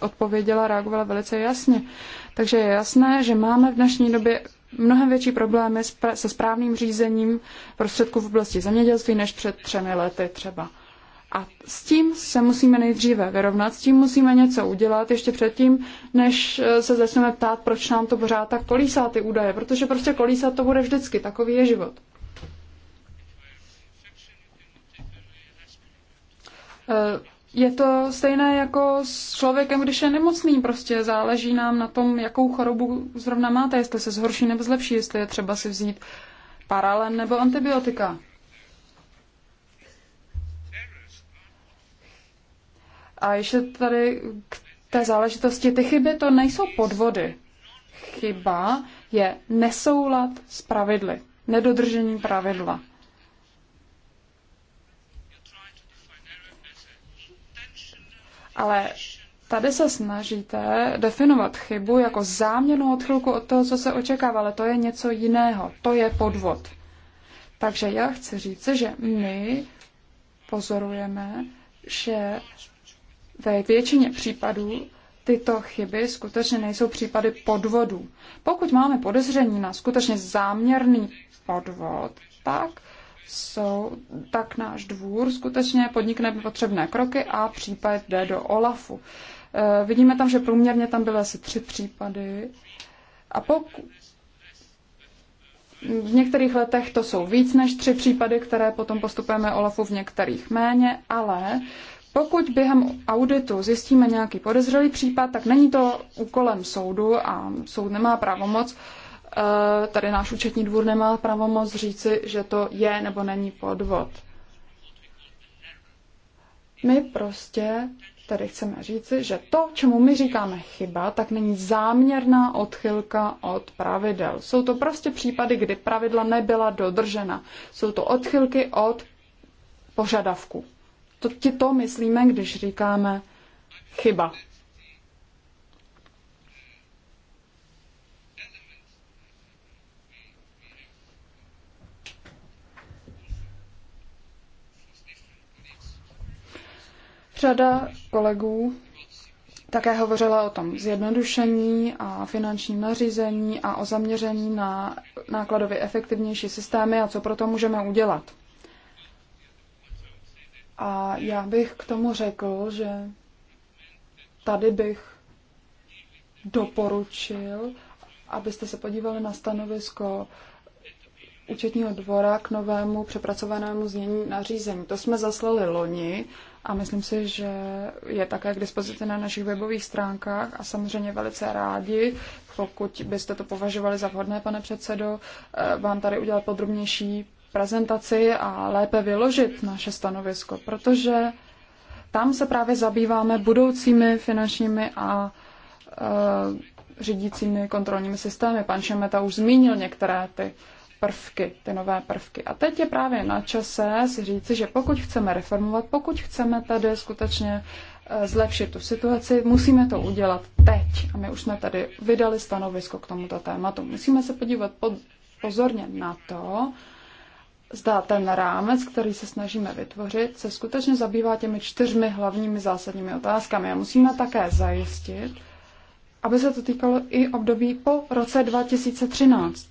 odpověděla, reagovala velice jasně. Takže je jasné, že máme v dnešní době mnohem větší problémy se správným řízením prostředků v oblasti zemědělství než před třemi lety třeba. A s tím se musíme nejdříve vyrovnat, s tím musíme něco udělat ještě předtím, než eh, se začneme ptát, proč nám to pořád tak kolísá ty údaje, protože prostě kolísat to bude vždycky, takový je život. Eh, je to stejné jako s člověkem, když je nemocný. Prostě záleží nám na tom, jakou chorobu zrovna máte, jestli se zhorší nebo zlepší, jestli je třeba si vzít paralen nebo antibiotika. A ještě tady k té záležitosti, ty chyby to nejsou podvody. Chyba je nesoulad s pravidly, nedodržení pravidla. Ale tady se snažíte definovat chybu jako záměnu odchylku od toho, co se očekává, ale to je něco jiného. To je podvod. Takže já chci říct, že my pozorujeme, že ve většině případů tyto chyby skutečně nejsou případy podvodů. Pokud máme podezření na skutečně záměrný podvod, tak jsou, tak náš dvůr skutečně podnikne potřebné kroky a případ jde do OLAFu. E, vidíme tam, že průměrně tam byly asi tři případy. A pokud v některých letech to jsou víc než tři případy, které potom postupujeme OLAFu, v některých méně, ale pokud během auditu zjistíme nějaký podezřelý případ, tak není to úkolem soudu a soud nemá pravomoc uh, Eh, tady náš účetní dvůr nemá pravomoc říci, že to je nebo není podvod. My prostě tady chceme říci, že to, čemu my říkáme chyba, tak není záměrná odchylka od pravidel. Jsou to prostě případy, kdy pravidla nebyla dodržena. Jsou to odchylky od požadavku. To, to myslíme, když říkáme chyba. Řada kolegů také hovořila o tom zjednodušení a finančním nařízení a o zaměření na nákladově efektivnější systémy a co proto můžeme udělat. A já bych k tomu řekl, že tady bych doporučil, abyste se podívali na stanovisko účetního dvora k novému přepracovanému znění nařízení. To jsme zaslali loni a myslím si, že je také k dispozici na našich webových stránkách a samozřejmě velice rádi, pokud byste to považovali za vhodné, pane předsedo, eh, vám tady udělat podrobnější prezentaci a lépe vyložit naše stanovisko, protože tam se právě zabýváme budoucími finančními a e, řídícími kontrolními systémy. Pan Šemeta už zmínil některé ty prvky, ty nové prvky. A teď je právě na čase si říci, že pokud chceme reformovat, pokud chceme tady skutečně eh, zlepšit tu situaci, musíme to udělat teď. A my už jsme tady vydali stanovisko k tomuto tématu. Musíme se podívat pod, pozorně na to, zda ten rámec, který se snažíme vytvořit, se skutečně zabývá těmi čtyřmi hlavními zásadními otázkami. A musíme také zajistit, aby se to týkalo i období po roce 2013.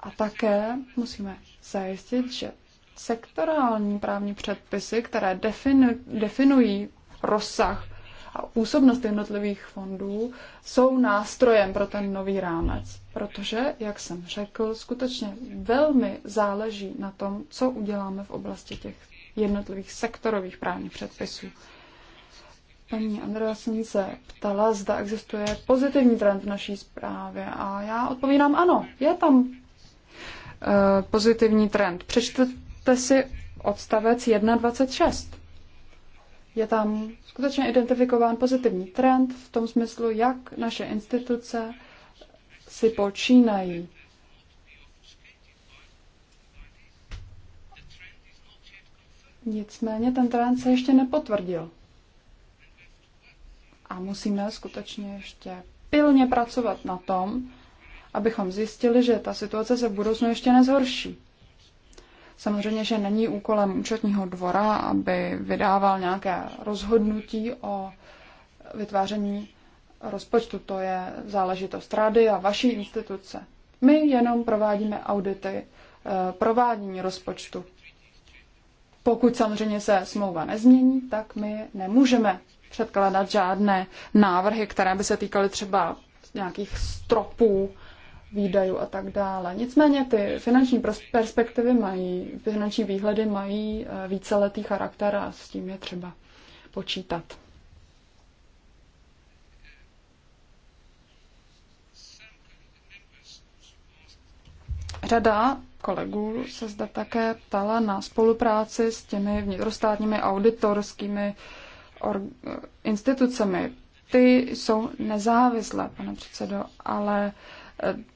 A také musíme zajistit, že sektorální právní předpisy, které definu, definují rozsah a působnost jednotlivých fondů, jsou nástrojem pro ten nový rámec. Protože, jak jsem řekl, skutečně velmi záleží na tom, co uděláme v oblasti těch jednotlivých sektorových právních předpisů. Paní jsem se ptala, zda existuje pozitivní trend v naší zprávě a já odpovídám ano. Je tam Eh, pozitivní trend. Přečtete si odstavec 1.26. Je tam skutečně identifikován pozitivní trend v tom smyslu, jak naše instituce si počínají. Nicméně ten trend se ještě nepotvrdil. A musíme skutečně ještě pilně pracovat na tom, abychom zjistili, že ta situace se v budoucnu ještě nezhorší. Samozřejmě, že není úkolem účetního dvora, aby vydával nějaké rozhodnutí o vytváření rozpočtu. To je záležitost rady a vaší instituce. My jenom provádíme audity eh, provádění rozpočtu. Pokud samozřejmě se smlouva nezmění, tak my nemůžeme předkládat žádné návrhy, které by se týkaly třeba nějakých stropů výdajů a tak dále. Nicméně ty finanční perspektivy mají, finanční výhledy mají eh, víceletý charakter a s tím je třeba počítat. Řada kolegů se zde také ptala na spolupráci s těmi vnitrostátními auditorskými eh, institucemi. Ty jsou nezávislé, pane předsedo, ale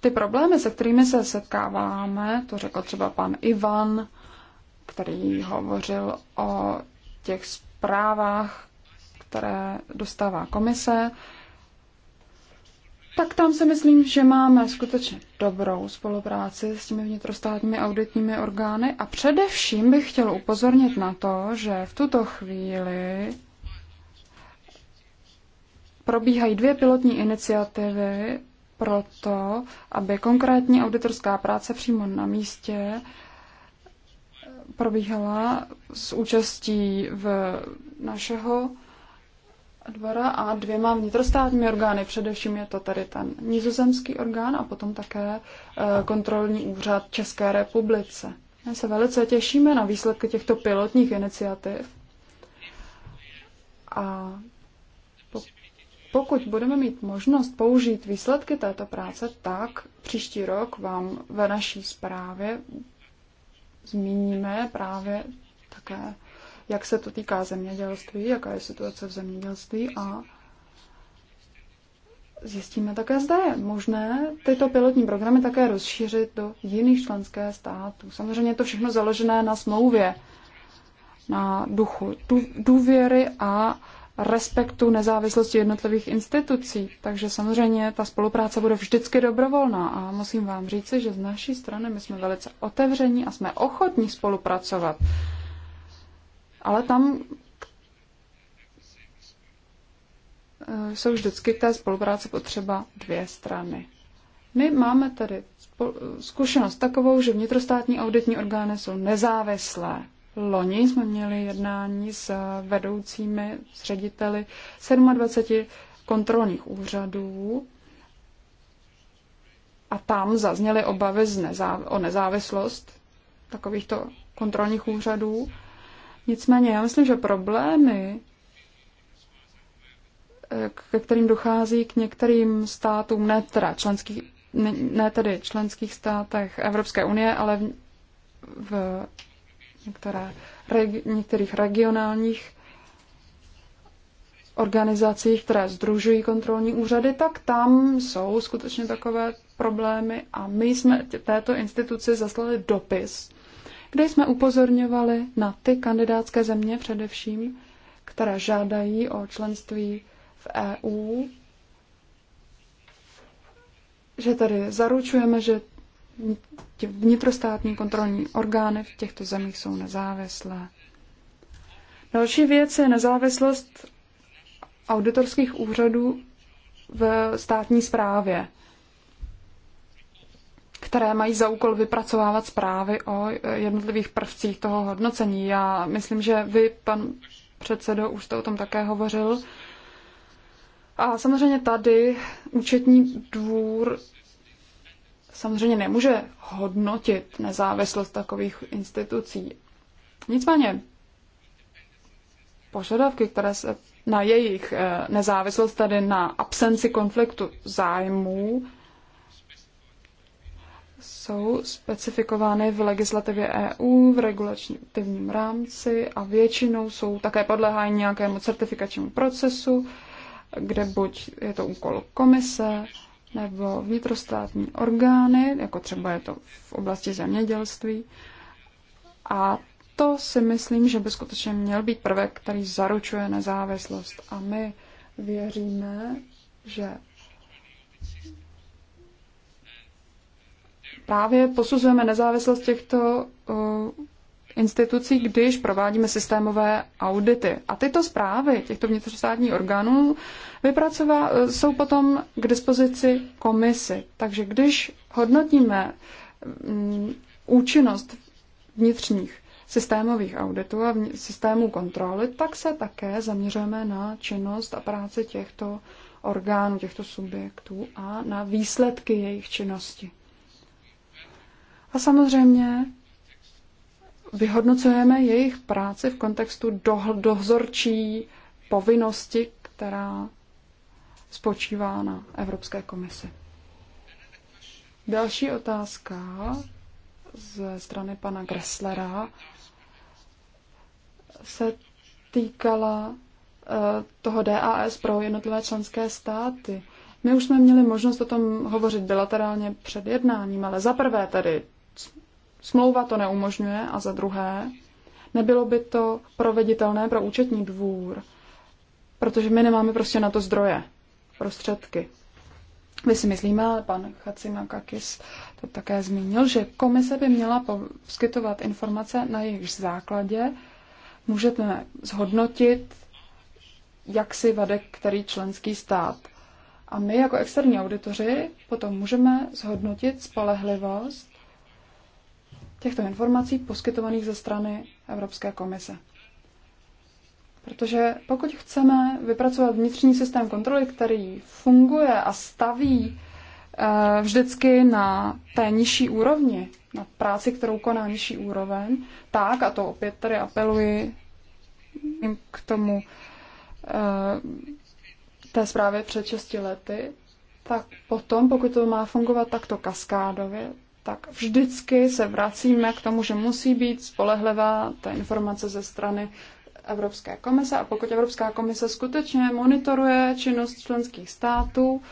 ty problémy, se kterými se setkáváme, to řekl třeba pan Ivan, který hovořil o těch zprávách, které dostává komise, tak tam si myslím, že máme skutečně dobrou spolupráci s těmi vnitrostátními auditními orgány a především bych chtěl upozornit na to, že v tuto chvíli probíhají dvě pilotní iniciativy proto, aby konkrétní auditorská práce přímo na místě probíhala s účastí v našeho dvora a dvěma vnitrostátními orgány. Především je to tady ten nizozemský orgán a potom také e, kontrolní úřad České republice. My se velice těšíme na výsledky těchto pilotních iniciativ a pokud budeme mít možnost použít výsledky této práce, tak příští rok vám ve naší zprávě zmíníme právě také, jak se to týká zemědělství, jaká je situace v zemědělství a zjistíme také, zda je možné tyto pilotní programy také rozšířit do jiných členských států. Samozřejmě je to všechno založené na smlouvě, na duchu důvěry a respektu nezávislosti jednotlivých institucí. Takže samozřejmě ta spolupráce bude vždycky dobrovolná a musím vám říci, že z naší strany my jsme velice otevření a jsme ochotní spolupracovat. Ale tam eh, jsou vždycky k té spolupráci potřeba dvě strany. My máme tady eh, zkušenost takovou, že vnitrostátní auditní orgány jsou nezávislé Loni jsme měli jednání s vedoucími, s řediteli 27 kontrolních úřadů a tam zazněly obavy z nezáv- o nezávislost takovýchto kontrolních úřadů. Nicméně já myslím, že problémy, eh, ke kterým dochází k některým státům, ne, teda členských, ne, ne tedy členských státech Evropské unie, ale v, v některé, některých regionálních organizacích, které združují kontrolní úřady, tak tam jsou skutečně takové problémy a my jsme této instituci zaslali dopis, kde jsme upozorňovali na ty kandidátské země především, které žádají o členství v EU, že tady zaručujeme, že vnitrostátní kontrolní orgány v těchto zemích jsou nezávislé. Další věc je nezávislost auditorských úřadů v státní správě, které mají za úkol vypracovávat zprávy o e, jednotlivých prvcích toho hodnocení. Já myslím, že vy, pan předsedo, už jste o tom také hovořil. A samozřejmě tady účetní dvůr samozřejmě nemůže hodnotit nezávislost takových institucí. Nicméně požadavky, které se na jejich eh, nezávislost, tedy na absenci konfliktu zájmů, jsou specifikovány v legislativě EU, v regulačním rámci a většinou jsou také podléhají nějakému certifikačnímu procesu, kde buď je to úkol komise, nebo vnitrostátní orgány, jako třeba je to v oblasti zemědělství. A to si myslím, že by skutečně měl být prvek, který zaručuje nezávislost. A my věříme, že právě posuzujeme nezávislost těchto uh, institucí, když provádíme systémové audity. A tyto zprávy těchto vnitrostátních orgánů vypracová, jsou potom k dispozici komisy. Takže když hodnotíme mm, účinnost vnitřních systémových auditů a systémů kontroly, tak se také zaměřujeme na činnost a práci těchto orgánů, těchto subjektů a na výsledky jejich činnosti. A samozřejmě vyhodnocujeme jejich práci v kontextu dozorčí povinnosti, která spočívá na Evropské komisi. Další otázka ze strany pana Gresslera se týkala eh, toho DAS pro jednotlivé členské státy. My už jsme měli možnost o tom hovořit bilaterálně před jednáním, ale za prvé tady smlouva to neumožňuje a za druhé, nebylo by to proveditelné pro účetní dvůr, protože my nemáme prostě na to zdroje, prostředky. My si myslíme, ale pan Kakis to také zmínil, že komise by měla poskytovat informace, na jejich základě můžete zhodnotit, jak si vede který členský stát. A my jako externí auditoři potom můžeme zhodnotit spolehlivost těchto informací poskytovaných ze strany Evropské komise. Protože pokud chceme vypracovat vnitřní systém kontroly, který funguje a staví eh, vždycky na té nižší úrovni, na práci, kterou koná nižší úroveň, tak, a to opět tady apeluji k tomu eh, té zprávě před 6 lety, tak potom, pokud to má fungovat takto kaskádově, tak vždycky se vracíme k tomu, že musí být spolehlivá ta informace ze strany Evropské komise a pokud Evropská komise skutečně monitoruje činnost členských států,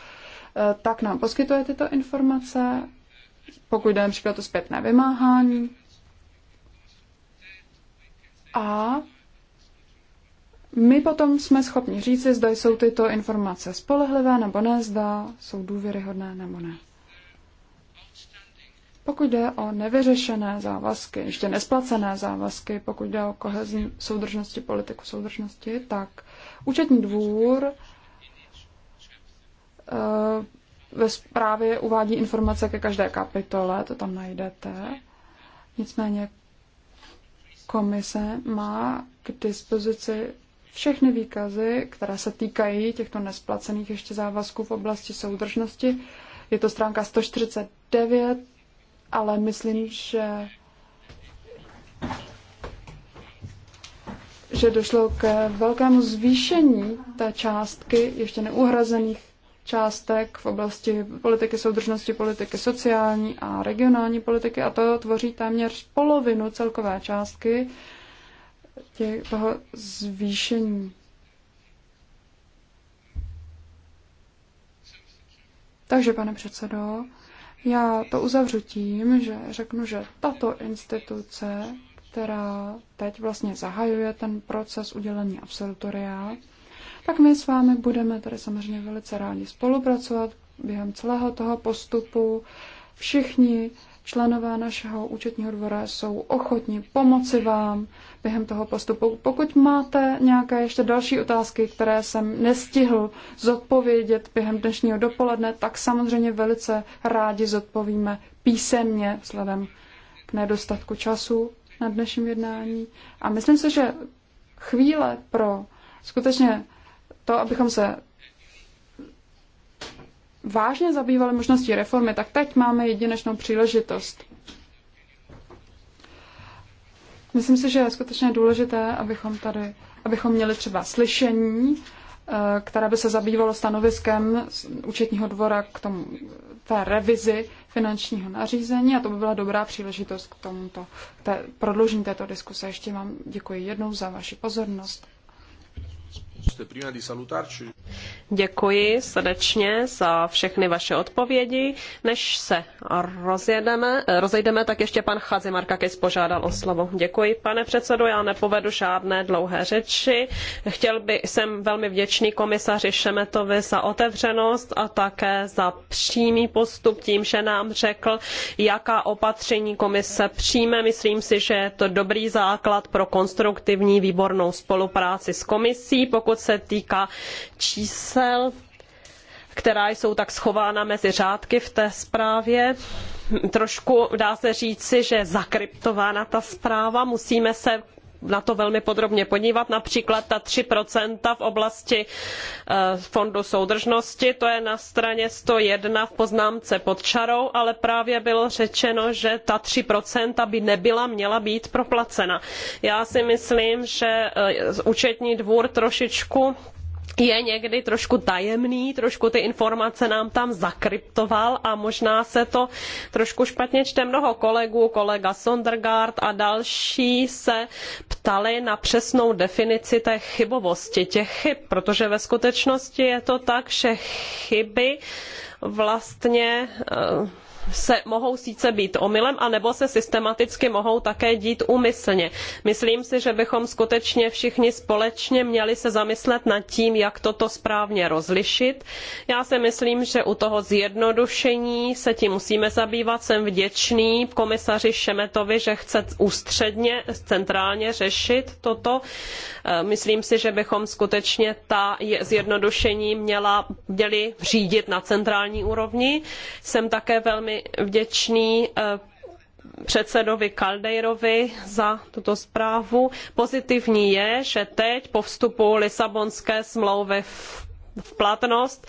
eh, tak nám poskytuje tyto informace, pokud jde například o zpětné vymáhání. A my potom jsme schopni říci, zda jsou tyto informace spolehlivé nebo ne, zda jsou důvěryhodné nebo ne. Pokud jde o nevyřešené závazky, ještě nesplacené závazky, pokud jde o kohezní soudržnosti, politiku soudržnosti, tak účetní dvůr eh, ve zprávě uvádí informace ke každé kapitole, to tam najdete. Nicméně komise má k dispozici všechny výkazy, které se týkají těchto nesplacených ještě závazků v oblasti soudržnosti. Je to stránka 149 ale myslím, že že došlo k velkému zvýšení té částky ještě neuhrazených částek v oblasti politiky soudržnosti, politiky sociální a regionální politiky a to tvoří téměř polovinu celkové částky tě, toho zvýšení. Takže, pane předsedo, já to uzavřu tím, že řeknu, že tato instituce, která teď vlastně zahajuje ten proces udělení absolutoria, tak my s vámi budeme tady samozřejmě velice rádi spolupracovat během celého toho postupu. Všichni členové našeho účetního dvora jsou ochotni pomoci vám během toho postupu. Pokud máte nějaké ještě další otázky, které jsem nestihl zodpovědět během dnešního dopoledne, tak samozřejmě velice rádi zodpovíme písemně vzhledem k nedostatku času na dnešním jednání. A myslím si, že chvíle pro skutečně to, abychom se vážně zabývali možností reformy, tak teď máme jedinečnou příležitost. Myslím si, že je skutečně důležité, abychom tady, abychom měli třeba slyšení, eh, které by se zabývalo stanoviskem účetního dvora k tomu, té revizi finančního nařízení a to by byla dobrá příležitost k tomuto, k té, prodloužení této diskuse. Ještě vám děkuji jednou za vaši pozornost. Děkuji srdečně za všechny vaše odpovědi. Než se rozjedeme, rozejdeme, tak ještě pan Chazi Markakis požádal o slovo. Děkuji, pane předsedo, já nepovedu žádné dlouhé řeči. Chtěl by, jsem velmi vděčný komisaři Šemetovi za otevřenost a také za přímý postup tím, že nám řekl, jaká opatření komise přijme. Myslím si, že je to dobrý základ pro konstruktivní výbornou spolupráci s komisí. Pokud se se týká čísel, která jsou tak schována mezi řádky v té zprávě. Trošku dá se říci, že zakryptována ta zpráva. Musíme se na to velmi podrobně podívat. Například ta 3% v oblasti eh, fondu soudržnosti, to je na straně 101 v poznámce pod čarou, ale právě bylo řečeno, že ta 3% by nebyla měla být proplacena. Já si myslím, že eh, účetní dvůr trošičku je někdy trošku tajemný, trošku ty informace nám tam zakryptoval a možná se to trošku špatně čte mnoho kolegů, kolega Sondergaard a další se ptali na přesnou definici té chybovosti, těch chyb, protože ve skutečnosti je to tak, že chyby vlastně eh, se mohou sice být omylem, anebo se systematicky mohou také dít úmyslně. Myslím si, že bychom skutečně všichni společně měli se zamyslet nad tím, jak toto správně rozlišit. Já si myslím, že u toho zjednodušení se tím musíme zabývat. Jsem vděčný komisaři Šemetovi, že chce ústředně, centrálně řešit toto. E, myslím si, že bychom skutečně ta zjednodušení měla, měli řídit na centrální úrovni. Jsem také velmi vděčný eh, předsedovi Caldeirovi za tuto zprávu. Pozitivní je, že teď po vstupu Lisabonské smlouvy v v platnost.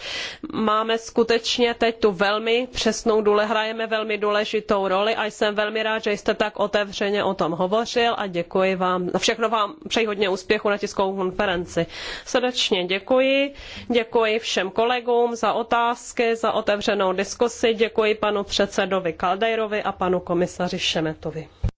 Máme skutečně teď tu velmi přesnou důle, hrajeme velmi důležitou roli a jsem velmi rád, že jste tak otevřeně o tom hovořil a děkuji vám. Všechno vám přeji hodně úspěchu na tiskovou konferenci. Srdečně děkuji. Děkuji všem kolegům za otázky, za otevřenou diskusi. Děkuji panu předsedovi Kaldejrovi a panu komisaři Šemetovi.